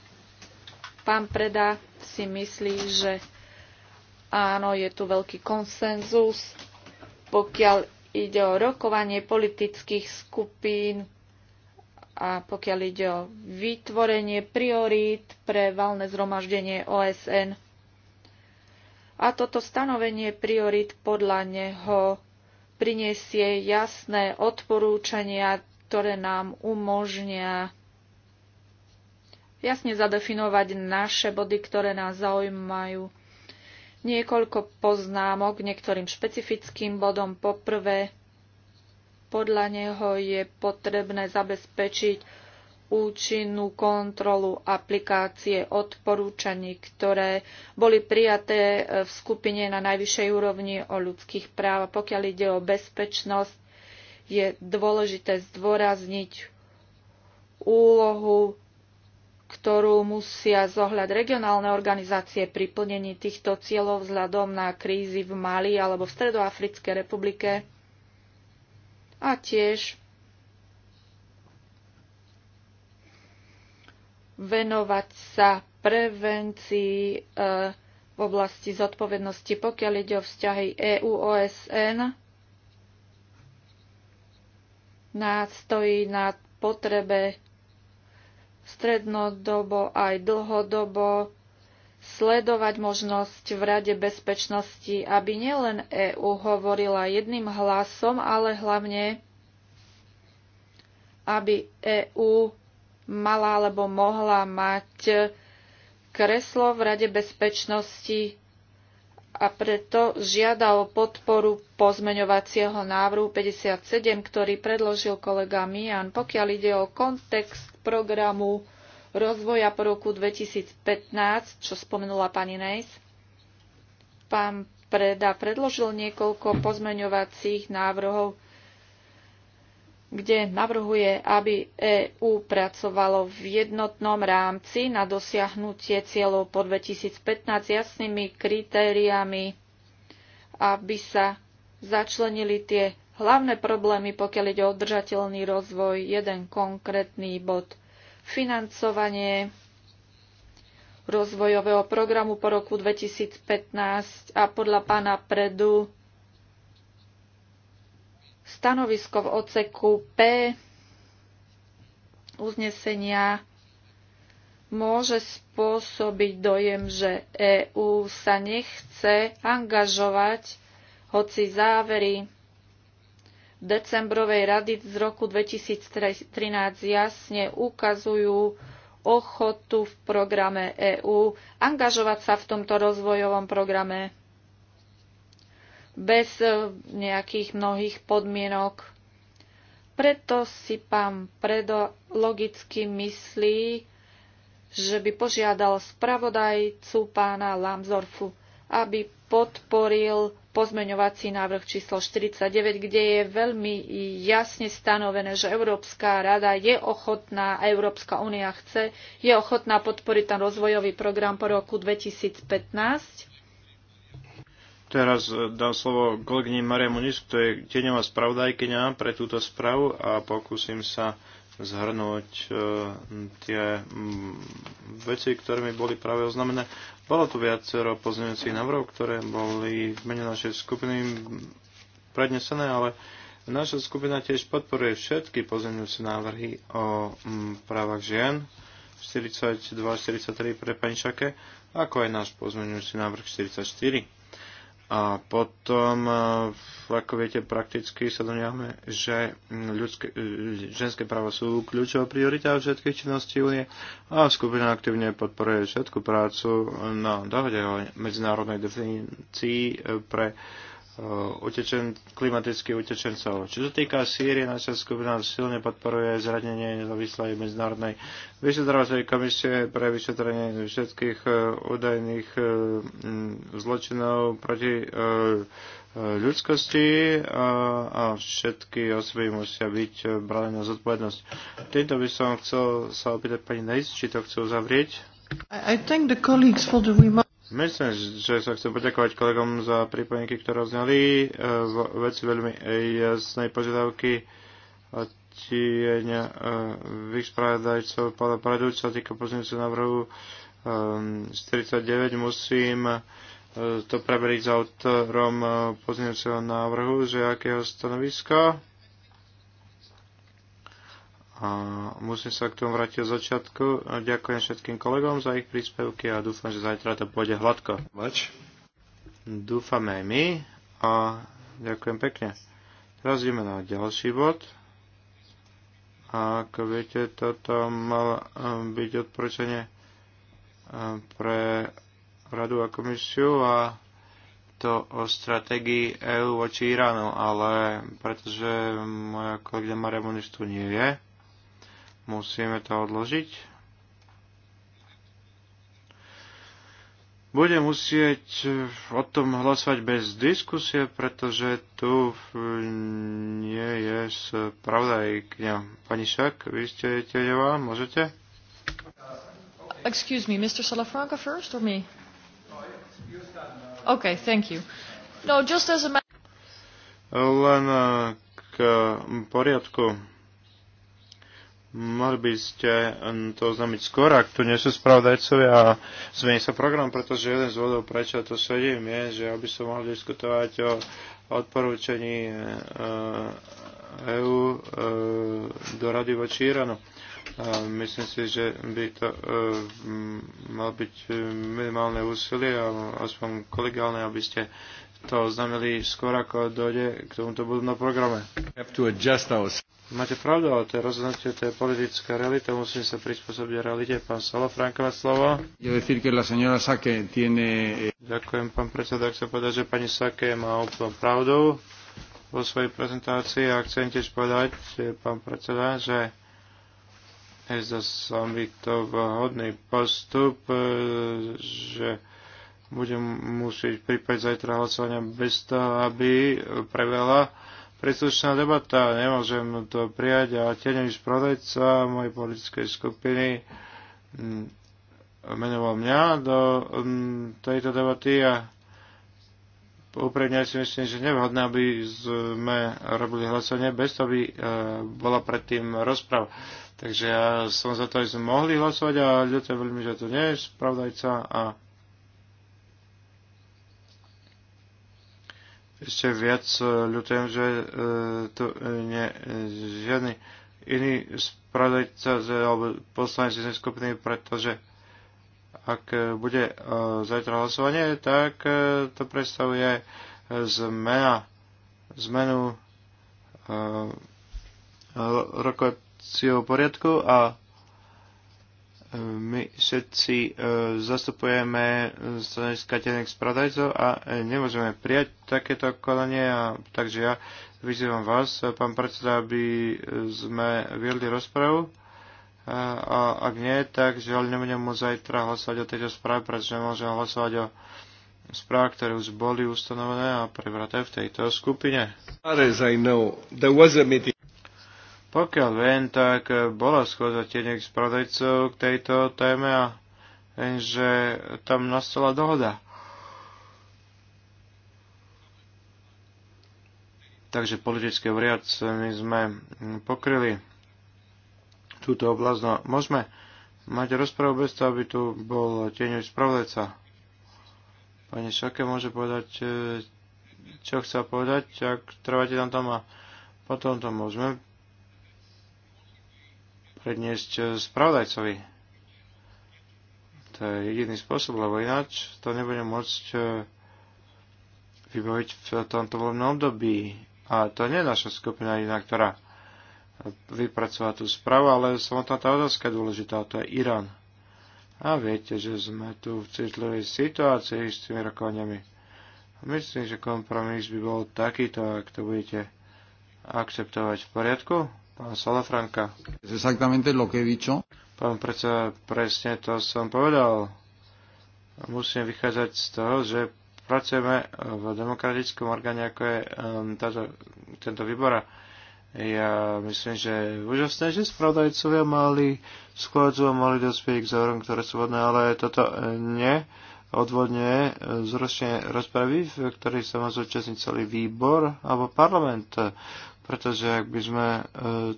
Pán Preda si myslí, že áno, je tu veľký konsenzus, pokiaľ ide o rokovanie politických skupín a pokiaľ ide o vytvorenie priorít pre valné zhromaždenie OSN. A toto stanovenie priorít podľa neho priniesie jasné odporúčania, ktoré nám umožnia jasne zadefinovať naše body, ktoré nás zaujímajú. Niekoľko poznámok niektorým špecifickým bodom. Poprvé, podľa neho je potrebné zabezpečiť účinnú kontrolu aplikácie odporúčaní, ktoré boli prijaté e, v skupine na najvyššej úrovni o ľudských práv. Pokiaľ ide o bezpečnosť, je dôležité zdôrazniť úlohu, ktorú musia zohľad regionálne organizácie pri plnení týchto cieľov vzhľadom na krízy v Mali alebo v Stredoafrickej republike a tiež venovať sa prevencii e, v oblasti zodpovednosti, pokiaľ ide o vzťahy EU-OSN. Nás stojí na potrebe strednodobo aj dlhodobo sledovať možnosť v Rade bezpečnosti, aby nielen EU hovorila jedným hlasom, ale hlavne, aby EÚ mala alebo mohla mať kreslo v Rade bezpečnosti a preto žiada o podporu pozmeňovacieho návrhu 57, ktorý predložil kolega Mian, pokiaľ ide o kontext programu rozvoja po roku 2015, čo spomenula pani Nejs. Pán Preda predložil niekoľko pozmeňovacích návrhov kde navrhuje, aby EÚ pracovalo v jednotnom rámci na dosiahnutie cieľov po 2015 jasnými kritériami, aby sa začlenili tie hlavné problémy, pokiaľ ide o udržateľný rozvoj, jeden konkrétny bod financovanie rozvojového programu po roku 2015 a podľa pána Predu Stanovisko v oceku P uznesenia môže spôsobiť dojem, že EÚ sa nechce angažovať, hoci závery decembrovej rady z roku 2013 jasne ukazujú ochotu v programe EÚ angažovať sa v tomto rozvojovom programe bez eh, nejakých mnohých podmienok. Preto si pán Predo logicky myslí, že by požiadal spravodajcu pána Lamzorfu, aby podporil pozmeňovací návrh číslo 49, kde je veľmi jasne stanovené, že Európska rada je ochotná, a Európska únia chce, je ochotná podporiť ten rozvojový program po roku 2015 Teraz eh, dám slovo kolegyni Marie Muniz, to je tieňová spravodajkyňa pre túto správu a pokúsim sa zhrnúť eh, tie mm, veci, ktoré mi boli práve oznamené. Bolo tu viacero pozmeňujúcich návrhov, ktoré boli v mene našej skupiny prednesené, ale naša skupina tiež podporuje všetky pozmeňujúce návrhy o mm, právach žien 42-43 pre pani Šake, ako aj náš pozmeňujúci návrh 44 a potom, e, ako viete, prakticky sa domnievame, že ľudské, e, ženské práva sú kľúčová priorita všetkých činností únie a skupina aktívne podporuje všetku prácu na dohode o medzinárodnej definícii e, pre uh, Eh, utečen, klimatických utečencov. Čo sa týka Sýrie, naša skupina silne podporuje zranenie nezávislej medzinárodnej vyšetrovacej komisie pre vyšetrenie všetkých eh, údajných eh, zločinov proti ľudskosti a všetky osoby musia byť brané na zodpovednosť. Týmto by som chcel sa opýtať pani Nejc, či to chcú zavrieť. I, I Myslím, že sa chcem poďakovať kolegom za prípojenky, ktoré znali e, veci veľmi jasnej požiadavky a tieň e, vyspravedajcov pána Pradu, čo sa týka pozornicu návrhu 49, e, musím to preberiť s autorom pozorniceho návrhu, že akého stanoviska a musím sa k tomu vrátiť od začiatku. A ďakujem všetkým kolegom za ich príspevky a dúfam, že zajtra to pôjde hladko. Mač? Dúfame aj my a ďakujem pekne. Teraz ideme na ďalší bod. A ako viete, toto mal e, byť odporúčanie e, pre radu a komisiu a to o stratégii EÚ voči Iránu, ale pretože moja kolegyňa Maria Moniš tu nie je, Musíme to odložiť. Bude musieť o tom hlasovať bez diskusie, pretože tu nie je spravodajkňa. Pani Šak, vy ste tieňová, môžete? Excuse me, Mr. Salafranca first or me? OK, thank you. No, just as a Len eh, k poriadku Mali by ste hm, to oznámiť skôr, ak tu nie sú spravodajcovia a zmení sa program, pretože jeden z vodov, prečo to sedím, je, že aby som mohol diskutovať o odporúčaní EÚ eh, e eh, do rady voči Iránu. myslím si, že by to e, mal byť minimálne úsilie a aspoň kolegálne, aby ste to oznámili skôr, ako dojde k tomuto bodu na programe. Máte pravdu, ale to je rozhodnutie, to je politická realita, musím sa prispôsobiť realite. Pán Franková slovo. Eh, Ďakujem, pán predseda, ak sa povedať, že pani Sake má úplnú pravdu vo svojej prezentácii a chcem tiež povedať, eh, pán predseda, že je za to vhodný postup, eh, že budem musieť prípad zajtra hlasovania bez toho, aby prevela príslušná debata. Nemôžem to prijať a tenevý spravodajca mojej politickej skupiny mm, menoval mňa do mm, tejto debaty a úprimne si myslím, že nevhodné, aby sme robili hlasovanie bez toho, aby e, bola predtým rozprava. Takže ja som za to, že sme mohli hlasovať a ľudia veľmi, že to nie je spravodajca a ešte viac e, ľutujem, že e, tu e, nie žiadny iný spravodajca alebo poslanec z skupiny, pretože ak bude zajtra hlasovanie, tak to predstavuje zmena, zmenu rokovacieho poriadku a my všetci e, zastupujeme stanoviska tenek spradajcov a e, nemôžeme prijať takéto konanie. A, takže ja vyzývam vás, pán predseda, aby e, sme viedli rozpravu. A, a ak nie, tak žiaľ nebudem môcť zajtra hlasovať o tejto správe, pretože môžem hlasovať o správ, ktoré už boli ustanovené a prevraté v tejto skupine. As I know, there was a meeting. Pokiaľ viem, tak bola schôdza s prodajcov k tejto téme a že tam nastala dohoda. Takže politické vriac my sme pokryli túto oblasť. No, môžeme mať rozprávu bez toho, aby tu bol tieňový spravodajca. Pani Šake môže povedať, e, čo chce povedať, ak trváte tam tam a potom to môžeme predniesť eh, spravodajcovi. To je jediný spôsob, lebo ináč to nebudem môcť eh, vybaviť v tomto voľnom období. A to nie je naša skupina jediná, ktorá eh, vypracová tú správu, ale samotná tá otázka je dôležitá, to je Irán. A viete, že sme tu v citlivej situácii s tými rokovaniami. Myslím, že kompromis by bol takýto, ak to budete akceptovať v poriadku. Pán Salafranka. Exactamente lo que he dicho. Pán predseda, presne to som povedal. Musím vychádzať z toho, že pracujeme v demokratickom orgáne, ako je um, táto, tento výbor. Ja myslím, že je úžasné, že spravodajcovia mali schôdzu a mali dospieť k záverom, ktoré sú vodné, ale toto nie odvodňuje e, zrušenie rozpravy, v ktorej sa má zúčastniť celý výbor alebo parlament pretože ak by sme e,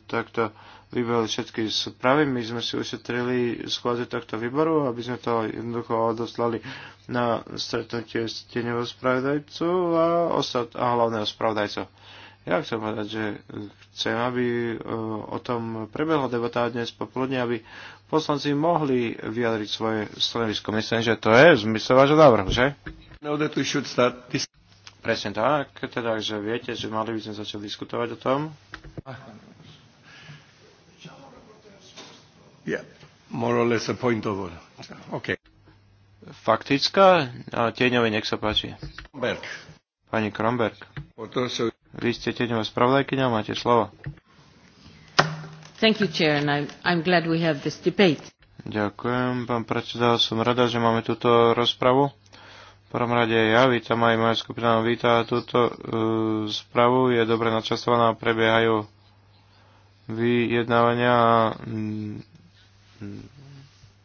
takto vybrali všetky správy, my sme si ušetrili schôdze tohto výboru, aby sme to jednoducho odoslali na stretnutie s tieňovou spravodajcu a, ostat- a hlavného spravodajcu. Ja chcem povedať, že chcem, aby e, o tom prebehla debata dnes popoludne, aby poslanci mohli vyjadriť svoje stanovisko. Myslím, že to je zmysel vášho návrhu, že? No, Presne tak, teda, že viete, že mali by sme začať diskutovať o tom. Yeah, more or less a point of Okay. Faktická? Tieňovi, nech sa páči. Kromberg. Pani Kromberg. Vy ste tieňová spravodajkynia, máte slovo. Thank you, Chair, and I'm, I'm glad we have this debate. Ďakujem, pán predseda. Som rada, že máme túto rozpravu prvom rade ja vítam aj moja skupina víta túto uh, správu, je dobre načasovaná, prebiehajú vyjednávania mm,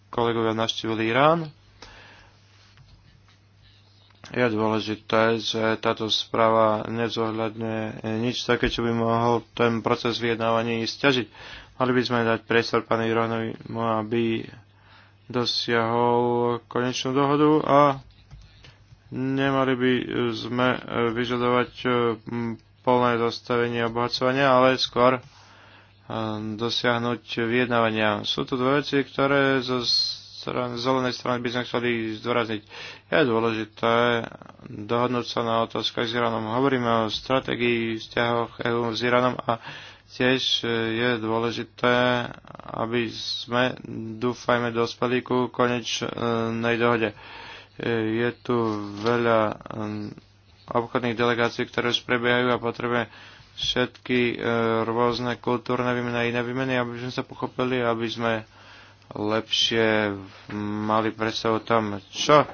kolegovia naštívili Irán. Je dôležité, že táto správa nezohľadne nič také, čo by mohol ten proces vyjednávania stiažiť. Mali by sme dať priestor pani Iránovi, aby dosiahol konečnú dohodu a Nemali by e, sme e, vyžadovať e, plné zastavenie obohacovania, ale skôr dosiahnuť vyjednávania. Sú to dve veci, ktoré zo strany, zelenej strany by sme chceli zdôrazniť. Je dôležité dohodnúť sa na otázkach s Iránom. Hovoríme o stratégii vzťahoch EU s Iránom a tiež je dôležité, aby sme, dúfajme, dospeli ku konečnej dohode je tu veľa um, obchodných delegácií, ktoré už prebiehajú a potrebujeme všetky uh, rôzne kultúrne výmeny a iné výmeny, aby sme sa pochopili, aby sme lepšie mali predstavu tom, čo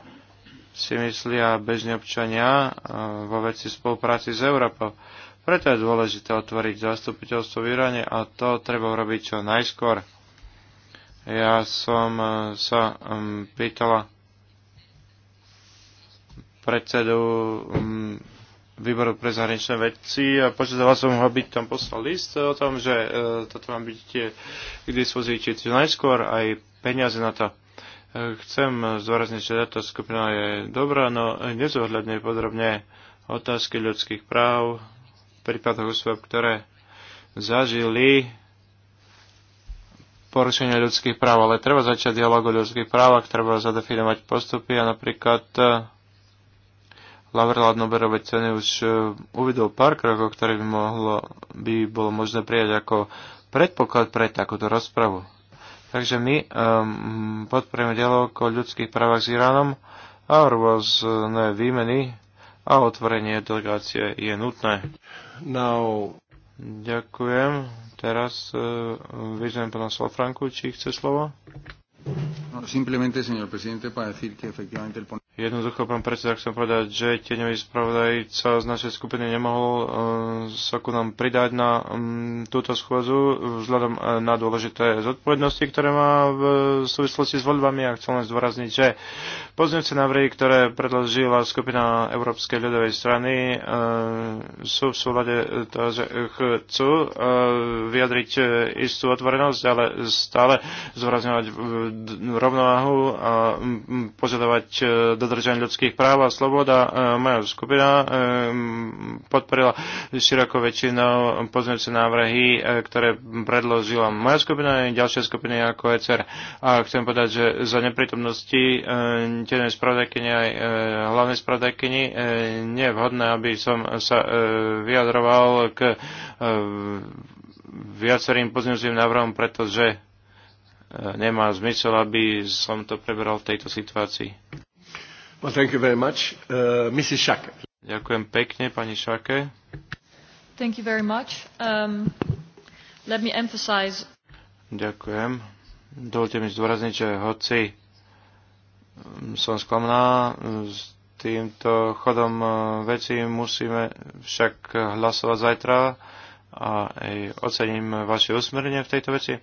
si myslia bežní občania uh, vo veci spolupráci s Európou. Preto je dôležité otvoriť zastupiteľstvo v Iráne a to treba urobiť čo najskôr. Ja som uh, sa um, pýtala predsedu mm, výboru pre zahraničné veci a požiadal som ho, aby tam poslal list o tom, že e, toto vám budete k dispozícii čo najskôr aj peniaze na to. E, chcem zdôrazniť, že táto skupina je dobrá, no nezohľadne podrobne otázky ľudských práv v prípadoch osôb, ktoré zažili porušenie ľudských práv, ale treba začať dialog o ľudských právach, treba zadefinovať postupy a napríklad e, Lavrela Noberovej ceny už eh, uvidel pár krokov, ktoré by, mohlo, by bolo možné prijať ako predpoklad pre takúto rozpravu. Takže my um, podporujeme dialog o ľudských právach s Iránom a rôzne výmeny a otvorenie delegácie je nutné. Now. Ďakujem. Teraz uh, vyzvem pána Slofranku, či chce slovo. No, simplemente, señor presidente, para decir que efectivamente el Jednoducho, pán predseda, chcem povedať, že tieňový spravodajca z našej skupiny nemohol uh, sa ku nám pridať na um, túto schôzu vzhľadom uh, na dôležité zodpovednosti, ktoré má v uh, súvislosti s voľbami a chcem len zdôrazniť, že pozdňujúce návrhy, ktoré predložila skupina Európskej ľudovej strany, uh, sú v súlade to, že chcú uh, vyjadriť uh, istú otvorenosť, ale stále zdôrazňovať uh, rovnováhu a um, požadovať uh, dodržania ľudských práv a sloboda. E, moja skupina e, podporila široko väčšinou pozmeňujúce návrhy, e, ktoré predložila moja skupina a ďalšia skupina ako ECR. A chcem povedať, že za neprítomnosti tenej spravodajkyni aj hlavnej spravodajkyni nie je vhodné, aby som sa vyjadroval k viacerým pozmeňujúcim návrhom, pretože nemá zmysel, aby som to preberal v tejto situácii. Well, thank you very much. Uh, Mrs. Schake. Ďakujem pekne, pani Šake. Thank you very much. Um, let me emphasize... Ďakujem. Dovolte mi zdôrazniť, že hoci um, som sklamaná um, S týmto chodom uh, veci, musíme však hlasovať zajtra a ocením vaše usmerenie v tejto veci.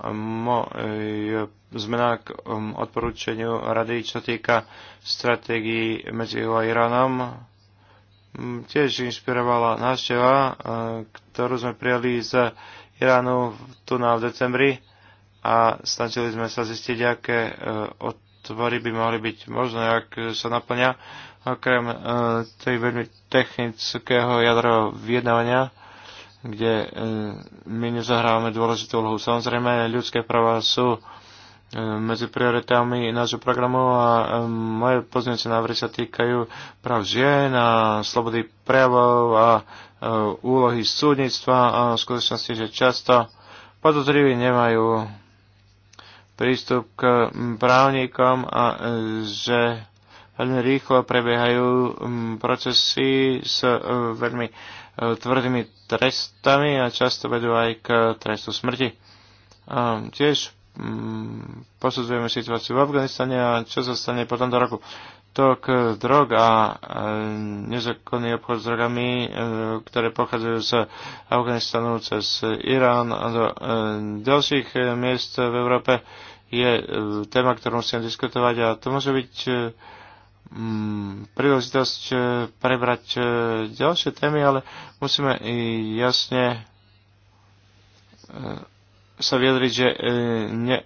E, zmena k um, odporúčeniu rady, čo týka stratégií medzi EU a Iránom. Mm, tiež inšpirovala návšteva, e, ktorú sme prijali z Iránu tu na v decembri a snažili sme sa zistiť, aké e, otvory by mohli byť možné, ak sa naplňa okrem tej veľmi technického jadrového vyjednávania kde e, my nezahrávame dôležitú úlohu. Samozrejme, ľudské práva sú e, medzi prioritami nášho programu a e, moje pozniece návrhy sa týkajú práv žien a slobody prejavov a úlohy súdnictva a v skutočnosti, že často podozriví nemajú prístup k právnikom a že veľmi rýchlo prebiehajú procesy s veľmi tvrdými trestami a často vedú aj k trestu smrti. tiež mm, posudzujeme situáciu v Afganistane a čo sa stane po tomto roku. Tok drog a nezákonný obchod s drogami, e, ktoré pochádzajú z Afganistanu cez Irán a do e, ďalších e, miest v Európe, je téma, ktorú musíme diskutovať a to môže byť Mm, príležitosť e, prebrať e, ďalšie témy, ale musíme jasne e, sa vyjadriť, že ne,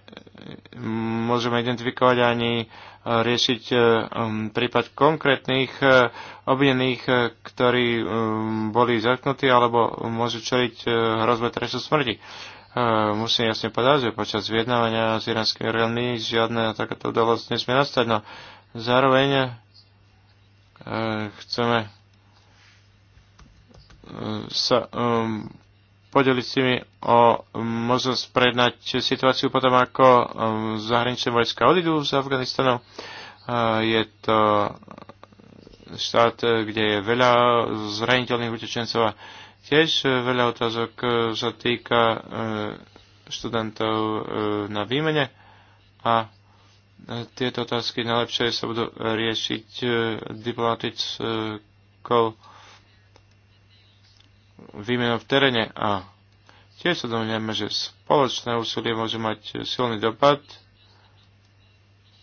môžeme identifikovať ani riešiť prípad konkrétnych obvinených, ktorí boli zatknutí alebo môžu čeliť hrozbe trestu smrti. Musím jasne povedať, že počas vyjednávania s iránskymi orgánmi žiadna takáto udalosť nesmie nastať. No, Zároveň e, chceme e, sa e, podeliť si mi o možnosť prednať situáciu potom, ako e, zahraničné vojska odídu z Afganistanu. E, je to štát, kde je veľa zraniteľných utečencov a tiež veľa otázok e, sa týka študentov na výmene a tieto otázky najlepšie sa budú riešiť e, diplomatickou výmenou v teréne a tiež sa domnievame, že spoločné úsilie môže mať silný dopad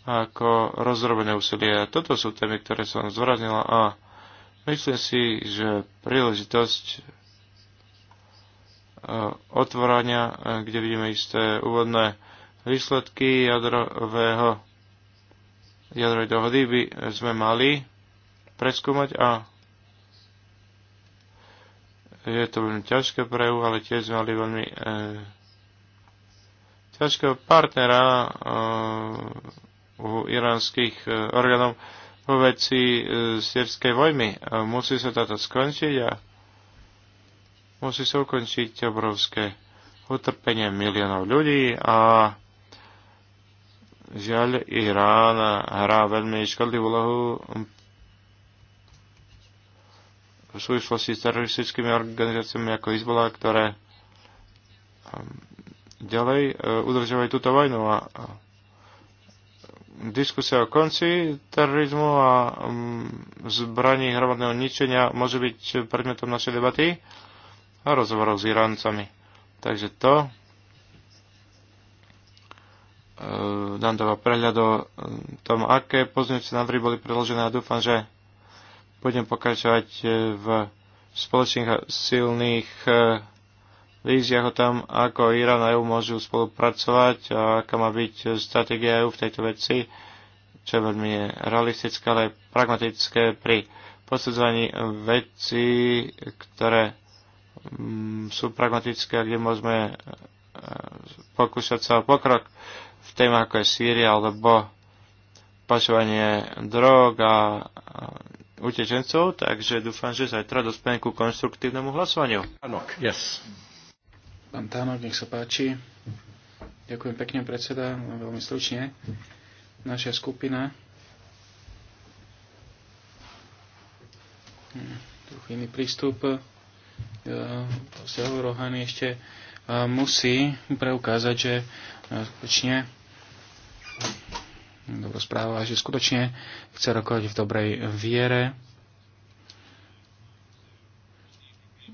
ako rozrobené úsilie. Toto sú témy, ktoré som zvoraznila a myslím si, že príležitosť e, otvorania, e, kde vidíme isté úvodné výsledky jadrového jadrovej dohody by sme mali preskúmať a je to veľmi ťažké pre EU, ale tiež sme mali veľmi e, ťažkého partnera e, u iránskych e, orgánov vo veci e, sírskej vojny. E, musí sa táto skončiť a musí sa ukončiť obrovské utrpenie miliónov ľudí a Žiaľ, Irán hrá veľmi škodlivú úlohu v súvislosti s teroristickými organizáciami ako Izbola, ktoré um, ďalej uh, udržovajú túto vojnu. A diskusia o konci terorizmu a um, zbraní hromadného ničenia môže byť predmetom našej debaty a rozhovorov s Iráncami. Takže to nám eh, dáva teda prehľad o eh, tom, aké pozmeňujúce návrhy boli predložené a dúfam, že budem pokračovať eh, v spoločných silných víziách o tom, ako Irán a EU môžu spolupracovať a aká má byť stratégia EU v tejto veci, čo je veľmi realistické, ale aj pragmatické pri posudzovaní vecí, ktoré mm, sú pragmatické a kde môžeme pokúšať sa o pokrok v témach ako je Sýria alebo pašovanie drog a utečencov, takže dúfam, že zajtra dospiem ku konstruktívnemu hlasovaniu. Tánok, yes. Pán Tánok, nech sa páči. Ďakujem pekne, predseda, veľmi stručne. Naša skupina hm, trochu iný prístup. E, Rohan ešte e, musí preukázať, že skutočne dobrú správa, že skutočne chce rokovať v dobrej viere.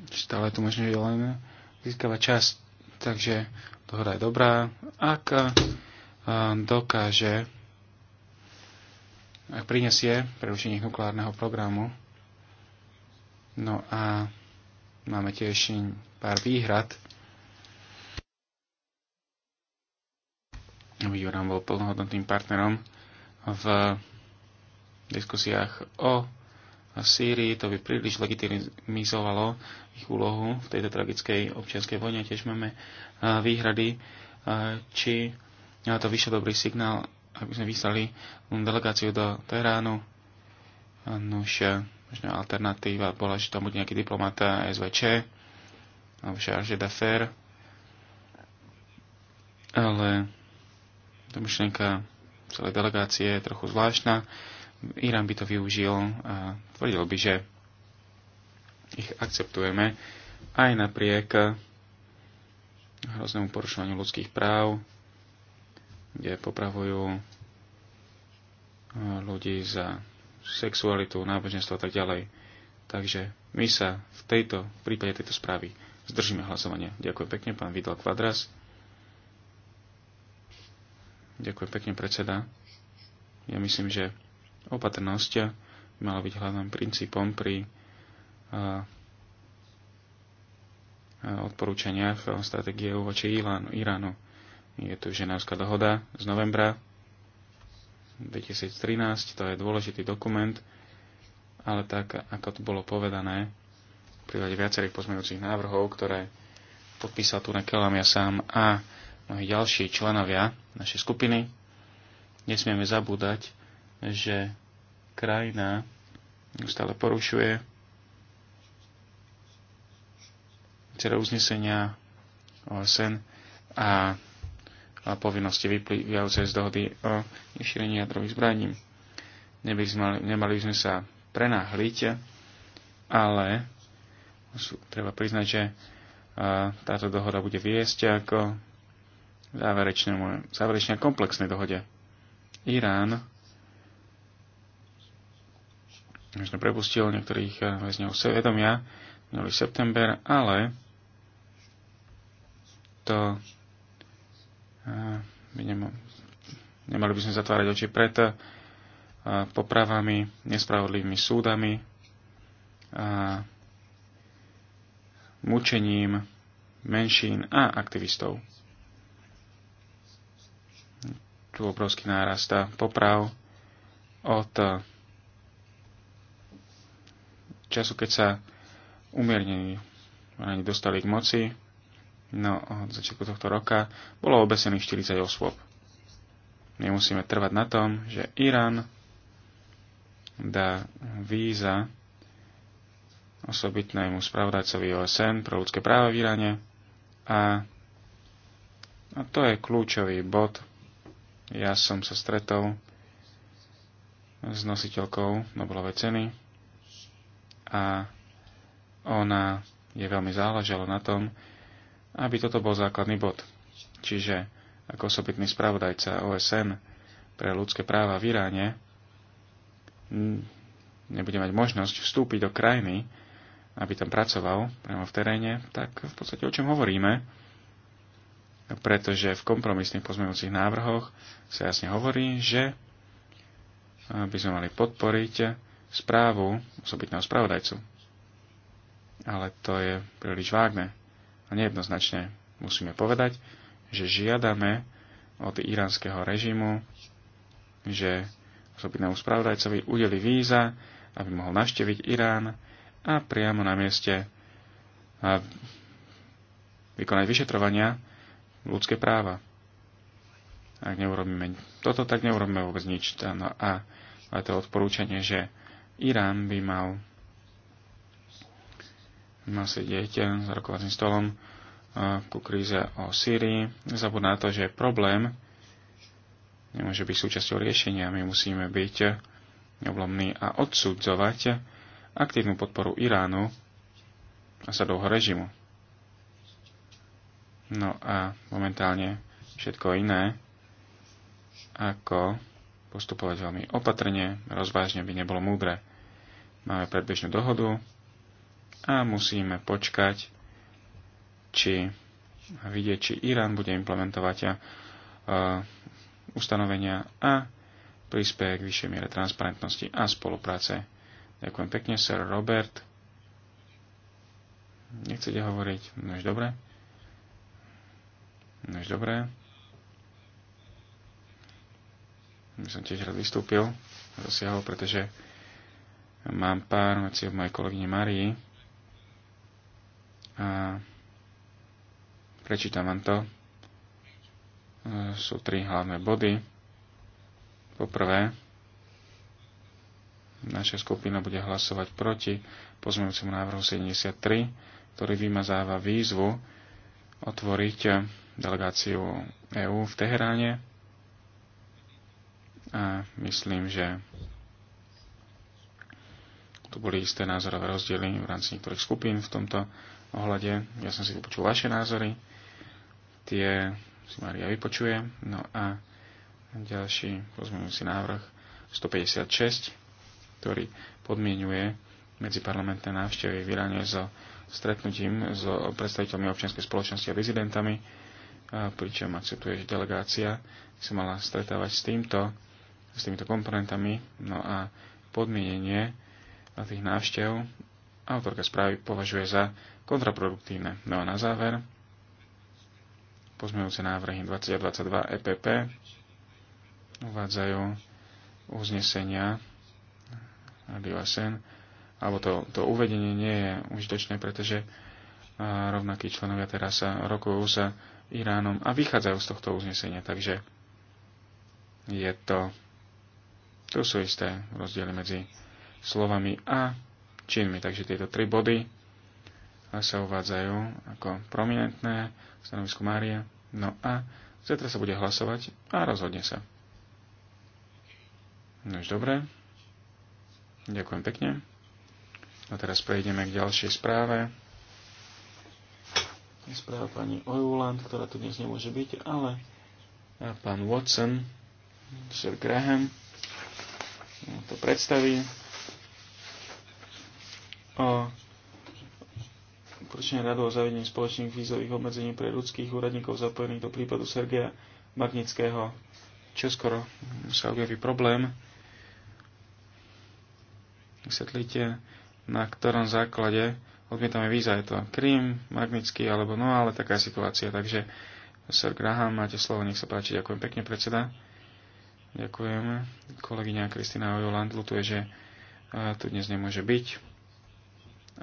Stále tu možno je len získava čas, takže dohoda je dobrá. Ak eh, dokáže, ak prinesie prerušenie nukleárneho programu, no a máme tiež pár výhrad, aby Joram bol plnohodnotným partnerom v diskusiách o Sýrii. To by príliš legitimizovalo ich úlohu v tejto tragickej občianskej vojne. Tiež máme výhrady, či to vyšiel dobrý signál, aby sme vyslali delegáciu do Teheránu. Nož, možná alternatíva bola, že tam bude nejaký diplomat SVČ alebo Charge d'affaires. Ale tá myšlienka celej delegácie je trochu zvláštna. Irán by to využil a tvrdil by, že ich akceptujeme aj napriek hroznému porušovaniu ľudských práv, kde popravujú e, ľudí za sexualitu, náboženstvo a tak ďalej. Takže my sa v tejto, v prípade tejto správy zdržíme hlasovania. Ďakujem pekne, pán Vidal Kvadras. Ďakujem pekne, predseda. Ja myslím, že opatrnosť mala byť hlavným princípom pri a, a odporúčaniach o stratégie voči Iránu, Je tu ženevská dohoda z novembra 2013, to je dôležitý dokument, ale tak, ako to bolo povedané, v prípade viacerých pozmeňujúcich návrhov, ktoré podpísal tu na Kelam ja sám a mnohí ďalší členovia našej skupiny, nesmieme zabúdať, že krajina stále porušuje celé uznesenia OSN a, povinnosti vyplývajúce z dohody o nešírení jadrových zbraní. nemali by sme sa prenáhliť, ale treba priznať, že táto dohoda bude viesť ako záverečnému, záverečnej komplexnej dohode. Irán možno prepustil niektorých väzňov eh, svedomia minulý september, ale to by eh, nemo, nemali by sme zatvárať oči pred eh, popravami, nespravodlivými súdami a mučením menšín a aktivistov tu obrovský nárast poprav od eh, času, keď sa umiernení dostali k moci, no od začiatku tohto roka bolo obesených 40 osôb. Nemusíme trvať na tom, že Irán dá víza osobitnému spravodajcovi OSN pro ľudské práva v Iráne a, a to je kľúčový bod ja som sa stretol s nositeľkou Nobelovej ceny a ona je veľmi záležala na tom, aby toto bol základný bod. Čiže ako osobitný spravodajca OSN pre ľudské práva v Iráne nebude mať možnosť vstúpiť do krajiny, aby tam pracoval priamo v teréne, tak v podstate o čom hovoríme pretože v kompromisných pozmeňujúcich návrhoch sa jasne hovorí, že eh, by sme mali podporiť správu osobitného spravodajcu. Ale to je príliš vágne a nejednoznačne musíme povedať, že žiadame od iránskeho režimu, že osobitnému spravodajcovi udeli víza, aby mohol navštíviť Irán a priamo na mieste eh, vykonať vyšetrovania ľudské práva. Ak neurobíme toto, tak neurobíme vôbec nič. No a, to odporúčanie, že Irán by mal, mal sedieť s eh, rokovacím stolom eh, ku kríze o Sýrii. Zabudná na to, že problém nemôže byť súčasťou riešenia. My musíme byť eh, neoblomní a odsudzovať aktívnu podporu Iránu a sadovho režimu. No a momentálne všetko iné, ako postupovať veľmi opatrne, rozvážne by nebolo múdre. Máme predbežnú dohodu a musíme počkať, či vidieť, či Irán bude implementovať a, uh, ustanovenia a prispieje k vyššej miere transparentnosti a spolupráce. Ďakujem pekne, sir Robert. Nechcete hovoriť? No už dobre. Než no dobré. Som tiež rád vystúpil, zasiahol, pretože mám pár vecí od mojej kolegyne Marii. A prečítam vám to. Sú tri hlavné body. Poprvé, naša skupina bude hlasovať proti pozmeňujúcemu návrhu 73, ktorý vymazáva výzvu otvoriť delegáciu EÚ v Teheráne a myslím, že tu boli isté názorové rozdiely v rámci niektorých skupín v tomto ohľade. Ja som si vypočul vaše názory, tie si Maria vypočuje. No a ďalší pozmeňujúci návrh 156, ktorý podmienuje medziparlamentné návštevy v Iráne so stretnutím s so predstaviteľmi občianskej spoločnosti a rezidentami pričom akceptuje, že delegácia sa mala stretávať s týmto, s týmito komponentami, no a podmienenie na tých návštev autorka správy považuje za kontraproduktívne. No a na záver, pozmeňujúce návrhy 20 a 22 EPP uvádzajú uznesenia Rady OSN, alebo to, to uvedenie nie je užitočné, pretože rovnakí členovia teraz sa rokujú sa Iránom a vychádzajú z tohto uznesenia. Takže je to, to sú isté rozdiely medzi slovami a činmi. Takže tieto tri body sa uvádzajú ako prominentné v stanovisku Mária. No a zajtra sa bude hlasovať a rozhodne sa. No už dobre. Ďakujem pekne. A no teraz prejdeme k ďalšej správe správa pani Ojuland, ktorá tu dnes nemôže byť, ale a e, pán Watson, Sir Graham e, to predstaví o Poručenie radu o zavedení spoločných vízových obmedzení pre ľudských úradníkov zapojených do prípadu Sergeja Magnického. čo skoro sa objaví problém. Vysvetlíte, na ktorom základe odmietame víza, je to Krím, Magnický alebo no, ale taká situácia. Takže, Sir Graham, máte slovo, nech sa páči. Ďakujem pekne, predseda. Ďakujem. Kolegyňa Kristina Ojoland lutuje, že e, tu dnes nemôže byť.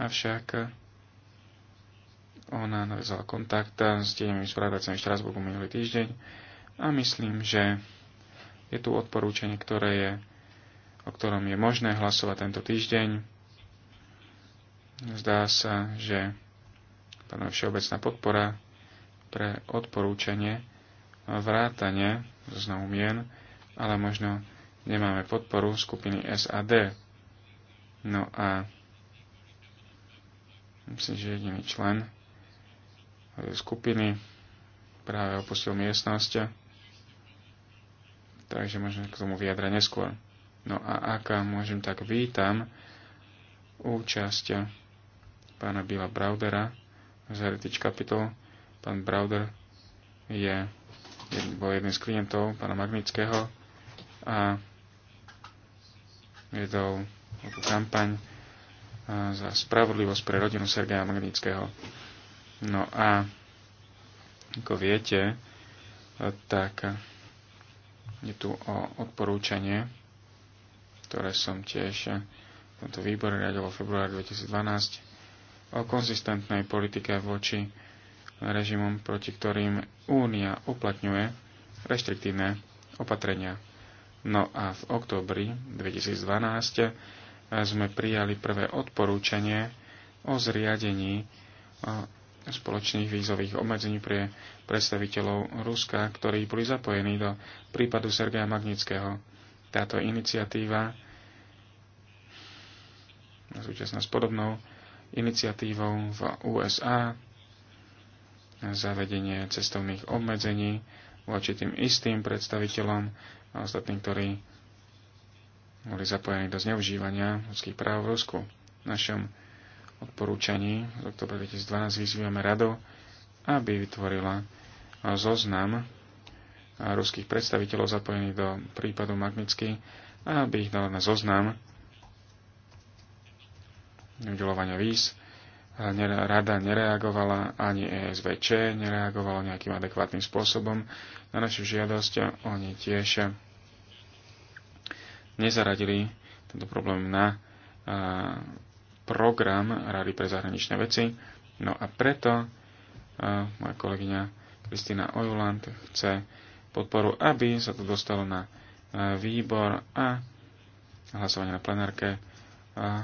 Avšak e, ona navezala kontakt e, s tieňovým správacom v minulý týždeň a myslím, že je tu odporúčanie, ktoré je, o ktorom je možné hlasovať tento týždeň Zdá sa, že panuje všeobecná podpora pre odporúčanie vrátanie zoznamu mien, ale možno nemáme podporu skupiny SAD. No a myslím, že jediný člen skupiny práve opustil miestnosť, takže možno k tomu vyjadra neskôr. No a aká môžem, tak vítam účasť pána Bila Braudera z Heritage Capital. Pán Brauder je, bol jedným z klientov pána Magnického a viedol takú kampaň za spravodlivosť pre rodinu Sergeja Magnického. No a ako viete, tak je tu o odporúčanie, ktoré som tiež v tomto výbore riadil v februári 2012 o konzistentnej politike voči režimom, proti ktorým Únia uplatňuje reštriktívne opatrenia. No a v októbri 2012 sme prijali prvé odporúčanie o zriadení spoločných vízových obmedzení pre predstaviteľov Ruska, ktorí boli zapojení do prípadu Sergeja Magnického. Táto iniciatíva súčasná s podobnou iniciatívou v USA, zavedenie cestovných obmedzení voči tým istým predstaviteľom a ostatným, ktorí boli zapojení do zneužívania ľudských práv v Rusku. V našom odporúčaní z oktobra 2012 vyzývame radu, aby vytvorila zoznam ruských predstaviteľov zapojených do prípadu Magnitsky a aby ich dala na zoznam udelovania víz. Rada nereagovala, ani ESVČ nereagovalo nejakým adekvátnym spôsobom na našu žiadosť. Oni tiež nezaradili tento problém na program Rady pre zahraničné veci. No a preto moja kolegyňa Kristina Ojuland chce podporu, aby sa to dostalo na výbor a hlasovanie na plenárke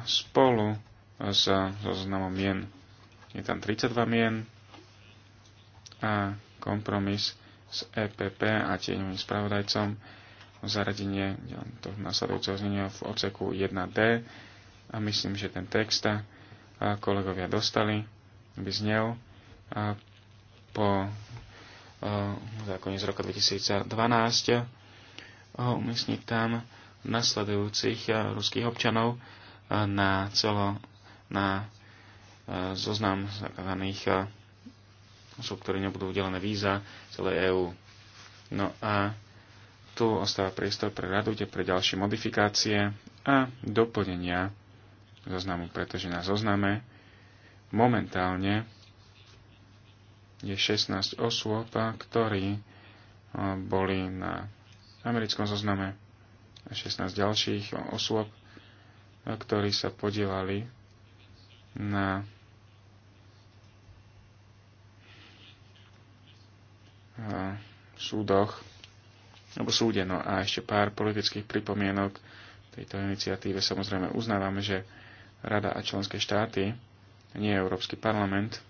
spolu s zoznamom mien. Je tam 32 mien a kompromis s EPP a tieňovým spravodajcom zaradenie to nasledujúceho znenia v oceku 1D a myslím, že ten text kolegovia dostali by znel po e, zákone z roka 2012 umiestniť tam nasledujúcich e, ruských občanov e, na celo na e, zoznam zakázaných e, osôb, ktorí nebudú udelené víza celej EÚ. No a tu ostáva priestor pre radu, kde pre ďalšie modifikácie a doplnenia zoznamu, pretože na zozname momentálne je 16 osôb, ktorí e, boli na americkom zozname a 16 ďalších osôb, ktorí sa podielali na súdoch alebo súde. No a ešte pár politických pripomienok tejto iniciatíve. Samozrejme uznávame, že Rada a členské štáty, nie Európsky parlament,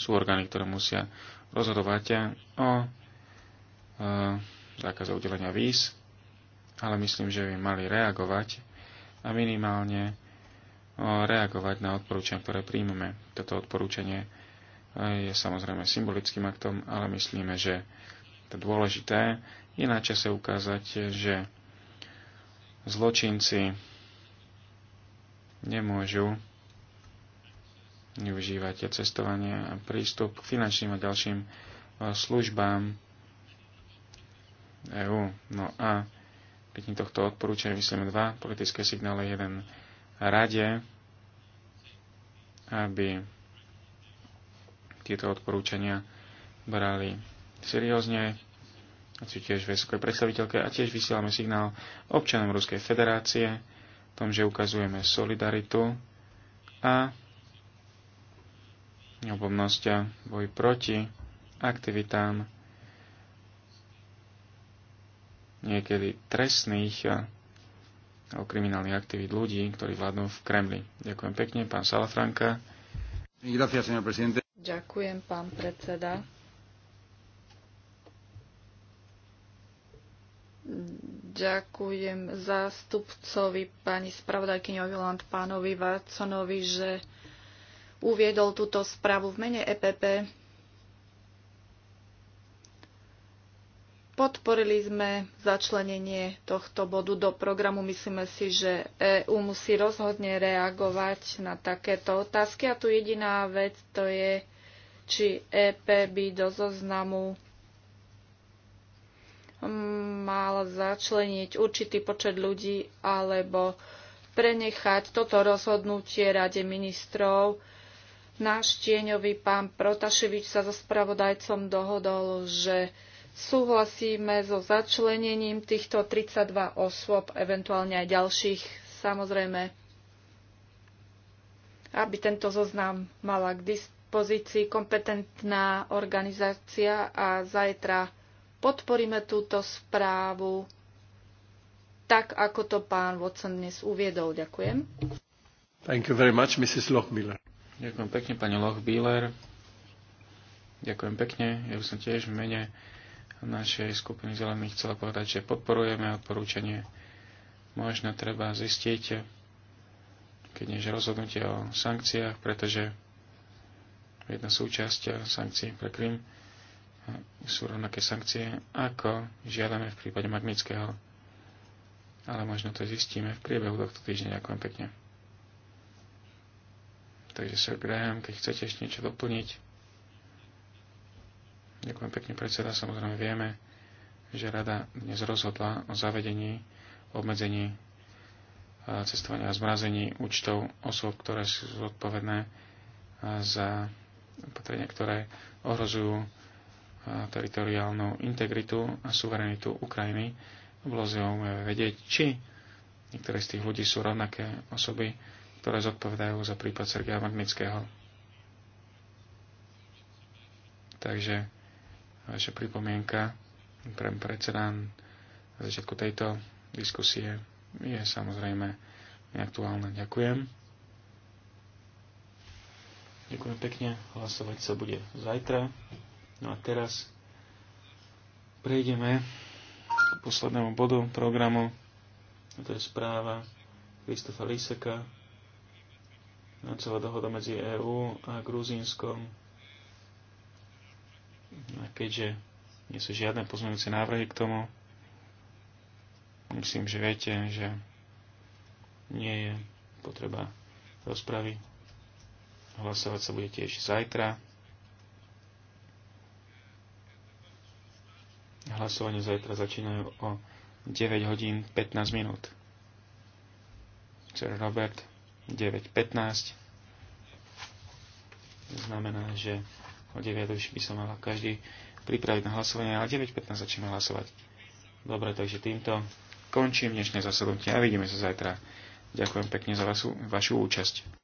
sú orgány, ktoré musia rozhodovať o e, zákaze udelenia víz, ale myslím, že by mali reagovať a minimálne reagovať na odporúčania, ktoré príjmeme. Toto odporúčanie e, je samozrejme symbolickým aktom, ale myslíme, že to dôležité je na čase ukázať, že zločinci nemôžu využívať cestovanie a prístup k finančným a ďalším e, službám EÚ. No a pri tohto odporúčania vyslíme dva politické signály. Jeden rade, aby tieto odporúčania brali seriózne, a tiež veskoj predstaviteľke a tiež vysielame signál občanom Ruskej federácie, tom, že ukazujeme solidaritu a obobnosť boj proti aktivitám niekedy trestných o kriminálnych aktivít ľudí, ktorí vládnu v Kremli. Ďakujem pekne, pán Salafranka. Ďakujem, pán predseda. Ďakujem zástupcovi pani spravodajkyni Oviland pánovi Vácanovi, že uviedol túto správu v mene EPP. Podporili sme začlenenie tohto bodu do programu. Myslíme si, že EÚ musí rozhodne reagovať na takéto otázky. A tu jediná vec to je, či EP by do zoznamu mm, mal začleniť určitý počet ľudí alebo prenechať toto rozhodnutie Rade ministrov. Náš tieňový pán Protaševič sa so spravodajcom dohodol, že Súhlasíme so začlenením týchto 32 osôb, eventuálne aj ďalších, samozrejme, aby tento zoznam mala k dispozícii kompetentná organizácia a zajtra podporíme túto správu tak, ako to pán Watson dnes uviedol. Ďakujem. Thank you very much, Mrs. Lochmiller. Ďakujem pekne, pani Biller. Ďakujem pekne. Ja by som tiež v mene našej skupiny zelených chcela povedať, že podporujeme odporúčanie. Možno treba zistiť, keď než rozhodnutie o sankciách, pretože jedna súčasť sankcií pre Krym sú rovnaké sankcie, ako žiadame v prípade Magnického. Ale možno to zistíme v priebehu tohto týždňa. Ďakujem pekne. Takže Sir Graham, keď chcete ešte niečo doplniť. Ďakujem pekne, predseda. Samozrejme vieme, že rada dnes rozhodla o zavedení, obmedzení cestovania a zmrazení účtov osôb, ktoré sú zodpovedné za opatrenia, ktoré ohrozujú teritoriálnu integritu a suverenitu Ukrajiny. Bolo zaujímavé vedieť, či niektoré z tých ľudí sú rovnaké osoby, ktoré zodpovedajú za prípad Sergeja Magnického. Takže vaša pripomienka pre predseda na začiatku tejto diskusie je samozrejme neaktuálna. Ďakujem. Ďakujem pekne. Hlasovať sa bude zajtra. No a teraz prejdeme k poslednému bodu programu. A to je správa Kristofa Liseka na celá dohoda medzi EÚ a Gruzínskom a keďže nie sú žiadne pozmeňujúce návrhy k tomu, myslím, že viete, že nie je potreba rozpravy. Hlasovať sa bude tiež zajtra. Hlasovanie zajtra začínajú o 9 hodín 15 minút. Sir Robert 9.15 znamená, že O 9 už by som mal každý pripraviť na hlasovanie, ale 9.15 začneme hlasovať. Dobre, takže týmto končím dnešné zasadnutie a vidíme sa zajtra. Ďakujem pekne za vašu, vašu účasť.